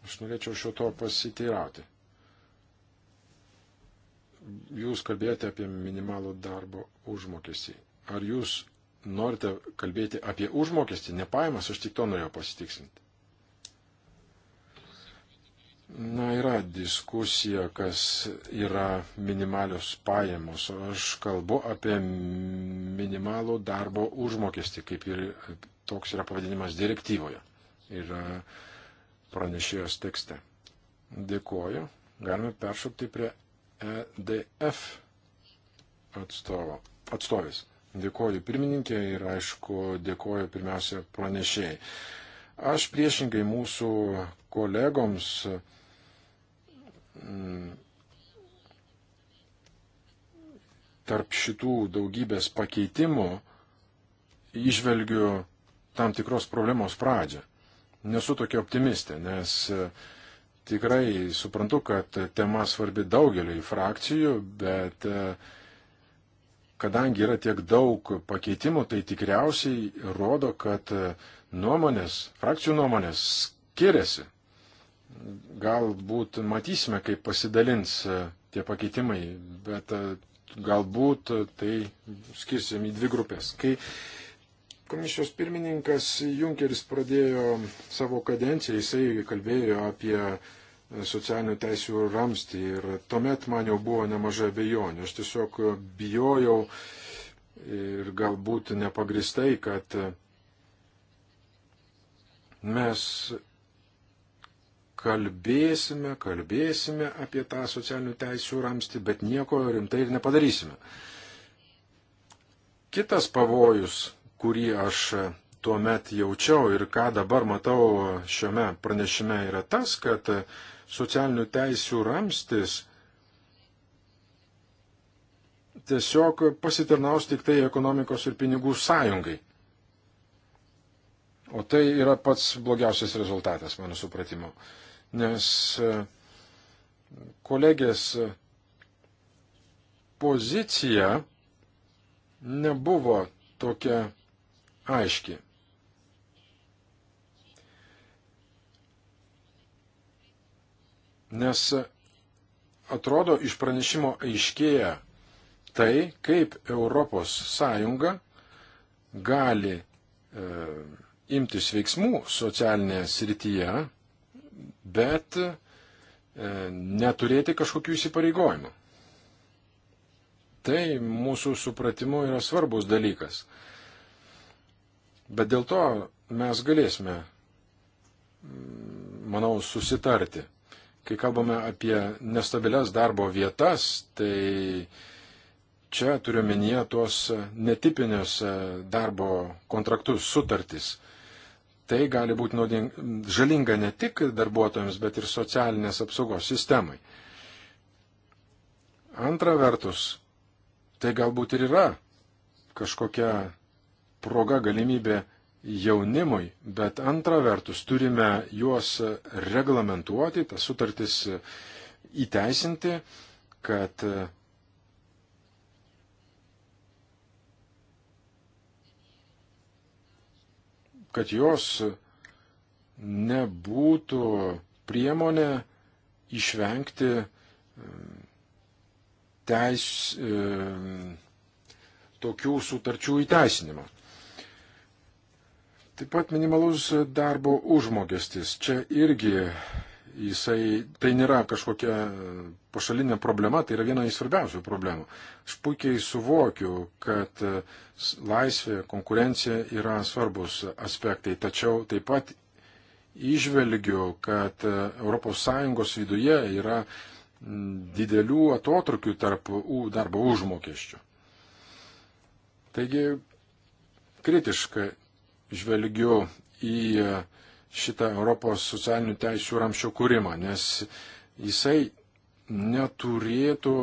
Aš norėčiau šio to pasiteirauti. Jūs kalbėjote apie minimalų darbo užmokestį. Ar jūs norite kalbėti apie užmokestį, ne pajamas, aš tik to norėjau pasitikslinti. Na, yra diskusija, kas yra minimalios pajamos. Aš kalbu apie minimalų darbo užmokestį, kaip ir toks yra pavadinimas direktyvoje. Yra uh, pranešėjos tekste. Dėkoju. Galime peršokti prie EDF atstovo, atstovės. Dėkoju pirmininkė ir aišku, dėkoju pirmiausia pranešėjai. Aš priešingai mūsų kolegoms mm, tarp šitų daugybės pakeitimų išvelgiu tam tikros problemos pradžią nesu tokia optimistė, nes e, tikrai suprantu, kad tema svarbi daugeliai frakcijų, bet e, kadangi yra tiek daug pakeitimų, tai tikriausiai rodo, kad e, nuomonės, frakcijų nuomonės skiriasi. Galbūt matysime, kaip pasidalins tie pakeitimai, bet galbūt tai skirsim į dvi grupės. Kai Komisijos pirmininkas Junkeris pradėjo savo kadenciją, jisai kalbėjo apie socialinių teisių ramstį ir tuomet man jau buvo nemažai abejonių. Aš tiesiog bijojau ir galbūt nepagristai, kad mes kalbėsime, kalbėsime apie tą socialinių teisių ramstį, bet nieko rimtai ir nepadarysime. Kitas pavojus kurį aš tuo met jaučiau ir ką dabar matau šiame pranešime yra tas, kad socialinių teisių ramstis tiesiog pasitarnaus tik tai ekonomikos ir pinigų sąjungai. O tai yra pats blogiausias rezultatas, mano supratimu. Nes e, kolegės pozicija nebuvo tokia aiški. Nes atrodo iš pranešimo aiškėja tai, kaip Europos Sąjunga gali e, imtis veiksmų socialinėje srityje, bet e, neturėti kažkokių įsipareigojimų. Tai mūsų supratimu yra svarbus dalykas. Bet dėl to mes galėsime, mm, manau, susitarti. Kai kalbame apie nestabilias darbo vietas, tai čia turiu menyje tuos netipinius e, darbo kontraktus, sutartis. Tai gali būti naudinga, žalinga ne tik darbuotojams, bet ir socialinės apsaugos sistemai. Antra vertus, tai galbūt ir yra kažkokia proga galimybė jaunimui, bet antra vertus turime juos reglamentuoti, tas sutartis įteisinti, kad kad jos nebūtų priemonė išvengti ehm, teis, e, tokių sutarčių įteisinimo. Taip pat minimalus darbo užmokestis. Čia irgi jisai, tai nėra kažkokia pašalinė problema, tai yra viena iš svarbiausių problemų. Aš puikiai suvokiu, kad laisvė, konkurencija yra svarbus aspektai, tačiau taip pat išvelgiu, kad ES viduje yra didelių atotrukių tarp darbo užmokesčių. Taigi kritiška žvelgiu į šitą Europos socialinių teisų ramščio kūrimą, nes jisai neturėtų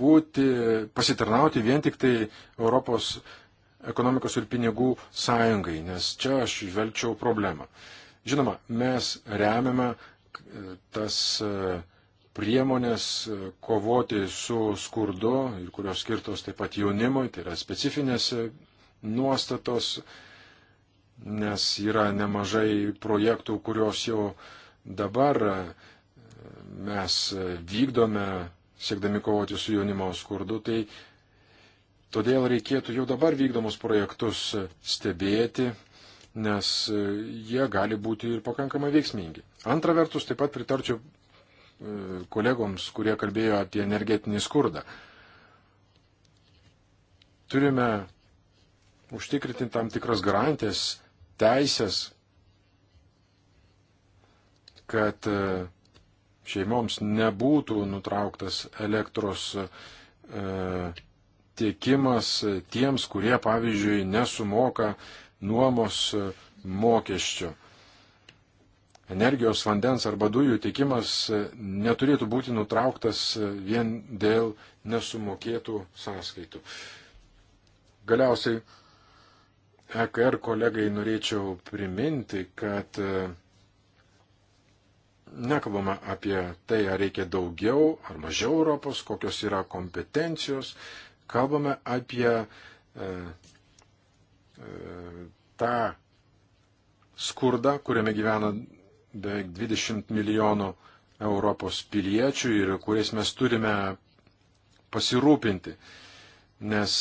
būti, pasitarnauti vien tik tai Europos ekonomikos ir pinigų sąjungai, nes čia aš žvelgčiau problemą. Žinoma, mes remiame tas uh, priemonės e, kovoti su skurdu ir kurios skirtos taip pat jaunimui, tai yra specifinės e, nuostatos, nes yra nemažai projektų, kurios jau dabar e, mes vykdome, siekdami kovoti su jaunimo skurdu, tai todėl reikėtų jau dabar vykdomus projektus stebėti, nes jie gali būti ir pakankamai veiksmingi. Antra vertus, taip pat pritarčiau E, kolegoms, kurie kalbėjo apie energetinį skurdą. Turime užtikrinti tam tikras garantijas, teisės, kad e, šeimoms nebūtų nutrauktas elektros e, tiekimas tiems, kurie, pavyzdžiui, nesumoka nuomos e, mokesčio energijos, vandens arba dujų tiekimas neturėtų būti nutrauktas vien dėl nesumokėtų sąskaitų. Galiausiai EKR kolegai norėčiau priminti, kad e, nekalbama apie tai, ar reikia daugiau ar mažiau Europos, kokios yra kompetencijos, kalbame apie e, e, tą skurdą, kuriame gyvena beveik 20 milijonų Europos piliečių ir kuriais mes turime pasirūpinti. Nes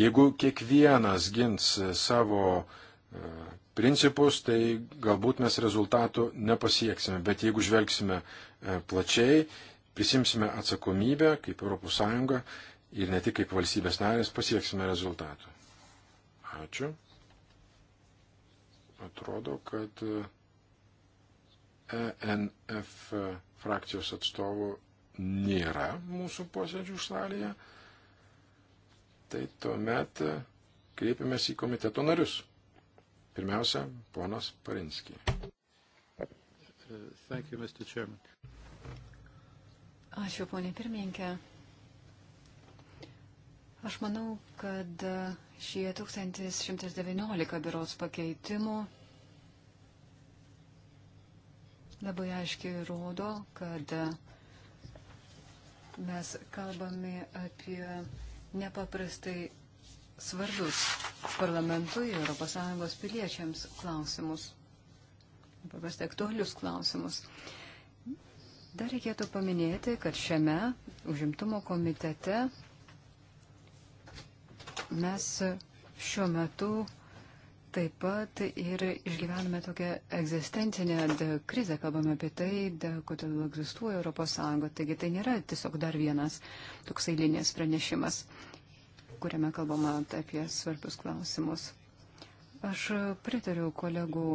jeigu kiekvienas gins savo e, principus, tai galbūt mes rezultatų nepasieksime. Bet jeigu žvelgsime e, plačiai, prisimsime atsakomybę kaip ES ir ne tik kaip valstybės narės, pasieksime rezultatų. Ačiū. Atrodo, kad ENF e frakcijos atstovų nėra mūsų posėdžių salėje, tai tuomet kreipiamės į komiteto narius. Pirmiausia, ponas Parinskiai. Ačiū, ponė pirmininkė. Aš manau, kad Šie 1119 biros pakeitimų labai aiškiai rodo, kad mes kalbame apie nepaprastai svarbius parlamentui Europos Sąjungos piliečiams klausimus, paprastai aktualius klausimus. Dar reikėtų paminėti, kad šiame užimtumo komitete Mes šiuo metu taip pat ir išgyvename tokią egzistencinę krizę, kalbame apie tai, da, kodėl egzistuoja Europos Sąjunga. Taigi tai nėra tiesiog dar vienas toks eilinės pranešimas, kuriame kalbama apie svarbius klausimus. Aš pritariu kolegų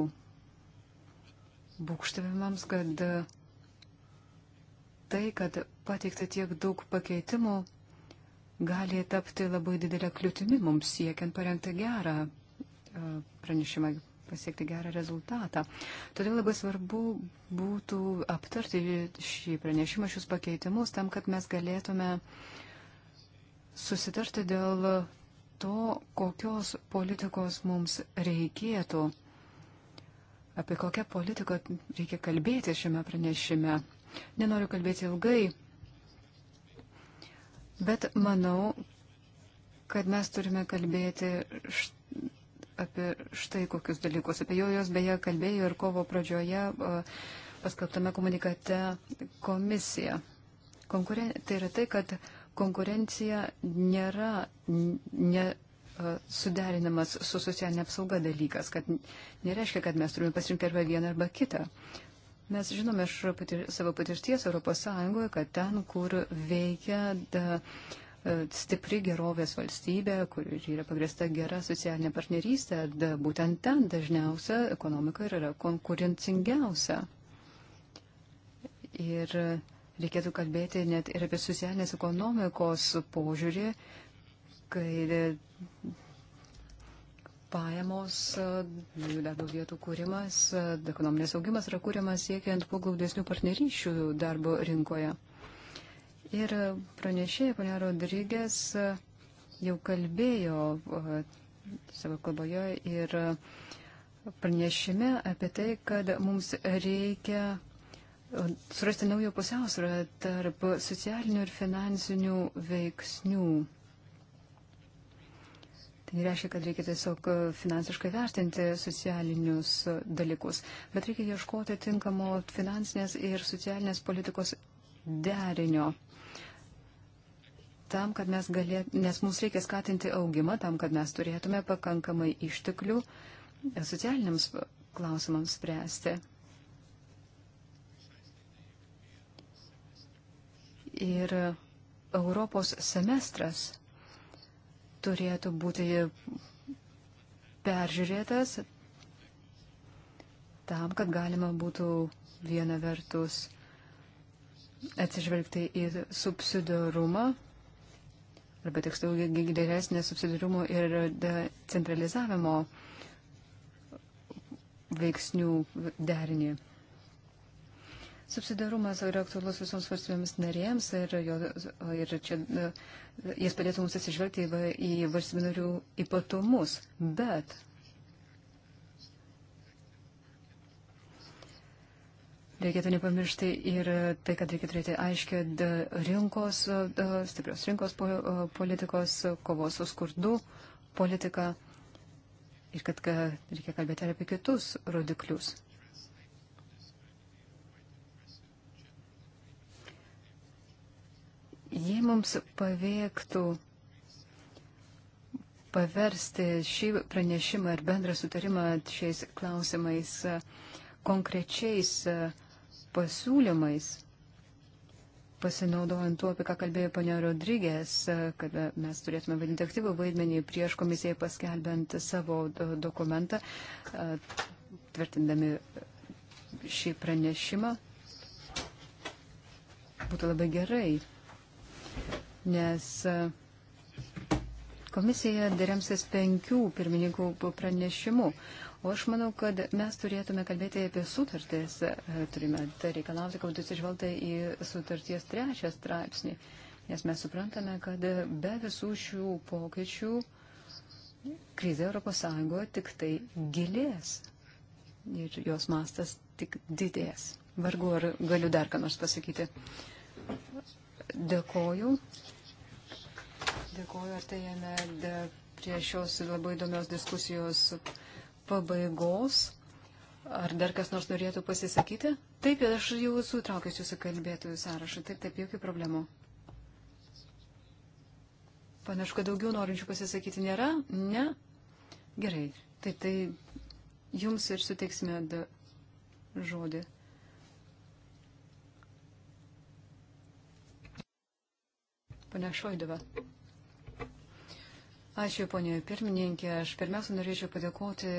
būkštavimams, kad tai, kad pateikta tiek daug pakeitimų, gali tapti labai didelę kliūtimi mums siekiant parengti gerą e, pranešimą, pasiekti gerą rezultatą. Todėl labai svarbu būtų aptarti šį pranešimą, šius pakeitimus, tam, kad mes galėtume susitarti dėl to, kokios politikos mums reikėtų, apie kokią politiką reikia kalbėti šiame pranešime. Nenoriu kalbėti ilgai, Bet manau, kad mes turime kalbėti št apie štai kokius dalykus. Apie jo jos beje kalbėjo ir kovo pradžioje paskelbtame komunikate komisija. Konkuren... Tai yra tai, kad konkurencija nėra ne, suderinamas su socialinė apsauga dalykas, kad nereiškia, kad mes turime pasirinkti arba vieną arba kitą. Mes žinome iš patir, savo patirties ES, kad ten, kur veikia da, e, stipri gerovės valstybė, kur yra pagrįsta gera socialinė partnerystė, da, būtent ten dažniausia ekonomika yra konkurencingiausia. Ir reikėtų kalbėti net ir apie socialinės ekonomikos požiūrį, kai pajamos, naujų e, darbo vietų kūrimas, e, ekonominės augimas yra kūrimas siekiant kuo glaudesnių partnerysčių darbo rinkoje. Ir pranešėja, ponia Rodrygės, e, jau kalbėjo savo kalboje ir pranešime apie tai, kad mums reikia surasti naują pusiausvyrą tarp socialinių ir finansinių veiksnių. Tai reiškia, kad reikia tiesiog e, finansiškai vertinti socialinius e, dalykus, bet reikia ieškoti tinkamo finansinės ir socialinės politikos derinio. Tam, kad mes galėtume, nes mums reikia skatinti augimą, tam, kad mes turėtume pakankamai išteklių e, socialiniams klausimams spręsti. Ir Europos semestras turėtų būti peržiūrėtas tam, kad galima būtų viena vertus atsižvelgti į subsidiarumą, arba tiksliau geresnė subsidiarumo ir centralizavimo veiksnių derinį. Subsidarumas yra aktualus visoms valstybėms narėms ir, jo, ir čia e, jis padėtų mums atsižvelgti į valstybių narių ypatumus. Bet reikėtų nepamiršti ir tai, kad reikia turėti aiškę rinkos, stiprios rinkos politikos, kovos su skurdu politiką ir kad reikia kalbėti ir apie kitus rodiklius. Jei mums pavėktų paversti šį pranešimą ir bendrą sutarimą šiais klausimais e, konkrečiais e, pasiūlymais, pasinaudojant tuo, apie ką kalbėjo ponia Rodrygės, e, kad mes turėtume vadinti aktyvų vaidmenį prieš komisiją paskelbent savo dokumentą, tvirtindami šį pranešimą, būtų labai gerai nes e, komisija dėremsis penkių pirmininkų pranešimu. O aš manau, kad mes turėtume kalbėti apie sutartis, e, turime tai reikalauti, kad atsižvelgta į sutarties trečią straipsnį, nes mes suprantame, kad be visų šių pokyčių krizė ES tik tai gilės ir jos mastas tik didės. Vargu ar galiu dar ką nors pasakyti. Dėkoju. Dėkoju, artėjame tai prie šios labai įdomios diskusijos pabaigos. Ar dar kas nors norėtų pasisakyti? Taip, aš jau sutraukiu jūsų kalbėtojų sąrašą. Taip, taip, jokių problemų. Panašu, kad daugiau norinčių pasisakyti nėra? Ne? Gerai. Tai tai jums ir suteiksime žodį. Pane Šoidova. Ačiū, ponė pirmininkė. Aš pirmiausia norėčiau padėkoti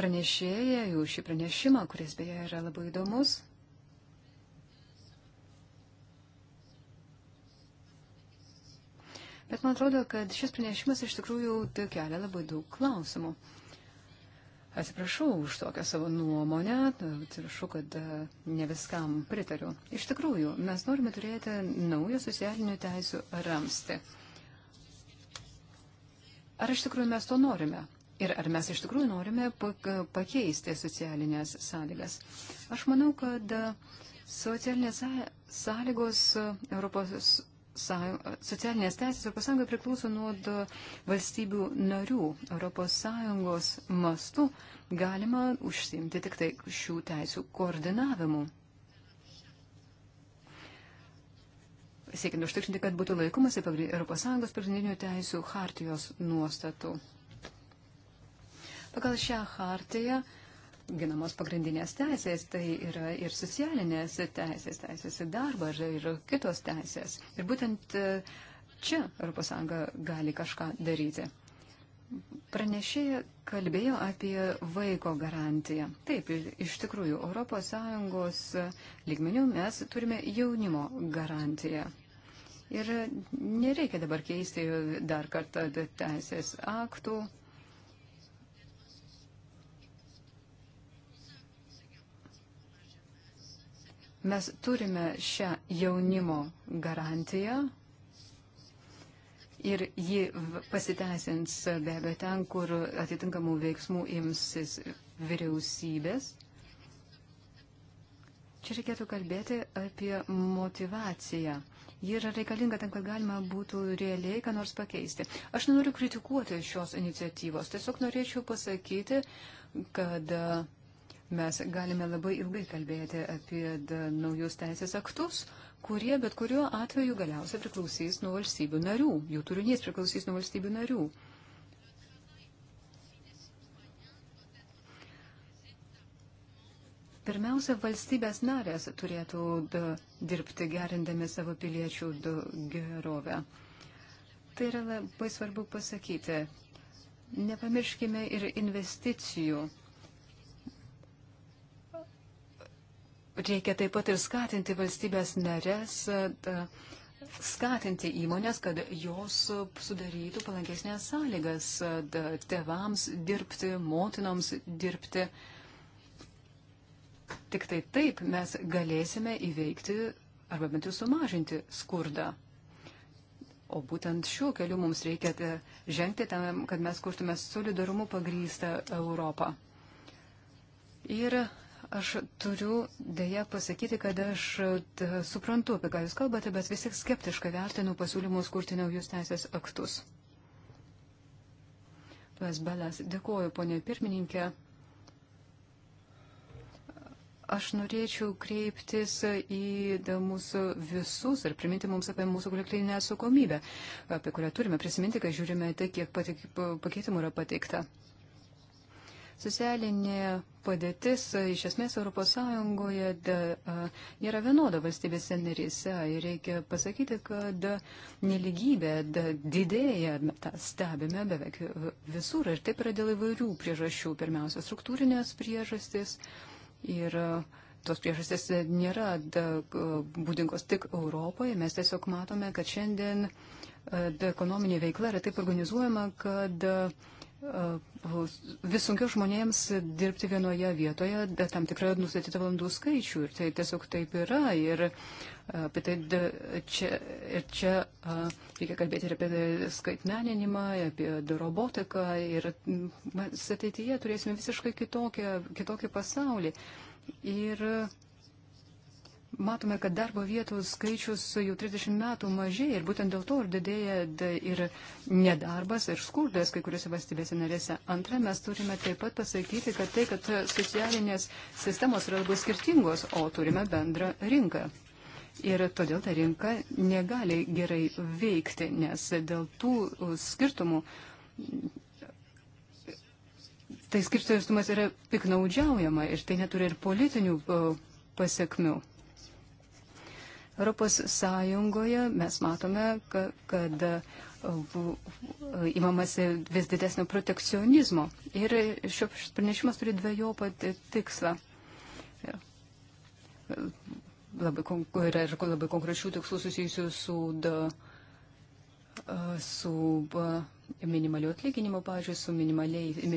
pranešėjai už šį pranešimą, kuris beje yra labai įdomus. Bet man atrodo, kad šis pranešimas iš tikrųjų kelia labai daug klausimų. Atsiprašau už tokią savo nuomonę, atsiprašau, kad e, ne viskam pritariu. Iš tikrųjų, mes norime turėti naują socialinių teisų ramstį. Ar iš tikrųjų mes to norime? Ir ar mes iš tikrųjų norime pakeisti socialinės sąlygas? Aš manau, kad e, socialinės sąlygos e, Europos socialinės teisės Europos Sąjungoje priklauso nuo valstybių narių. Europos Sąjungos mastu galima užsimti tik tai šių teisų koordinavimu. Siekiant užtikrinti, kad būtų laikomasi Europos Sąjungos pagrindinių teisų hartijos nuostatų. Pagal šią hartiją ginamos pagrindinės teisės, tai yra ir socialinės teisės, teisės į darbą ir kitos teisės. Ir būtent e, čia ES gali kažką daryti. Pranešėja kalbėjo apie vaiko garantiją. Taip, iš tikrųjų, ES lygmenių mes turime jaunimo garantiją. Ir nereikia dabar keisti dar kartą teisės aktų Mes turime šią jaunimo garantiją ir ji pasiteisins be abejo ten, kur atitinkamų veiksmų imsis vyriausybės. Čia reikėtų kalbėti apie motivaciją ji yra reikalinga tam, kad galima būtų realiai ką nors pakeisti. Aš nenoriu kritikuoti šios iniciatyvos, tiesiog norėčiau pasakyti, kad Mes galime labai ilgai kalbėti apie naujus teisės aktus, kurie bet kuriuo atveju galiausiai priklausys nuo valstybių narių. Jų turinys priklausys nuo valstybių narių. Pirmiausia, valstybės narės turėtų dirbti gerindami savo piliečių gerovę. Tai yra labai svarbu pasakyti. Nepamirškime ir investicijų Reikia taip pat ir skatinti valstybės narės, e, skatinti įmonės, kad jos sudarytų palankesnės sąlygas e, tevams dirbti, motinoms dirbti. Tik tai taip mes galėsime įveikti arba bent jau sumažinti skurdą. O būtent šiuo keliu mums reikia e, žengti tam, kad mes kurtume solidarumu pagrystą Europą. Ir Aš turiu dėja pasakyti, kad aš da, e, suprantu, apie ką Jūs kalbate, bet vis tik skeptiškai vertinu pasiūlymus kurti naujus teisės aktus. Pas Belas, dėkoju, ponė pirmininkė. Aš norėčiau kreiptis į mūsų visus ir priminti mums apie mūsų kolektyvinę atsakomybę, apie kurią turime prisiminti, kai žiūrime tai, kiek patik, pakeitimų yra pateikta. Socialinė padėtis e, iš esmės ES e, nėra vienoda valstybėse narise. Ir reikia pasakyti, kad neligybė didėja, tą stebime beveik e, visur. Ir taip yra dėl įvairių priežasčių. Pirmiausia, struktūrinės priežastis. Ir tos priežastis nėra būdingos tik Europoje. Mes tiesiog matome, kad šiandien ekonominė veikla yra taip organizuojama, kad uh, vis sunkiau žmonėms dirbti vienoje vietoje, bet tam tikrą nustatytą valandų skaičių. Ir tai tiesiog taip yra. Ir apie tai čia, ir čia reikia kalbėti ir apie skaitmeninimą, apie robotiką. Ir mes ateityje turėsime visiškai kitokią, kitokį pasaulį. Ir uh, matome, kad darbo vietų skaičius jau 30 metų mažėja ir būtent dėl to ir didėja ir nedarbas, ir skurdas kai kuriuose valstybėse narėse. Antra, mes turime taip pat pasakyti, kad tai, kad socialinės sistemos yra labai skirtingos, o turime bendrą rinką. Ir todėl ta rinka negali gerai veikti, nes dėl tų skirtumų tai skirtumas yra piknaudžiaujama ir tai neturi ir politinių pasiekmių. Europos Sąjungoje mes matome, kad, kad uh, įmamasi uh, vis didesnio protekcionizmo. Ir šis pranešimas turi dviejopą tikslą. Uh, labai, yra ir labai konkrečių tikslų susijusių su, da, su minimaliu atlyginimu, pažiūrėjau, su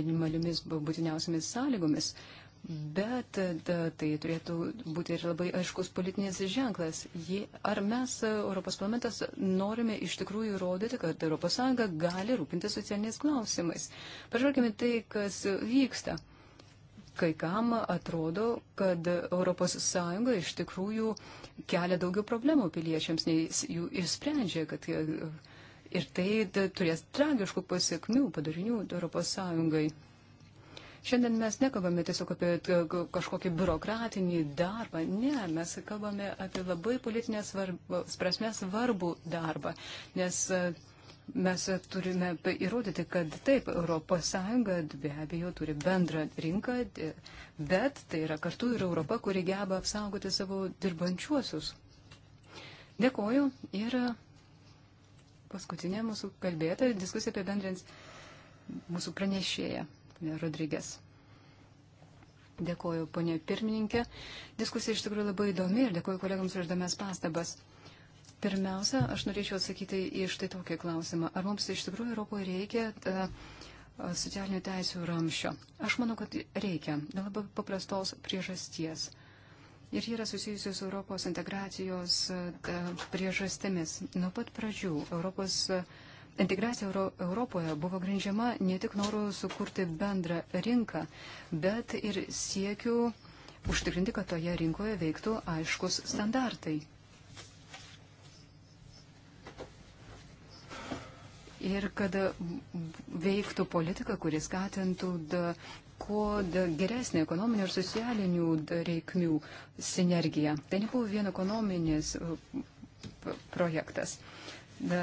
minimaliomis būtiniausiamis sąlygomis. Uh, Bet tai turėtų būti ir labai aiškus politinis ženklas. Jie, ar mes, Europos parlamentas, norime iš tikrųjų įrodyti, kad ES gali rūpinti socialiniais klausimais? Pažvelkime tai, kas vyksta. Kai kam atrodo, kad ES iš tikrųjų kelia daugiau problemų piliečiams, nei jų išsprendžia, kad ir tai turės tragiškų pasiekmių padarinių ES. Šiandien mes nekalbame tiesiog apie kažkokį biurokratinį darbą. Ne, mes kalbame apie labai politinės prasmės svarbų darbą. Nes e, mes turime įrodyti, kad taip, ES be abejo turi bendrą rinką, bet tai yra kartu ir Europa, kuri geba apsaugoti savo dirbančiuosius. Dėkoju ir paskutinė mūsų kalbėta diskusija apie bendrins mūsų pranešėją. Rodrygės. Dėkoju, ponė pirmininkė. Diskusija iš tikrųjų labai įdomi ir dėkoju kolegams už įdomias pastabas. Pirmiausia, aš norėčiau atsakyti į štai tokį klausimą. Ar mums iš tikrųjų Europoje reikia e, socialinių teisų ramščio? Aš manau, kad reikia. Dėl labai paprastos priežasties. Ir jie yra susijusi su Europos integracijos e, priežastimis. Nuo pat pradžių Europos. A, Integracija Euro Europoje buvo grindžiama ne tik noru sukurti bendrą rinką, bet ir siekiu užtikrinti, kad toje rinkoje veiktų aiškus standartai. Ir kad veiktų politika, kuris skatintų kuo geresnė ekonominė ir socialinių reikmių sinergija. Tai nebuvo vien ekonominis uh, projektas. Da,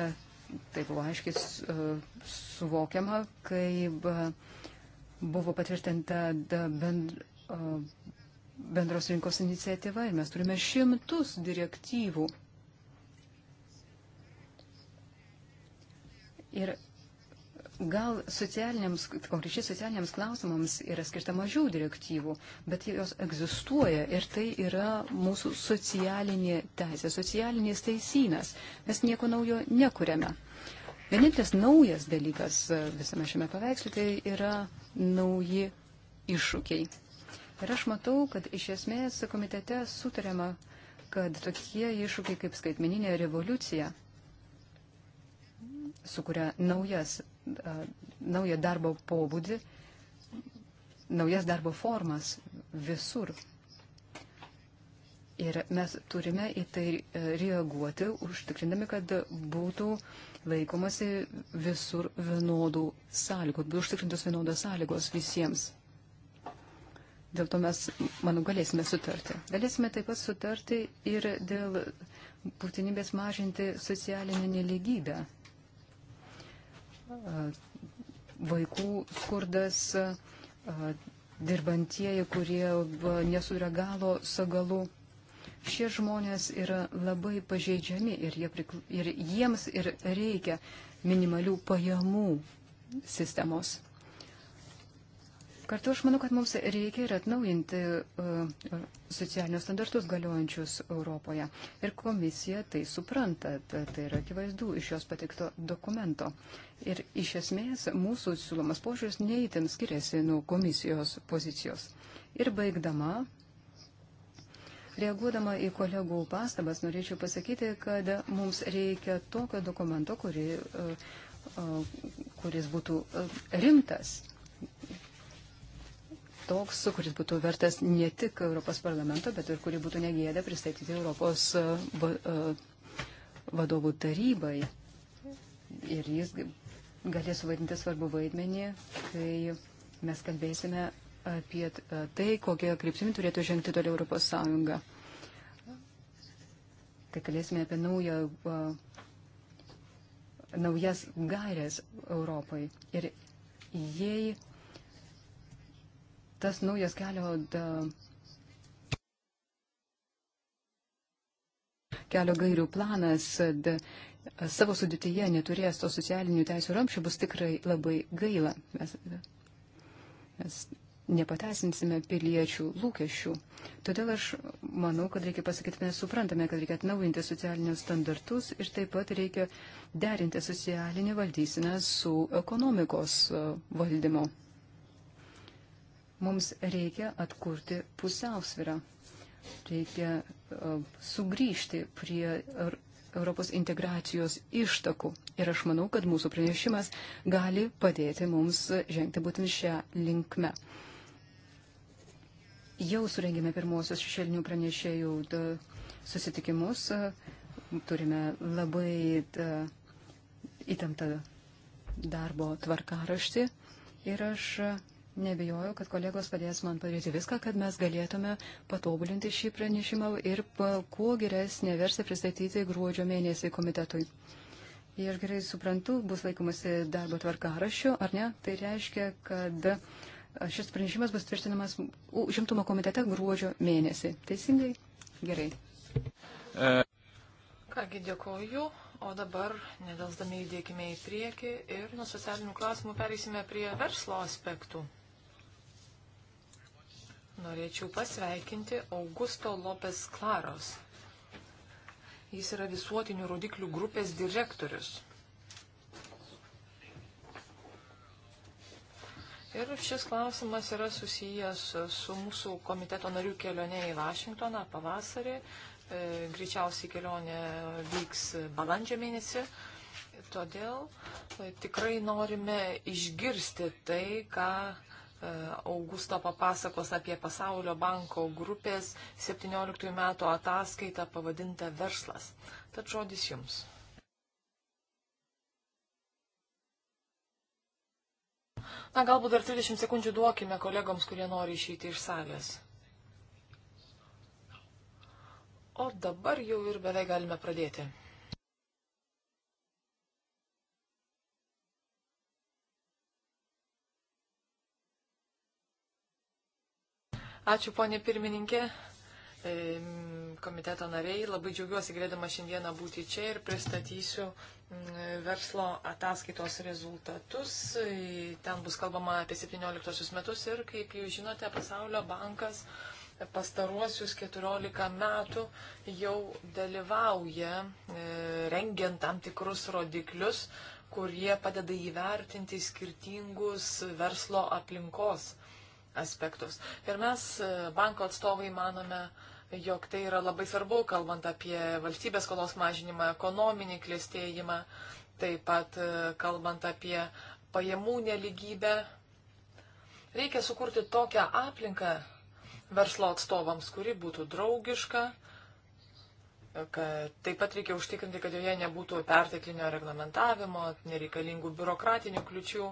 Tai buvo aiškiai e, suvokiama, kai e, buvo patvirtinta bend, e, bendros rinkos iniciatyva ir mes turime šimtus direktyvų. Ir Gal socialiniams, konkrečiai socialiniams klausimams yra skirta mažiau direktyvų, bet jos egzistuoja ir tai yra mūsų socialinė teisė, socialinės teisynas. Mes nieko naujo nekuriame. Vienintelis naujas dalykas e, visame šiame paveiksle tai yra nauji iššūkiai. Ir aš matau, kad iš esmės komitete sutarėma, kad tokie iššūkiai kaip skaitmeninė revoliucija sukuria naujas naują darbo pobūdį, naujas darbo formas visur. Ir mes turime į tai reaguoti, užtikrindami, kad būtų laikomasi visur vienodų sąlygų, būtų užtikrintos vienodos sąlygos visiems. Dėl to mes, manau, galėsime sutarti. Galėsime taip pat sutarti ir dėl būtinybės mažinti socialinę neligybę vaikų skurdas, dirbantieji, kurie nesuregalo sagalų. Šie žmonės yra labai pažeidžiami ir, jie prikl... ir jiems ir reikia minimalių pajamų sistemos. Kartu aš manau, kad mums reikia ir atnaujinti uh, socialinius standartus galiojančius Europoje. Ir komisija tai supranta, tai yra akivaizdu iš jos patikto dokumento. Uh, Ir iš esmės mūsų siūlomas požiūris neįtin skiriasi nuo komisijos pozicijos. Ir baigdama, reaguodama į kolegų pastabas, norėčiau pasakyti, kad mums reikia tokio dokumento, kuri, e, e, kuris būtų e, rimtas toks, kuris būtų vertas ne tik Europos parlamento, bet ir kuri būtų negėda pristatyti Europos vadovų tarybai. Ir jis galės suvaidinti svarbu vaidmenį, kai mes kalbėsime apie tai, kokią kryptimį turėtų žengti toliau Europos Sąjunga. Kai kalbėsime apie naują, naujas gairės Europai. Ir jei tas naujas kelio, da, kelio gairių planas da, savo sudėtyje neturės to socialinių teisų ramščių, bus tikrai labai gaila. Mes, mes nepateisinsime piliečių lūkesčių. Todėl aš manau, kad reikia pasakyti, mes suprantame, kad reikia atnaujinti socialinius standartus ir taip pat reikia derinti socialinį valdysiną su ekonomikos e, valdymu. Mums reikia atkurti pusiausvirą. Reikia uh, sugrįžti prie Europos integracijos ištakų. Ir aš manau, kad mūsų pranešimas gali padėti mums žengti būtent šią linkmę. Jau surengėme pirmosios šešėlinių pranešėjų susitikimus. Turime labai įtemptą darbo tvarkaraštį. Ir aš Nebijoju, kad kolegos padės man padaryti viską, kad mes galėtume patobulinti šį pranešimą ir kuo geresnė versija pristatyti gruodžio mėnesį komitetui. Jei aš gerai suprantu, bus laikomasi darbo tvarkaraščio, ar ne? Tai reiškia, kad šis pranešimas bus tvirtinamas užimtumo komitete gruodžio mėnesį. Teisingai? Gerai. E. Kągi dėkoju. O dabar, nedelsdami judėkime į priekį ir nuo socialinių klausimų pereisime prie verslo aspektų norėčiau pasveikinti Augusto Lopes Klaros. Jis yra visuotinių rodiklių grupės direktorius. Ir šis klausimas yra susijęs su mūsų komiteto narių kelionė į Vašingtoną pavasarį. E, greičiausiai kelionė vyks balandžio mėnesį. Todėl e, tikrai norime išgirsti tai, ką E, Augusto papasakos apie Pasaulio banko grupės 17 metų ataskaitą pavadintą Verslas. Tad žodis jums. Na, galbūt dar 30 sekundžių duokime kolegoms, kurie nori išeiti iš salės. O dabar jau ir beveik galime pradėti. Ačiū, ponė pirmininkė. E, komiteto nariai, labai džiaugiuosi galėdama šiandieną būti čia ir pristatysiu mm, verslo ataskaitos rezultatus. E, ten bus kalbama apie 17 metus ir, kaip jūs žinote, Pasaulio bankas pastaruosius 14 metų jau dalyvauja e, rengiant tam tikrus rodiklius, kurie padeda įvertinti skirtingus verslo aplinkos aspektus. Ir mes, e, banko atstovai, manome, jog tai yra labai svarbu, kalbant apie valstybės skolos mažinimą, ekonominį klėstėjimą, taip pat e, kalbant apie pajamų neligybę. Reikia sukurti tokią aplinką verslo atstovams, kuri būtų draugiška, kad taip pat reikia užtikrinti, kad joje nebūtų perteklinio reglamentavimo, nereikalingų biurokratinių kliučių.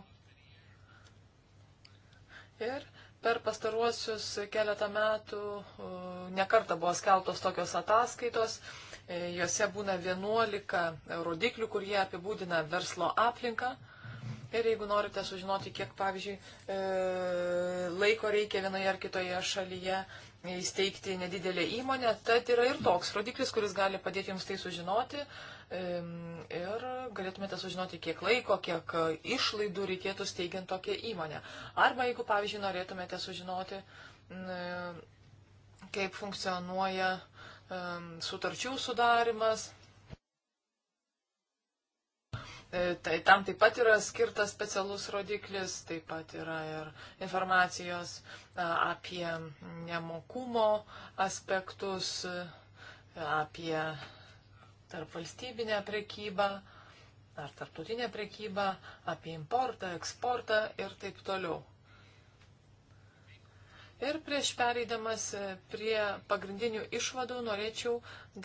Ir Per pastaruosius keletą metų nekarta buvo skeltos tokios ataskaitos, e, juose būna 11 rodiklių, kurie apibūdina verslo aplinką. Ir jeigu norite sužinoti, kiek, pavyzdžiui, e, laiko reikia vienoje ar kitoje šalyje įsteigti nedidelę įmonę, tad yra ir toks rodiklis, kuris gali padėti jums tai sužinoti ir galėtumėte sužinoti, kiek laiko, kiek e, išlaidų reikėtų steigiant tokią įmonę. Arba jeigu, pavyzdžiui, norėtumėte sužinoti, e, kaip funkcionuoja sutarčių sudarimas. E, tai tam taip pat yra skirtas specialus rodiklis, taip pat yra ir informacijos apie nemokumo aspektus, apie tarp valstybinę prekybą ar tarptautinę prekybą, apie importą, eksportą ir taip toliau. Ir prieš pereidamas prie pagrindinių išvadų norėčiau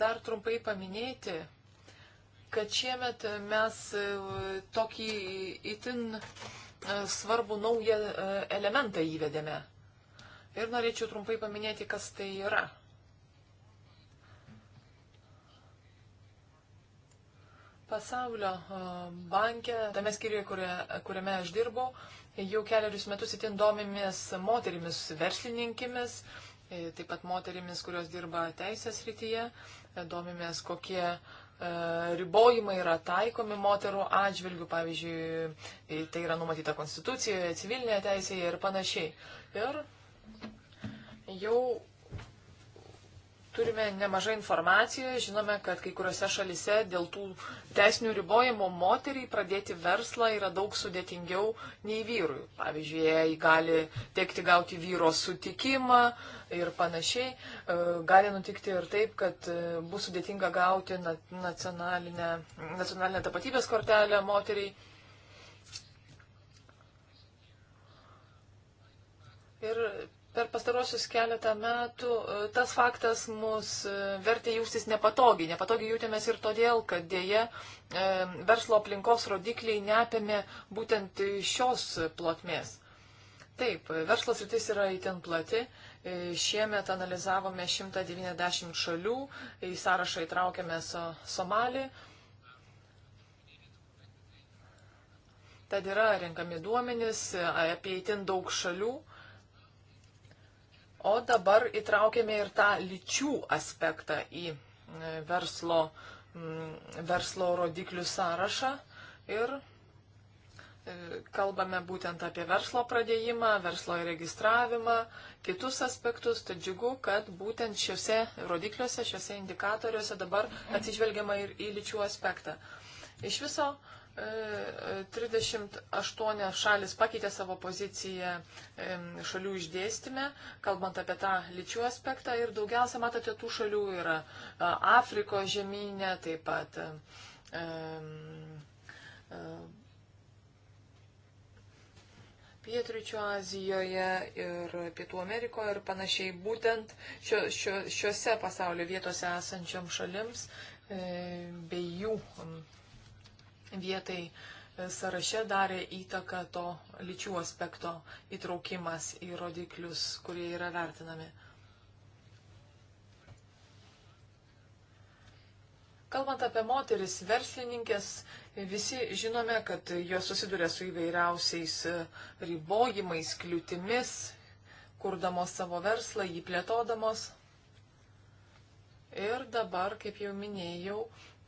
dar trumpai paminėti, kad šiemet mes e, tokį itin e, svarbų naują e, elementą įvedėme. Ir norėčiau trumpai paminėti, kas tai yra. Pasaulio bankė, tame skyriuje, kuriame aš dirbau, jau keliarius metus itin domimės moterimis verslininkimis, e, taip pat moterimis, kurios dirba teisės rytyje, e, domimės, kokie e, ribojimai yra taikomi moterų atžvilgių, pavyzdžiui, tai yra numatyta konstitucijoje, civilinėje teisėje ir panašiai. Ir jau turime nemažai informacijos, žinome, kad kai kuriuose šalise dėl tų teisinių ribojimų moteriai pradėti verslą yra daug sudėtingiau nei vyrui. Pavyzdžiui, jai gali tekti gauti vyro sutikimą ir panašiai. E, gali nutikti ir taip, kad e, bus sudėtinga gauti nacionalinę, nacionalinę tapatybės kortelę moteriai. Ir per pastarosius keletą metų e, tas faktas mus e, vertė jaustis nepatogiai. Nepatogiai jautėmės ir todėl, kad dėje e, verslo aplinkos rodikliai neapėmė būtent šios plotmės. Taip, verslo sritis yra įtin plati. Šiemet analizavome 190 šalių, į sąrašą įtraukėme Somalį. Tad yra renkami duomenys apie įtin daug šalių. O dabar įtraukėme ir tą lyčių aspektą į e, verslo, verslo rodiklių sąrašą ir e, kalbame būtent apie verslo pradėjimą, verslo įregistravimą, kitus aspektus. Tad džiugu, kad būtent šiuose rodikliuose, šiuose indikatoriuose dabar atsižvelgiama ir į lyčių aspektą. Iš viso 38 e, e, šalis pakeitė savo poziciją e, šalių išdėstymę, kalbant apie tą lyčių aspektą. Ir daugiausia, matote, tų šalių yra Afrikos žemynė, taip pat Pietričio Azijoje ir Pietų Amerikoje ir panašiai būtent šio, šio, šiuose pasaulio vietose esančiom šalims bei jų vietai e, sąraše darė įtaką to lyčių aspekto įtraukimas į rodiklius, kurie yra vertinami. Kalbant apie moteris verslininkės, visi žinome, kad jos susiduria su įvairiausiais e, ribojimais, kliūtimis, kurdamos savo verslą, jį plėtodamos. Ir dabar, kaip jau minėjau,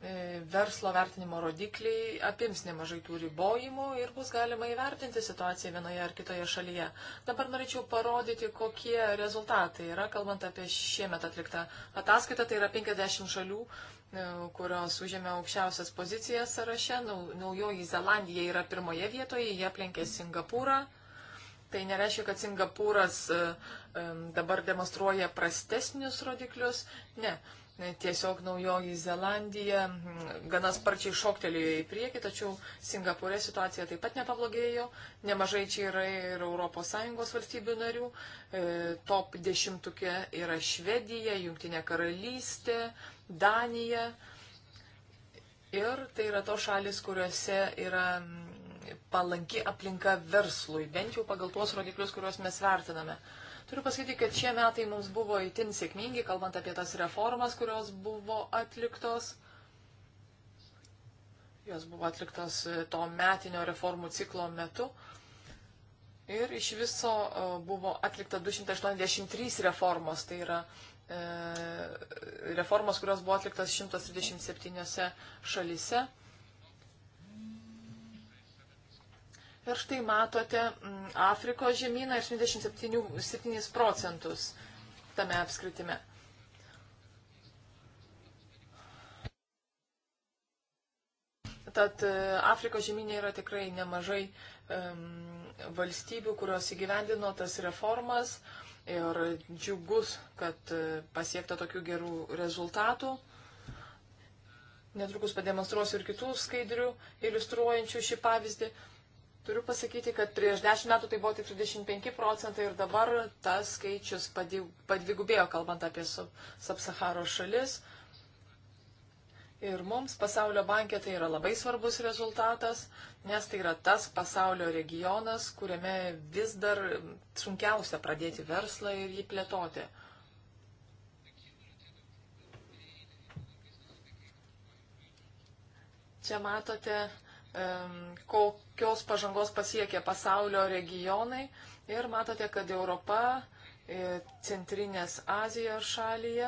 E, verslo vertinimo rodikliai apims nemažai tų ribojimų ir bus galima įvertinti situaciją vienoje ar kitoje šalyje. Dabar norėčiau parodyti, kokie rezultatai yra, kalbant apie šiemet atliktą ataskaitą. Tai yra 50 šalių, e, kurios užėmė aukščiausias pozicijas sąraše. Naujoji Zelandija yra pirmoje vietoje, jie aplenkė Singapūrą. Tai nereiškia, kad Singapūras e, dabar demonstruoja prastesnius rodiklius. Ne tiesiog Naujoji Zelandija mm, gana sparčiai šoktelėjo į priekį, tačiau Singapūrė situacija taip pat nepablogėjo. Nemažai čia yra ir ES valstybių narių. E, top dešimtukė yra Švedija, Junktinė karalystė, Danija. Ir tai yra to šalis, kuriuose yra mm, palanki aplinka verslui, bent jau pagal tuos rodiklius, kuriuos mes vertiname. Uh, Turiu pasakyti, kad šie metai mums buvo itin sėkmingi, kalbant apie tas reformas, kurios buvo atliktos. Jos buvo atliktos e, to metinio reformų ciklo metu. Ir iš viso e, buvo atlikta 283 reformos, tai yra e, reformos, kurios buvo atliktas 137 šalise. Ir štai matote mm, Afrikos žemyną ir 27 procentus tame apskritime. Tad e, Afrikos žemynė yra tikrai nemažai um, valstybių, kurios įgyvendino tas reformas ir džiugus, kad e, pasiekta tokių gerų rezultatų. Netrukus pademonstruosiu ir kitų skaidrių iliustruojančių šį pavyzdį. Turiu pasakyti, kad prieš 10 metų tai buvo tik 35 procentai ir dabar tas skaičius padvigubėjo, kalbant apie Sapsaharo šalis. Ir mums pasaulio bankė tai yra labai svarbus rezultatas, nes tai yra tas pasaulio regionas, kuriame vis dar sunkiausia pradėti verslą ir jį plėtoti. Čia matote kokios pažangos pasiekė pasaulio regionai ir matote, kad Europa, e, Centrinės Azijos šalyje,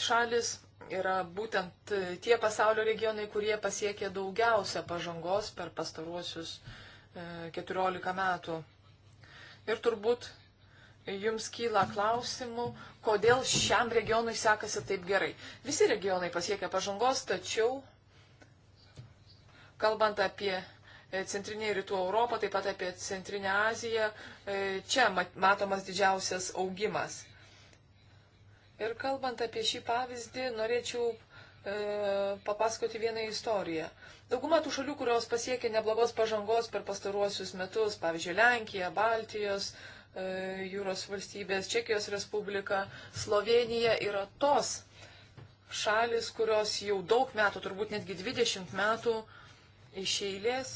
šalis yra būtent e, tie pasaulio regionai, kurie pasiekė daugiausia pažangos per pastaruosius 14 e, metų. Ir turbūt jums kyla klausimų, kodėl šiam regionui sekasi taip gerai. Visi regionai pasiekia pažangos, tačiau Kalbant apie e, Centrinė ir Rytų Europą, taip pat apie Centrinę Aziją, e, čia matomas didžiausias augimas. Ir kalbant apie šį pavyzdį, norėčiau e, papasakoti vieną istoriją. Dauguma tų šalių, kurios pasiekė neblogos pažangos per pastaruosius metus, pavyzdžiui, Lenkija, Baltijos, jūros valstybės, Čekijos Respublika, Slovenija yra tos šalis, kurios jau daug metų, turbūt netgi 20 metų, uh, iš eilės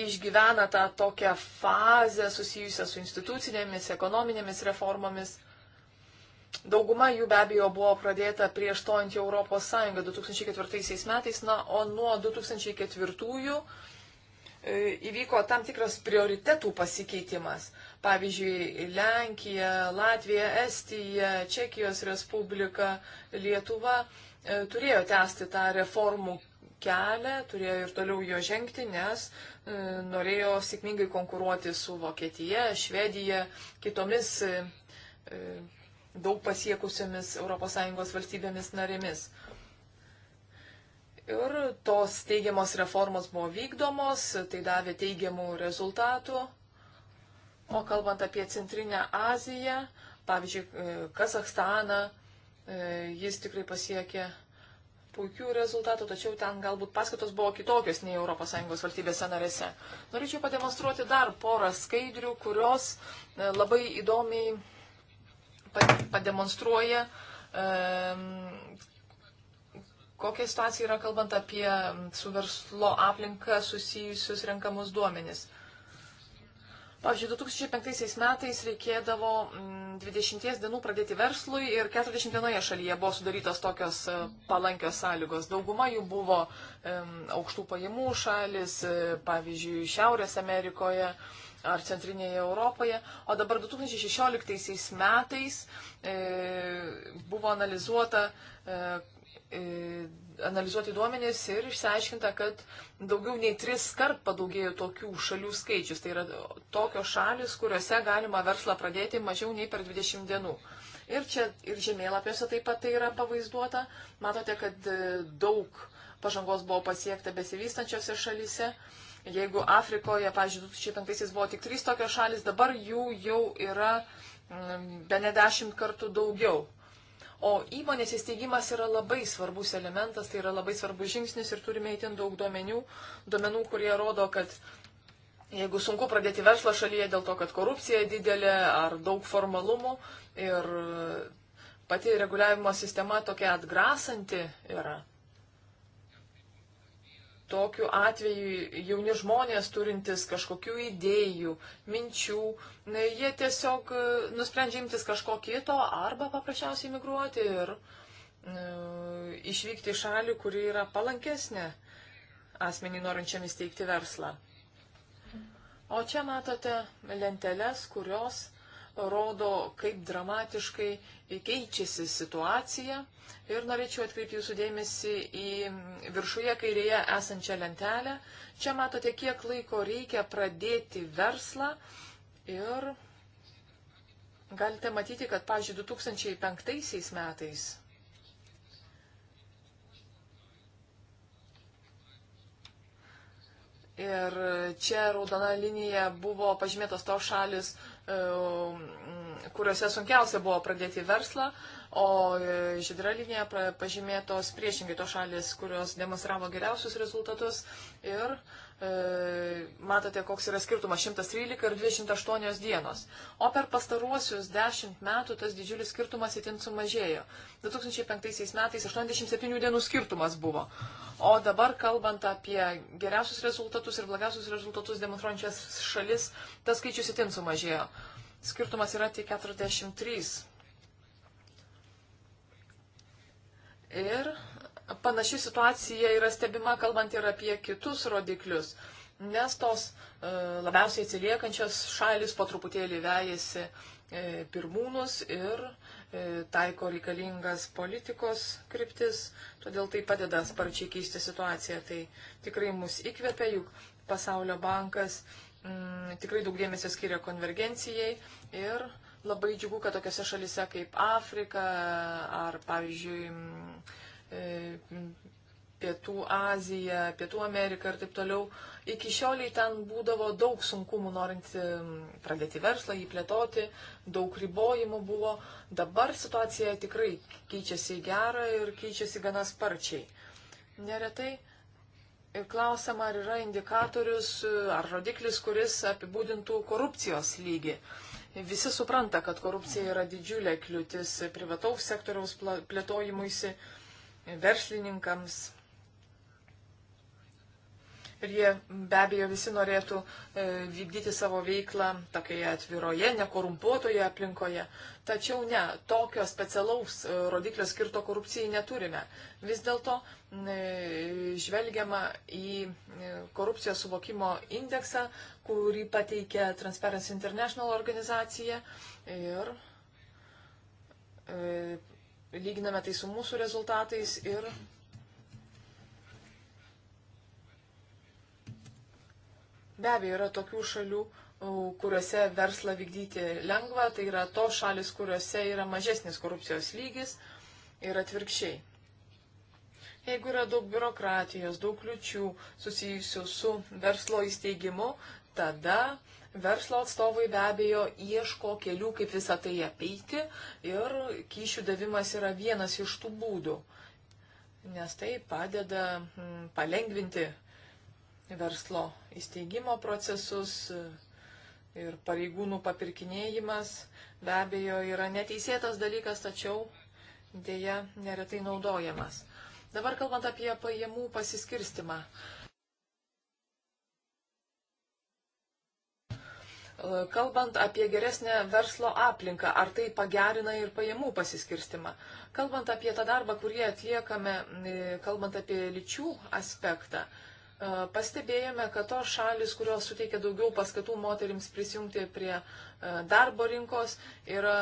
išgyvena tą tokią fazę susijusią su institucinėmis, ekonominėmis reformomis. Dauguma jų be abejo buvo pradėta prieš stojant į Europos Sąjungą 2004 metais, na, o nuo 2004 e, įvyko tam tikras prioritetų pasikeitimas. Pavyzdžiui, Lenkija, Latvija, Estija, Čekijos Respublika, Lietuva e, turėjo tęsti tą reformų kelią, turėjo ir toliau jo žengti, nes e, norėjo sėkmingai konkuruoti su Vokietija, Švedija, kitomis e, e daug pasiekusiamis ES valstybėmis narėmis. Ir tos teigiamos reformos buvo vykdomos, tai davė teigiamų rezultatų. O kalbant apie Centrinę Aziją, pavyzdžiui, e, Kazakstaną, e, jis tikrai pasiekė puikių rezultatų, tačiau ten galbūt paskatos buvo kitokios nei ES valstybėse narėse. Norėčiau pademonstruoti dar porą skaidrių, kurios e, labai įdomiai pademonstruoja, kokia situacija yra kalbant apie su verslo aplinka susijusius renkamus duomenis. Pavyzdžiui, 2005 metais reikėdavo 20 mm, dienų pradėti verslui ir 40 dienoje šalyje buvo sudarytos tokios e, palankios sąlygos. Dauguma jų buvo aukštų pajamų šalis, e, pavyzdžiui, Šiaurės Amerikoje ar Centrinėje Europoje. O dabar 2016 metais e, buvo analizuota, analizuoti duomenys ir išsiaiškinta, kad daugiau nei tris kart padaugėjo tokių šalių skaičius. Tai yra tokios šalis, kuriuose galima verslą pradėti mažiau nei per 20 dienų. Ir čia ir žemėlapiuose taip pat tai yra pavaizduota. Matote, kad e, daug pažangos buvo pasiekta besivystančiose šalise. Jeigu Afrikoje, pavyzdžiui, 2005 buvo tik trys tokios šalis, dabar jų jau yra mm, be ne dešimt kartų daugiau. O įmonės įsteigimas yra labai svarbus elementas, tai yra labai svarbus žingsnis ir turime įtin daug duomenių, duomenų, kurie rodo, kad jeigu sunku pradėti verslą šalyje dėl to, kad korupcija didelė ar daug formalumų ir pati reguliavimo sistema tokia atgrasanti yra tokiu atveju jauni žmonės turintis kažkokių idėjų, minčių, jie tiesiog e, nusprendžia imtis kažko kito arba paprasčiausiai migruoti ir e, išvykti į šalį, kuri yra palankesnė asmenį norinčiam įsteigti verslą. O čia matote lenteles, kurios rodo, kaip dramatiškai keičiasi situacija. Ir norėčiau atkreipti jūsų dėmesį į viršuje kairėje esančią lentelę. Čia matote, kiek laiko reikia pradėti verslą. Ir galite matyti, kad, pavyzdžiui, 2005 metais Ir čia raudona linija buvo pažymėtos tos šalis, E, kuriuose sunkiausia buvo pradėti verslą, o e, žydra linija pažymėtos priešingai tos šalis, kurios demonstravo geriausius rezultatus ir uh, E, matote, koks yra skirtumas 113 ir 208 dienos. O per pastaruosius 10 metų tas didžiulis skirtumas itin sumažėjo. 2005 metais 87 dienų skirtumas buvo. O dabar, kalbant apie geriausius rezultatus ir blogiausius rezultatus demonstruojančias šalis, tas skaičius itin sumažėjo. Skirtumas yra tik 43. Ir panaši situacija yra stebima, kalbant ir apie kitus rodiklius, nes tos e, labiausiai atsiliekančios šalis po truputėlį vejasi e, pirmūnus ir e, taiko reikalingas politikos kryptis, todėl tai padeda sparčiai keisti situaciją. Tai tikrai mus įkvepia, juk Pasaulio bankas m, mm, tikrai daug dėmesio skiria konvergencijai ir labai džiugu, kad tokiose šalise kaip Afrika ar, pavyzdžiui, m, mm, E, Pietų Aziją, Pietų Ameriką ir taip toliau. Iki šioliai ten būdavo daug sunkumų norint e, pradėti verslą, jį plėtoti, daug ribojimų buvo. Dabar situacija tikrai keičiasi į gerą ir keičiasi gana sparčiai. Neretai klausiama, ar yra indikatorius, e, ar rodiklis, kuris apibūdintų korupcijos lygį. Visi supranta, kad korupcija yra didžiulė kliūtis privataus sektoriaus plėtojimuisi. Pla verslininkams. Ir jie be abejo visi norėtų e, vykdyti savo veiklą tokioje atviroje, nekorumpuotoje aplinkoje. Tačiau ne, tokio specialaus e, rodiklio skirto korupcijai neturime. Vis dėlto e, žvelgiama į korupcijos suvokimo indeksą, kurį pateikė Transparency International organizacija. Ir lyginame tai su mūsų rezultatais ir be abejo yra tokių šalių, kuriuose verslą vykdyti lengva, tai yra tos šalis, kuriuose yra mažesnis korupcijos lygis ir atvirkščiai. Jeigu yra daug biurokratijos, daug kliučių susijusių su verslo įsteigimu, tada uh, Verslo atstovai be abejo ieško kelių, kaip visą tai apeiti ir kyšių davimas yra vienas iš tų būdų, nes tai padeda mm, palengvinti verslo įsteigimo procesus ir pareigūnų papirkinėjimas be abejo yra neteisėtas dalykas, tačiau dėja neretai naudojamas. Dabar kalbant apie pajamų pasiskirstimą, E, kalbant apie geresnę verslo aplinką, ar tai pagerina ir pajamų pasiskirstimą? Kalbant apie tą darbą, kurį atliekame, e, kalbant apie lyčių aspektą, e, pastebėjome, kad tos šalis, kurios suteikia daugiau paskatų moterims prisijungti prie darbo rinkos, yra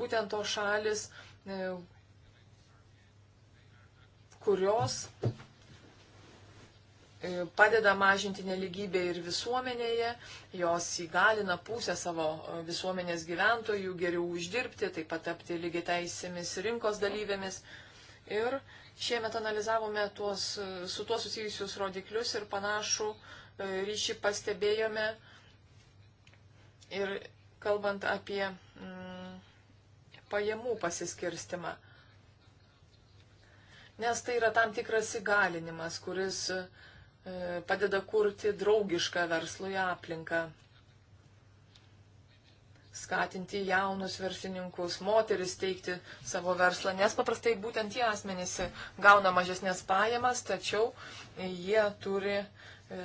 būtent tos šalis, kurios E, padeda mažinti neligybę ir visuomenėje, jos įgalina pusę savo e, visuomenės gyventojų geriau uždirbti, taip pat tapti lygiai teisėmis rinkos dalyvėmis. Ir šiemet analizavome tuos, e, su tuo susijusius rodiklius ir panašų ryšį pastebėjome. Ir kalbant apie mm, pajamų pasiskirstimą. Nes tai yra tam tikras įgalinimas, kuris uh, E, padeda kurti draugišką verslui aplinką, skatinti jaunus verslininkus, moteris teikti savo verslą, nes paprastai būtent tie asmenys gauna mažesnės pajamas, tačiau jie turi e,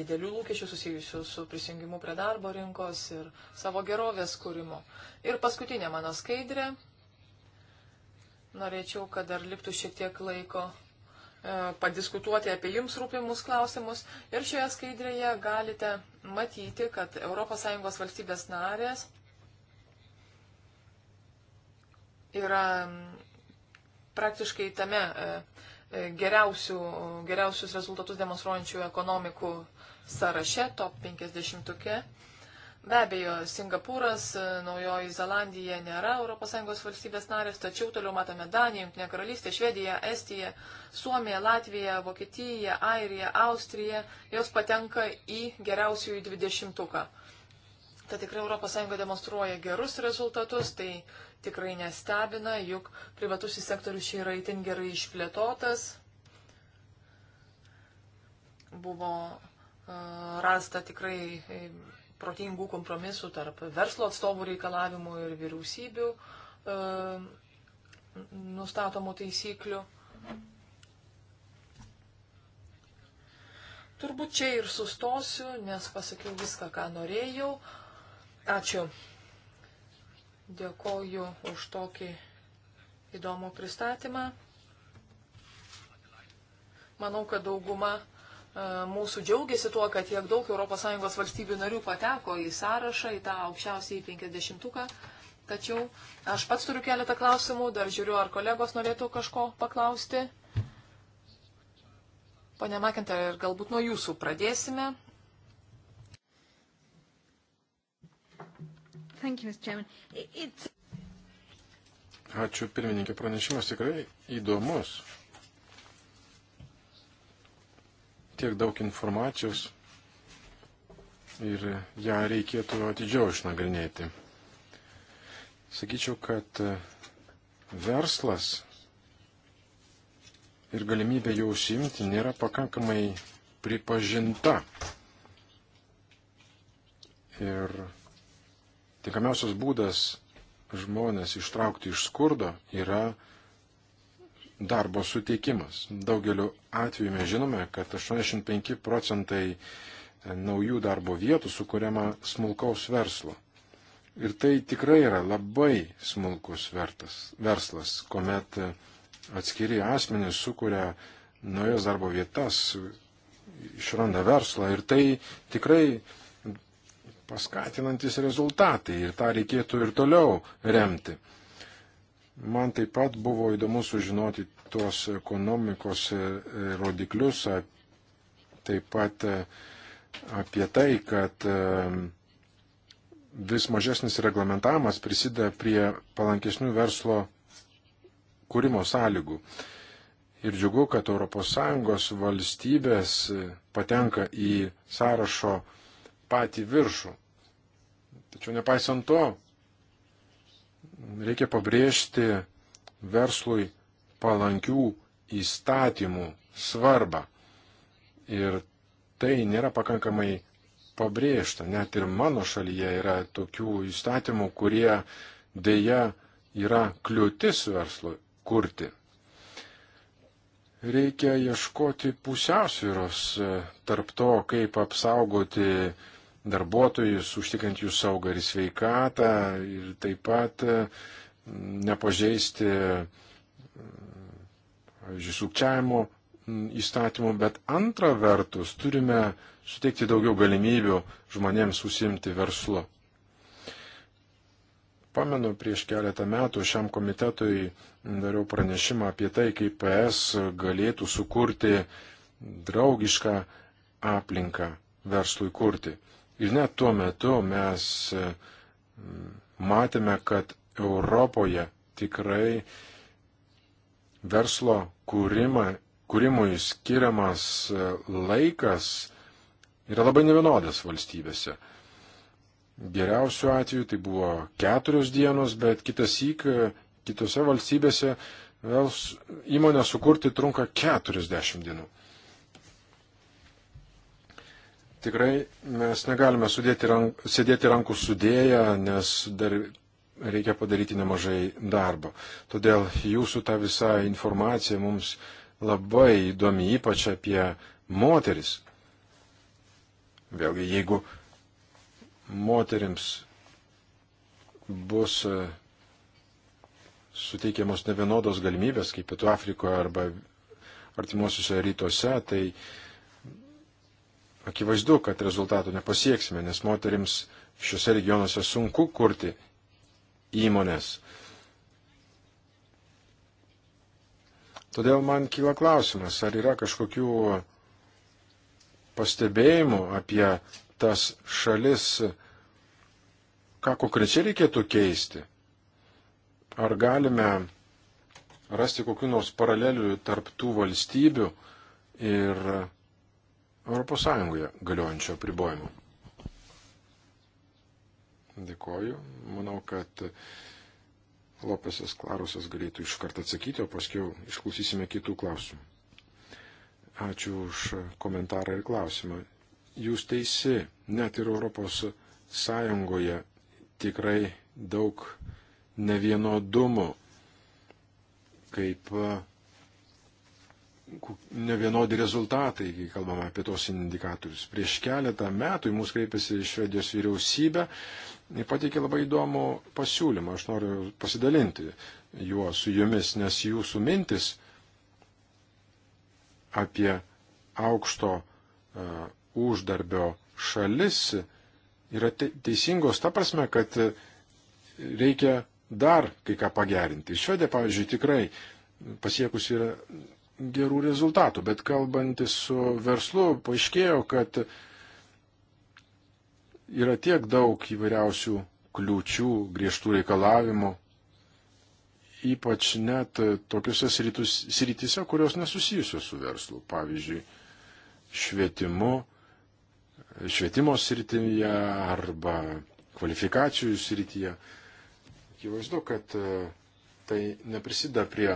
didelių lūkesčių susijusių su prisijungimu prie darbo rinkos ir savo gerovės kūrimo. Ir paskutinė mano skaidrė. Norėčiau, kad dar liktų šiek tiek laiko padiskutuoti apie jums rūpimus klausimus. Ir šioje skaidrėje galite matyti, kad ES valstybės narės yra praktiškai tame e, e, geriausių, geriausius rezultatus demonstruojančių ekonomikų sąraše, top 50. -tuke. Be abejo, Singapūras, e, Naujoji Zelandija nėra ES valstybės narės, tačiau toliau matome Daniją, Junktinę karalystę, Švediją, Estiją, Suomiją, Latviją, Vokietiją, Airiją, Austriją. Jos patenka į geriausiųjų dvidešimtuką. Tai tikrai ES demonstruoja gerus rezultatus, tai tikrai nestebina, juk privatusis sektorius čia yra itin gerai išplėtotas. Buvo e, rasta tikrai protingų kompromisų tarp verslo atstovų reikalavimų ir vyriausybių e, nustatomų taisyklių. Turbūt čia ir sustosiu, nes pasakiau viską, ką norėjau. Ačiū. Dėkoju už tokį įdomų pristatymą. Manau, kad dauguma E, mūsų džiaugiasi tuo, kad tiek daug ES valstybių narių pateko į sąrašą, į tą aukščiausiai 50-uką. Tačiau aš pats turiu keletą klausimų, dar žiūriu, ar kolegos norėtų kažko paklausti. Pane Makintar, ir galbūt nuo jūsų pradėsime. Ačiū pirmininkė, pranešimas tikrai įdomus. tiek daug informacijos ir ją reikėtų atidžiau išnagrinėti. Sakyčiau, kad e, verslas ir galimybė jau užsiimti nėra pakankamai pripažinta. Ir tinkamiausias būdas žmonės ištraukti iš skurdo yra darbo suteikimas. Daugeliu atveju mes žinome, kad 85 procentai naujų darbo vietų sukūriama smulkaus verslo. Ir tai tikrai yra labai smulkus vertas, verslas, kuomet atskiri asmenys sukuria naujas darbo vietas, išranda verslą ir tai tikrai paskatinantis rezultatai ir tą reikėtų ir toliau remti. Man taip pat buvo įdomu sužinoti tuos ekonomikos e, rodiklius, taip pat e, apie tai, kad e, vis mažesnis reglamentavimas prisideda prie palankesnių verslo kūrimo sąlygų. Ir džiugu, kad ES valstybės patenka į sąrašo patį viršų. Tačiau nepaisant to, reikia pabrėžti verslui palankių įstatymų svarbą. Ir tai nėra pakankamai pabrėžta. Net ir mano šalyje yra tokių įstatymų, kurie dėja yra kliūtis verslui kurti. Reikia ieškoti pusiausvyros e, tarp to, kaip apsaugoti darbuotojus, užtikrint jų saugą ir sveikatą ir taip pat e, nepažeisti, pavyzdžiui, sukčiavimo įstatymų, bet antra vertus turime suteikti daugiau galimybių žmonėms užsimti verslu. Pamenu, prieš keletą metų šiam komitetui dariau pranešimą apie tai, kaip PS galėtų sukurti draugišką aplinką verslui kurti. Ir net tuo metu mes e, matėme, kad Europoje tikrai verslo kūrimą, kūrimui skiriamas e, laikas yra labai nevienodas valstybėse. Geriausiu atveju tai buvo keturios dienos, bet kitas įk, e, kitose valstybėse vėl įmonę sukurti trunka 40 dienų. Tikrai mes negalime sudėti rank, sėdėti rankų sudėję, nes dar reikia padaryti nemažai darbo. Todėl jūsų ta visa informacija mums labai įdomi, ypač apie moteris. Vėlgi, jeigu moteriams bus e, suteikiamos nevienodos galimybės, kaip Pietų Afrikoje arba artimuosiuose rytuose, tai akivaizdu, kad rezultatų nepasieksime, nes moterims šiuose regionuose sunku kurti įmonės. Todėl man kyla klausimas, ar yra kažkokių pastebėjimų apie tas šalis, ką konkrečiai reikėtų keisti. Ar galime rasti kokiu nors paralelių tarp tų valstybių ir ES galiojančio pribojimo. Dėkoju. Manau, kad Lopesas Klarusas galėtų iš karto atsakyti, o paskui išklausysime kitų klausimų. Ačiū už komentarą ir klausimą. Jūs teisi, net ir Europos Sąjungoje tikrai daug nevienodumo, kaip nevienodi rezultatai, kai kalbame apie tos indikatorius. Prieš keletą metų į mus kreipėsi Švedijos vyriausybė ir pateikė labai įdomų pasiūlymą. Aš noriu pasidalinti juo su jumis, nes jūsų mintis apie aukšto uh, uždarbio šalis yra te teisingos ta prasme, kad reikia dar kai ką pagerinti. Švedė, pavyzdžiui, tikrai pasiekus yra gerų rezultatų, bet kalbantis su verslu, paaiškėjo, kad yra tiek daug įvairiausių kliūčių, griežtų reikalavimų, ypač net tokiuose srityse, kurios nesusijusios su verslu, pavyzdžiui, švietimu, švietimo srityje arba kvalifikacijų srityje. Akivaizdu, kad e, tai neprisideda prie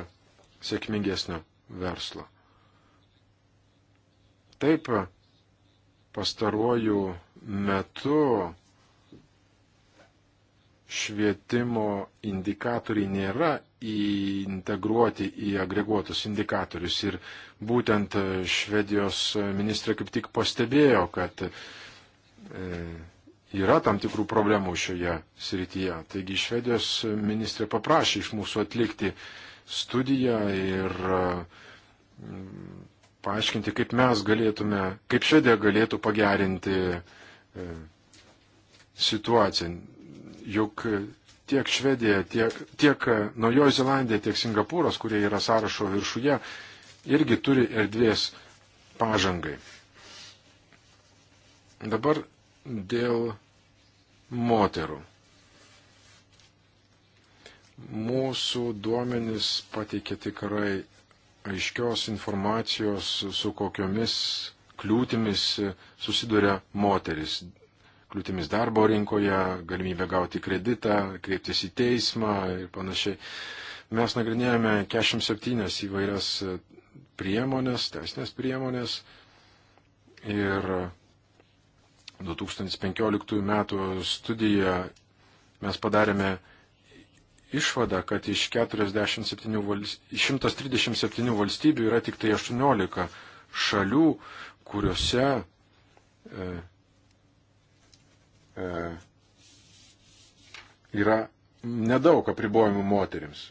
sėkmingesnio verslo. Taip, pastaruoju metu švietimo indikatoriai nėra integruoti į agreguotus indikatorius. Ir būtent Švedijos ministrė kaip tik pastebėjo, kad e, yra tam tikrų problemų šioje srityje. Taigi Švedijos ministrė paprašė iš mūsų atlikti studiją ir mm, paaiškinti, kaip mes galėtume, kaip Švedija galėtų pagerinti e, situaciją. Juk tiek Švedija, tiek, tiek Naujojo Zelandija, tiek Singapūras, kurie yra sąrašo viršuje, irgi turi erdvės pažangai. Dabar dėl moterų. Mūsų duomenys pateikia tikrai aiškios informacijos, su kokiomis kliūtimis susiduria moteris. Kliūtimis darbo rinkoje, galimybė gauti kreditą, kreiptis į teismą ir panašiai. Mes nagrinėjame 47 įvairias priemonės, teisinės priemonės ir 2015 m. studiją mes padarėme išvada, kad iš 47 valstybių, 137 valstybių yra tik tai 18 šalių, kuriuose e, e, yra nedaug apribojimų moteriams.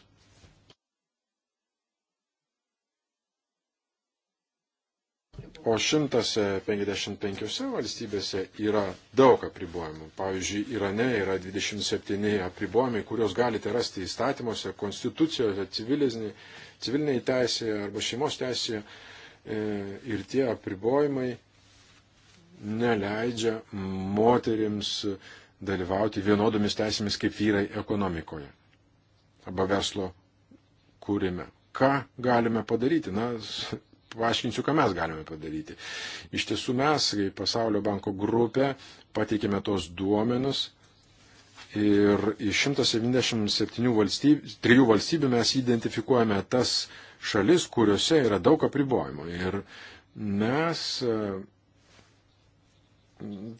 O 155 valstybėse yra daug apribojimų. Pavyzdžiui, Irane yra 27 apribojimai, kuriuos galite rasti įstatymuose, konstitucijose, civiliniai teisėje arba šeimos teisėje. E, ir tie apribojimai neleidžia moterims dalyvauti vienodomis teisėmis kaip vyrai ekonomikoje arba verslo kūrime. Ką galime padaryti? Na, paaiškinsiu, ką mes galime padaryti. Iš tiesų mes, kaip Pasaulio banko grupė, pateikėme tos duomenus ir iš 177 valstybių, trijų valstybių mes identifikuojame tas šalis, kuriuose yra daug apribojimų. Ir mes e,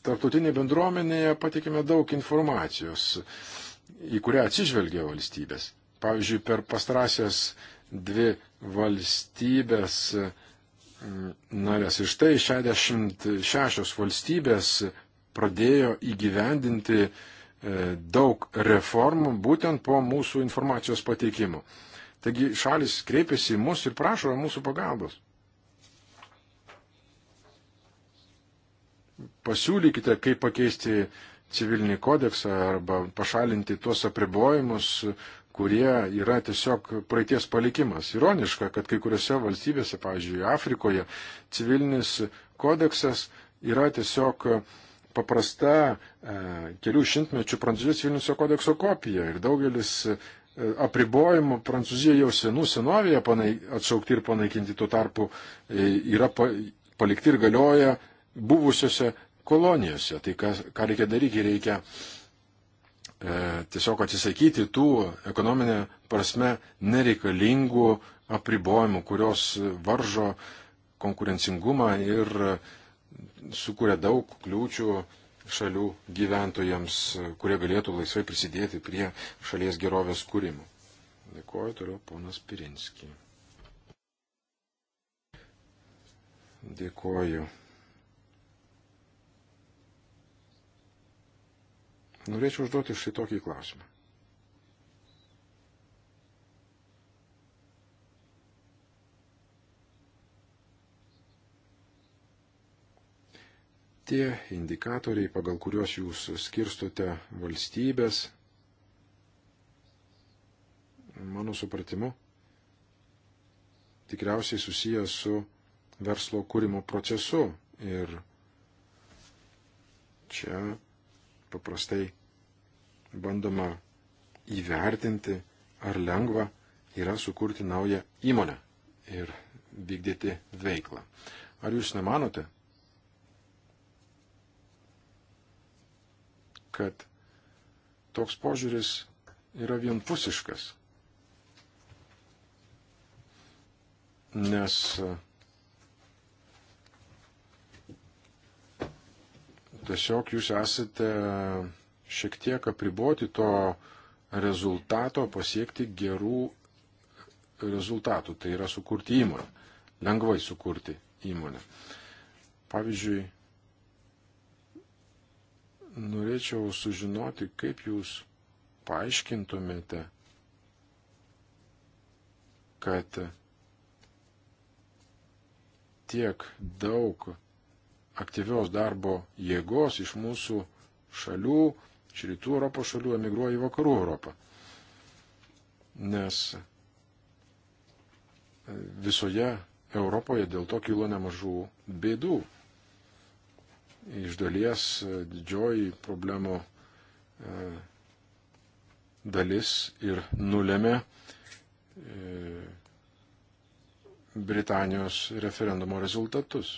tarptautinėje bendruomenėje pateikėme daug informacijos, į kurią atsižvelgia valstybės. Pavyzdžiui, per pastarasias dvi valstybės mm, narės. Iš tai 66 valstybės pradėjo įgyvendinti e, daug reformų būtent po mūsų informacijos pateikimo. Taigi šalis kreipiasi į mus ir prašo mūsų pagalbos. Pasiūlykite, kaip pakeisti civilinį kodeksą arba pašalinti tuos apribojimus, kurie yra tiesiog praeities palikimas. Ironiška, kad kai kuriuose valstybėse, pavyzdžiui, Afrikoje, civilinis kodeksas yra tiesiog paprasta e, kelių šimtmečių Prancūzijos civilinio kodekso kopija ir daugelis e, apribojimų Prancūzija jau senų senovėje atšaukti ir panaikinti, tuo tarpu e, yra palikti ir galioja buvusiose kolonijose. Tai ką, ką reikia daryti, reikia uh, E, tiesiog atsisakyti tų ekonominė prasme nereikalingų apribojimų, kurios varžo konkurencingumą ir sukuria daug kliūčių šalių gyventojams, kurie galėtų laisvai prisidėti prie šalies gerovės kūrimo. Dėkuoju toliau ponas Pirinski. Dėkuoju Norėčiau užduoti štai tokį klausimą. Tie indikatoriai, pagal kuriuos jūs skirstote valstybės, mano supratimu, tikriausiai susijęs su verslo kūrimo procesu. Ir čia paprastai bandoma įvertinti, ar lengva yra sukurti naują įmonę ir vykdyti veiklą. Ar jūs nemanote, kad toks požiūris yra vienpusiškas? Nes e, tiesiog jūs esate šiek tiek apriboti to rezultato, pasiekti gerų rezultatų, tai yra sukurti įmonę, lengvai sukurti įmonę. Pavyzdžiui, norėčiau sužinoti, kaip jūs paaiškintumėte, kad tiek daug aktyvios darbo jėgos iš mūsų šalių iš rytų Europos šalių emigruoja į vakarų Europą. Nes e, visoje Europoje dėl to kilo nemažų bėdų. Iš dalies e, didžioji problemų e, dalis ir nulėmė Britanijos referendumo rezultatus.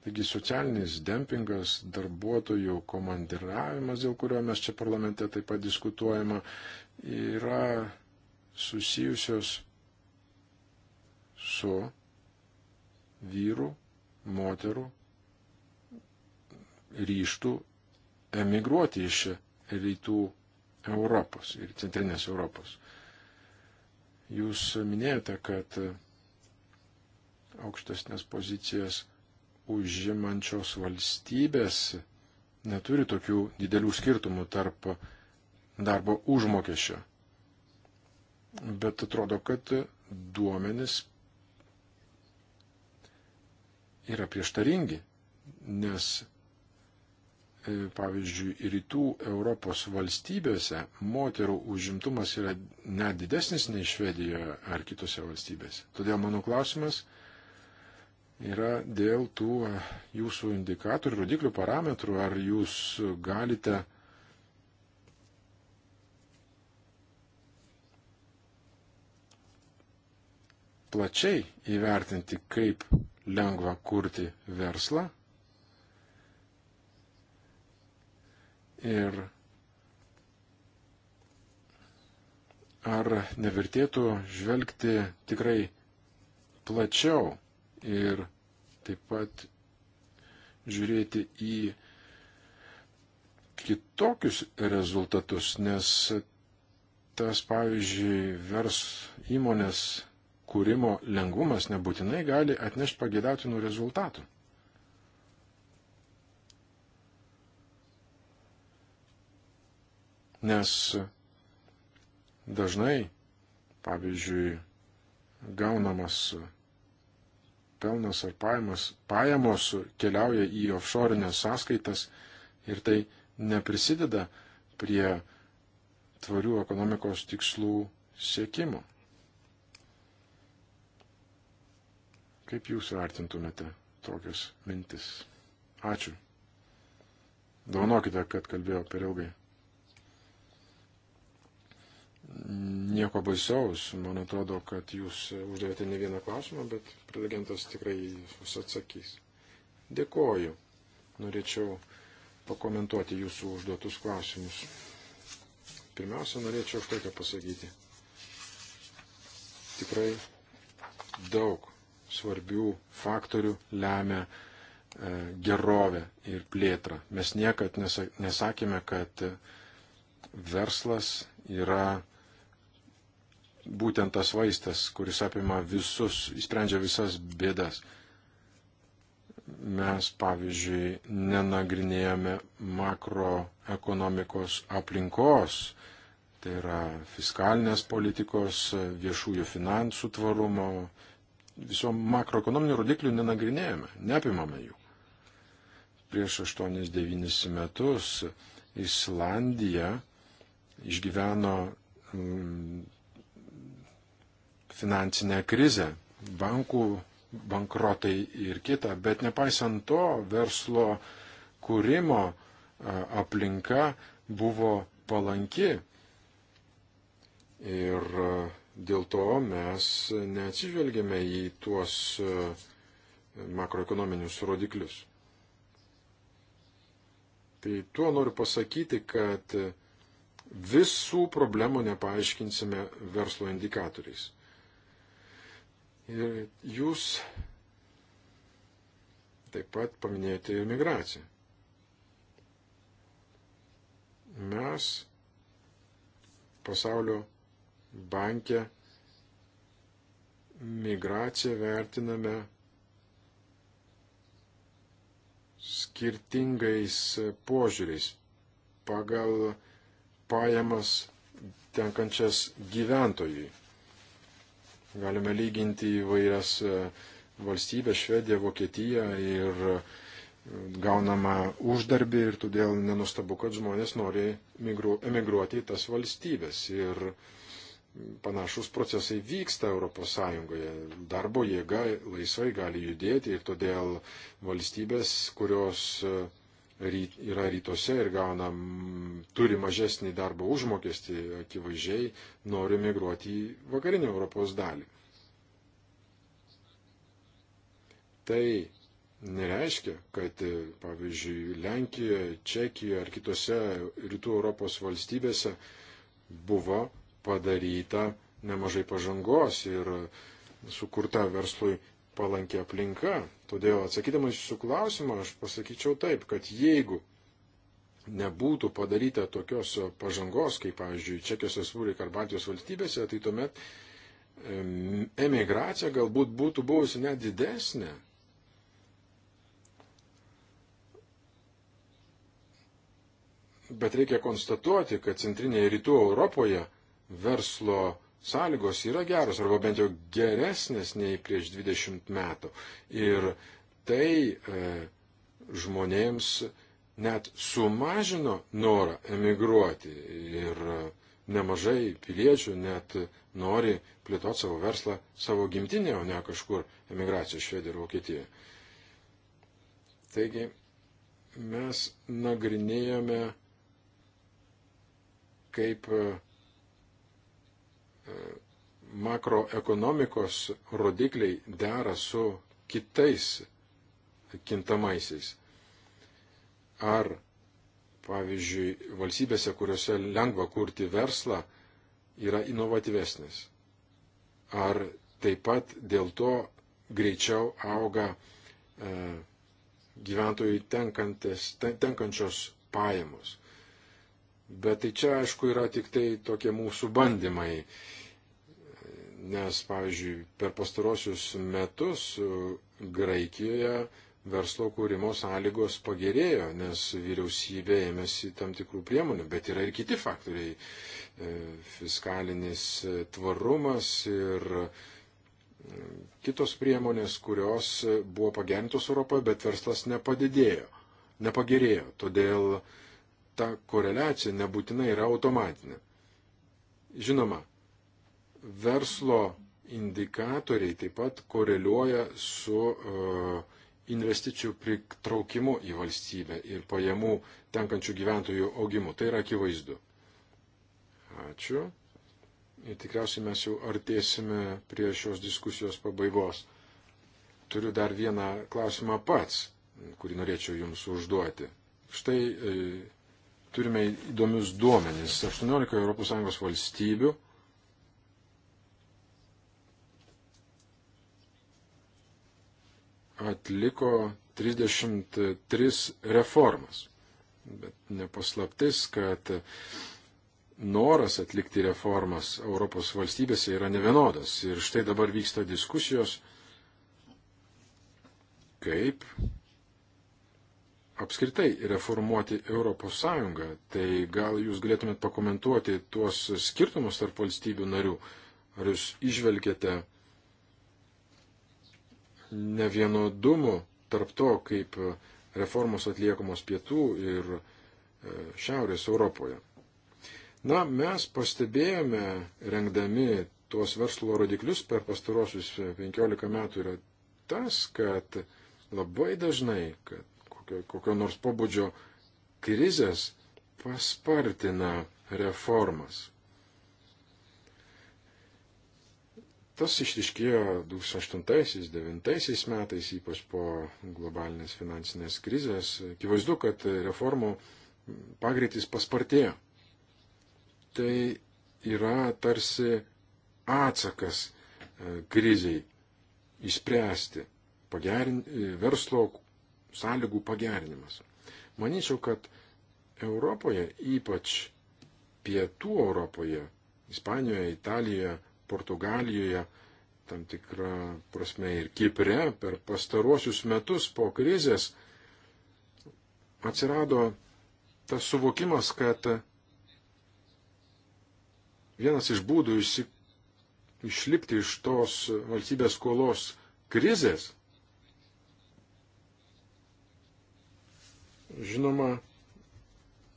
Taigi socialinis dempingas, darbuotojų komandiravimas, dėl kurio mes čia parlamente taip pat diskutuojama, yra susijusios su vyrų, moterų ryštų emigruoti iš rytų Europos ir centrinės Europos. Jūs minėjote, kad aukštesnės pozicijas užimančios valstybės neturi tokių didelių skirtumų tarp darbo užmokesčio. Bet atrodo, kad duomenys yra prieštaringi, nes, e, pavyzdžiui, rytų Europos valstybėse moterų užimtumas yra net didesnis nei Švedijoje ar kitose valstybėse. Todėl mano klausimas yra dėl tų jūsų indikatorių, rodiklių, parametrų, ar jūs galite plačiai įvertinti, kaip lengva kurti verslą ir ar nevertėtų žvelgti tikrai plačiau ir taip pat žiūrėti į kitokius rezultatus, nes tas, pavyzdžiui, vers įmonės kūrimo lengvumas nebūtinai gali atnešti pagėdatinų rezultatų. Nes dažnai, pavyzdžiui, gaunamas pelnas ar pajamos, pajamos keliauja į offshore'inės sąskaitas ir tai neprisideda prie tvarių ekonomikos tikslų siekimo. Kaip jūs vertintumėte tokias mintis? Ačiū. Daunokite, kad kalbėjau per ilgai nieko baisaus. Man atrodo, kad jūs uždavėte ne vieną klausimą, bet prelegentas tikrai jūs atsakys. Dėkoju. Norėčiau pakomentuoti jūsų užduotus klausimus. Pirmiausia, norėčiau štai ką pasakyti. Tikrai daug svarbių faktorių lemia e, gerovę ir plėtrą. Mes niekad nesakėme, kad verslas yra būtent tas vaistas, kuris apima visus, įsprendžia visas bėdas. Mes, pavyzdžiui, nenagrinėjame makroekonomikos aplinkos, tai yra fiskalinės politikos, viešųjų finansų tvarumo, viso makroekonominių rodiklių nenagrinėjame, neapimame jų. Prieš 8-9 metus Islandija išgyveno mm, finansinę krizę, bankų bankrotai ir kita, bet nepaisant to verslo kūrimo aplinka buvo palanki. Ir dėl to mes neatsižvelgėme į tuos makroekonominius rodiklius. Tai tuo noriu pasakyti, kad visų problemų nepaaiškinsime verslo indikatoriais. Ir jūs taip pat paminėjote ir migraciją. Mes pasaulio bankę migraciją vertiname skirtingais požiūriais pagal pajamas tenkančias gyventojui. Galime lyginti įvairias e, valstybės, Švediją, Vokietiją ir e, gaunama uždarbį ir todėl nenustabu, kad žmonės nori emigruoti į tas valstybės. Ir panašus procesai vyksta ES. Darbo jėga laisvai gali judėti ir todėl valstybės, kurios e, yra rytuose ir gauna, turi mažesnį darbo užmokestį, akivaizdžiai nori migruoti į vakarinę Europos dalį. Tai nereiškia, kad, pavyzdžiui, Lenkijoje, Čekijoje ar kitose rytų Europos valstybėse buvo padaryta nemažai pažangos ir sukurta verslui palankia aplinka, Todėl atsakydamas šių klausimą aš pasakyčiau taip, kad jeigu nebūtų padaryta tokios pažangos, kaip, pavyzdžiui, Čekijos Respublika ar Baltijos valstybėse, tai tuomet emigracija galbūt būtų buvusi net didesnė. Bet reikia konstatuoti, kad centrinėje rytų Europoje verslo sąlygos yra geros, arba bent jau geresnės nei prieš 20 metų. Ir tai e, žmonėms net sumažino norą emigruoti. Ir e, nemažai piliečių net nori plėtoti savo verslą savo gimtinėje, o ne kažkur emigracijos Švedijoje ir Vokietijoje. Taigi mes nagrinėjome, kaip e, makroekonomikos rodikliai dera su kitais kintamaisiais. Ar, pavyzdžiui, valstybėse, kuriuose lengva kurti verslą, yra inovatyvesnis. Ar taip pat dėl to greičiau auga e, gyventojų ten, tenkančios pajamos. Bet tai čia, aišku, yra tik tai tokie mūsų bandymai. E, nes, pavyzdžiui, per pastarosius metus e, Graikijoje verslo kūrimo sąlygos pagerėjo, nes vyriausybė ėmėsi tam tikrų priemonių, bet yra ir kiti faktoriai e, - fiskalinis tvarumas ir e, kitos priemonės, kurios buvo pagerintos Europoje, bet verslas nepadidėjo, nepagerėjo. Todėl ta koreliacija nebūtinai yra automatinė. Žinoma, verslo indikatoriai taip pat koreliuoja su e, investicijų pritraukimu į valstybę ir pajamų tenkančių gyventojų augimu. Tai yra akivaizdu. Ačiū. Ir tikriausiai mes jau artėsime prie šios diskusijos pabaigos. Turiu dar vieną klausimą pats, kurį norėčiau Jums užduoti. Štai e, turime įdomius duomenys. 18 ES valstybių atliko 33 reformas. Bet nepaslaptis, kad noras atlikti reformas Europos valstybėse yra nevienodas. Ir štai dabar vyksta diskusijos, kaip apskritai reformuoti Europos Sąjungą. Tai gal jūs galėtumėt pakomentuoti tuos skirtumus tarp valstybių narių. Ar jūs išvelgėte nevienodumų tarp to, kaip reformos atliekamos pietų ir e, šiaurės Europoje. Na, mes pastebėjome, rengdami tuos verslo rodiklius per pastarosius 15 metų yra tas, kad labai dažnai, kad kokio, kokio nors pobūdžio krizės paspartina reformas. Tas išriškėjo 2008-2009 metais, ypač po globalinės finansinės krizės. Akivaizdu, kad reformų pagreitis paspartėjo. Tai yra tarsi atsakas e, kriziai išspręsti pagerin, e, verslo sąlygų pagerinimas. Manyčiau, kad Europoje, ypač pietų Europoje, Ispanijoje, Italijoje, Portugalijoje, tam tikrą prasme ir Kipre per pastaruosius metus po krizės atsirado tas suvokimas, kad vienas iš būdų išsi, išlipti iš tos valstybės skolos krizės, žinoma,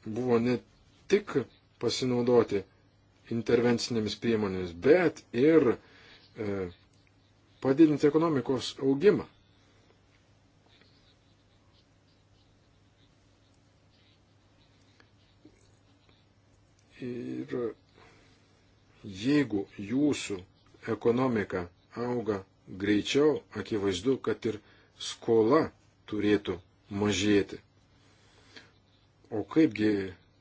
buvo ne tik pasinaudoti intervencinėmis priemonėmis, bet ir e, padidinti ekonomikos augimą. Ir jeigu jūsų ekonomika auga greičiau, akivaizdu, kad ir skola turėtų mažėti. O kaipgi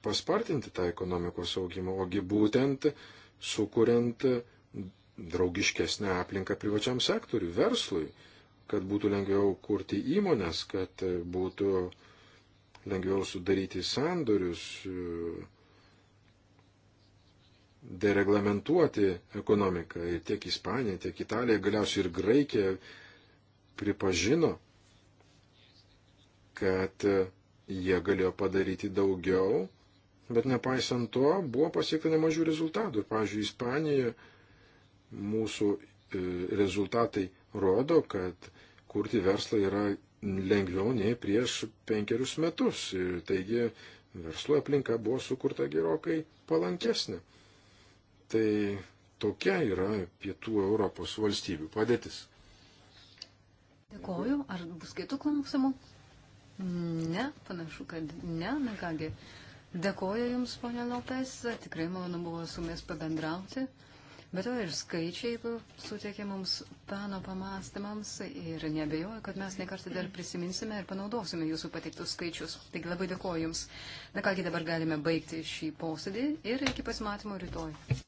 paspartinti tą ekonomikos augimą, ogi būtent sukuriant draugiškesnę aplinką privačiam sektoriui, verslui, kad būtų lengviau kurti įmonės, kad būtų lengviau sudaryti sandorius, dereglamentuoti ekonomiką. Ir tiek Ispanija, tiek Italija, galiausiai ir Graikija pripažino, kad jie galėjo padaryti daugiau bet nepaisant to buvo pasiekta nemažų rezultatų. Ir, pavyzdžiui, Ispanijoje mūsų e, rezultatai rodo, kad kurti verslą yra lengviau nei prieš penkerius metus. Ir taigi verslo aplinka buvo sukurta gerokai palankesnė. Tai tokia yra pietų Europos valstybių padėtis. Dėkoju. Ar bus kitų klausimų? Ne, panašu, kad ne. Na kągi, Dėkoju Jums, ponė Lopes, tikrai malonu buvo su jumis pabendrauti. Bet to ir skaičiai suteikė mums peno pamastymams ir nebejoju, kad mes nekartą dar prisiminsime ir panaudosime jūsų pateiktus skaičius. Taigi labai dėkoju Jums. Na kągi dabar galime baigti šį posėdį ir iki pasimatymo rytoj.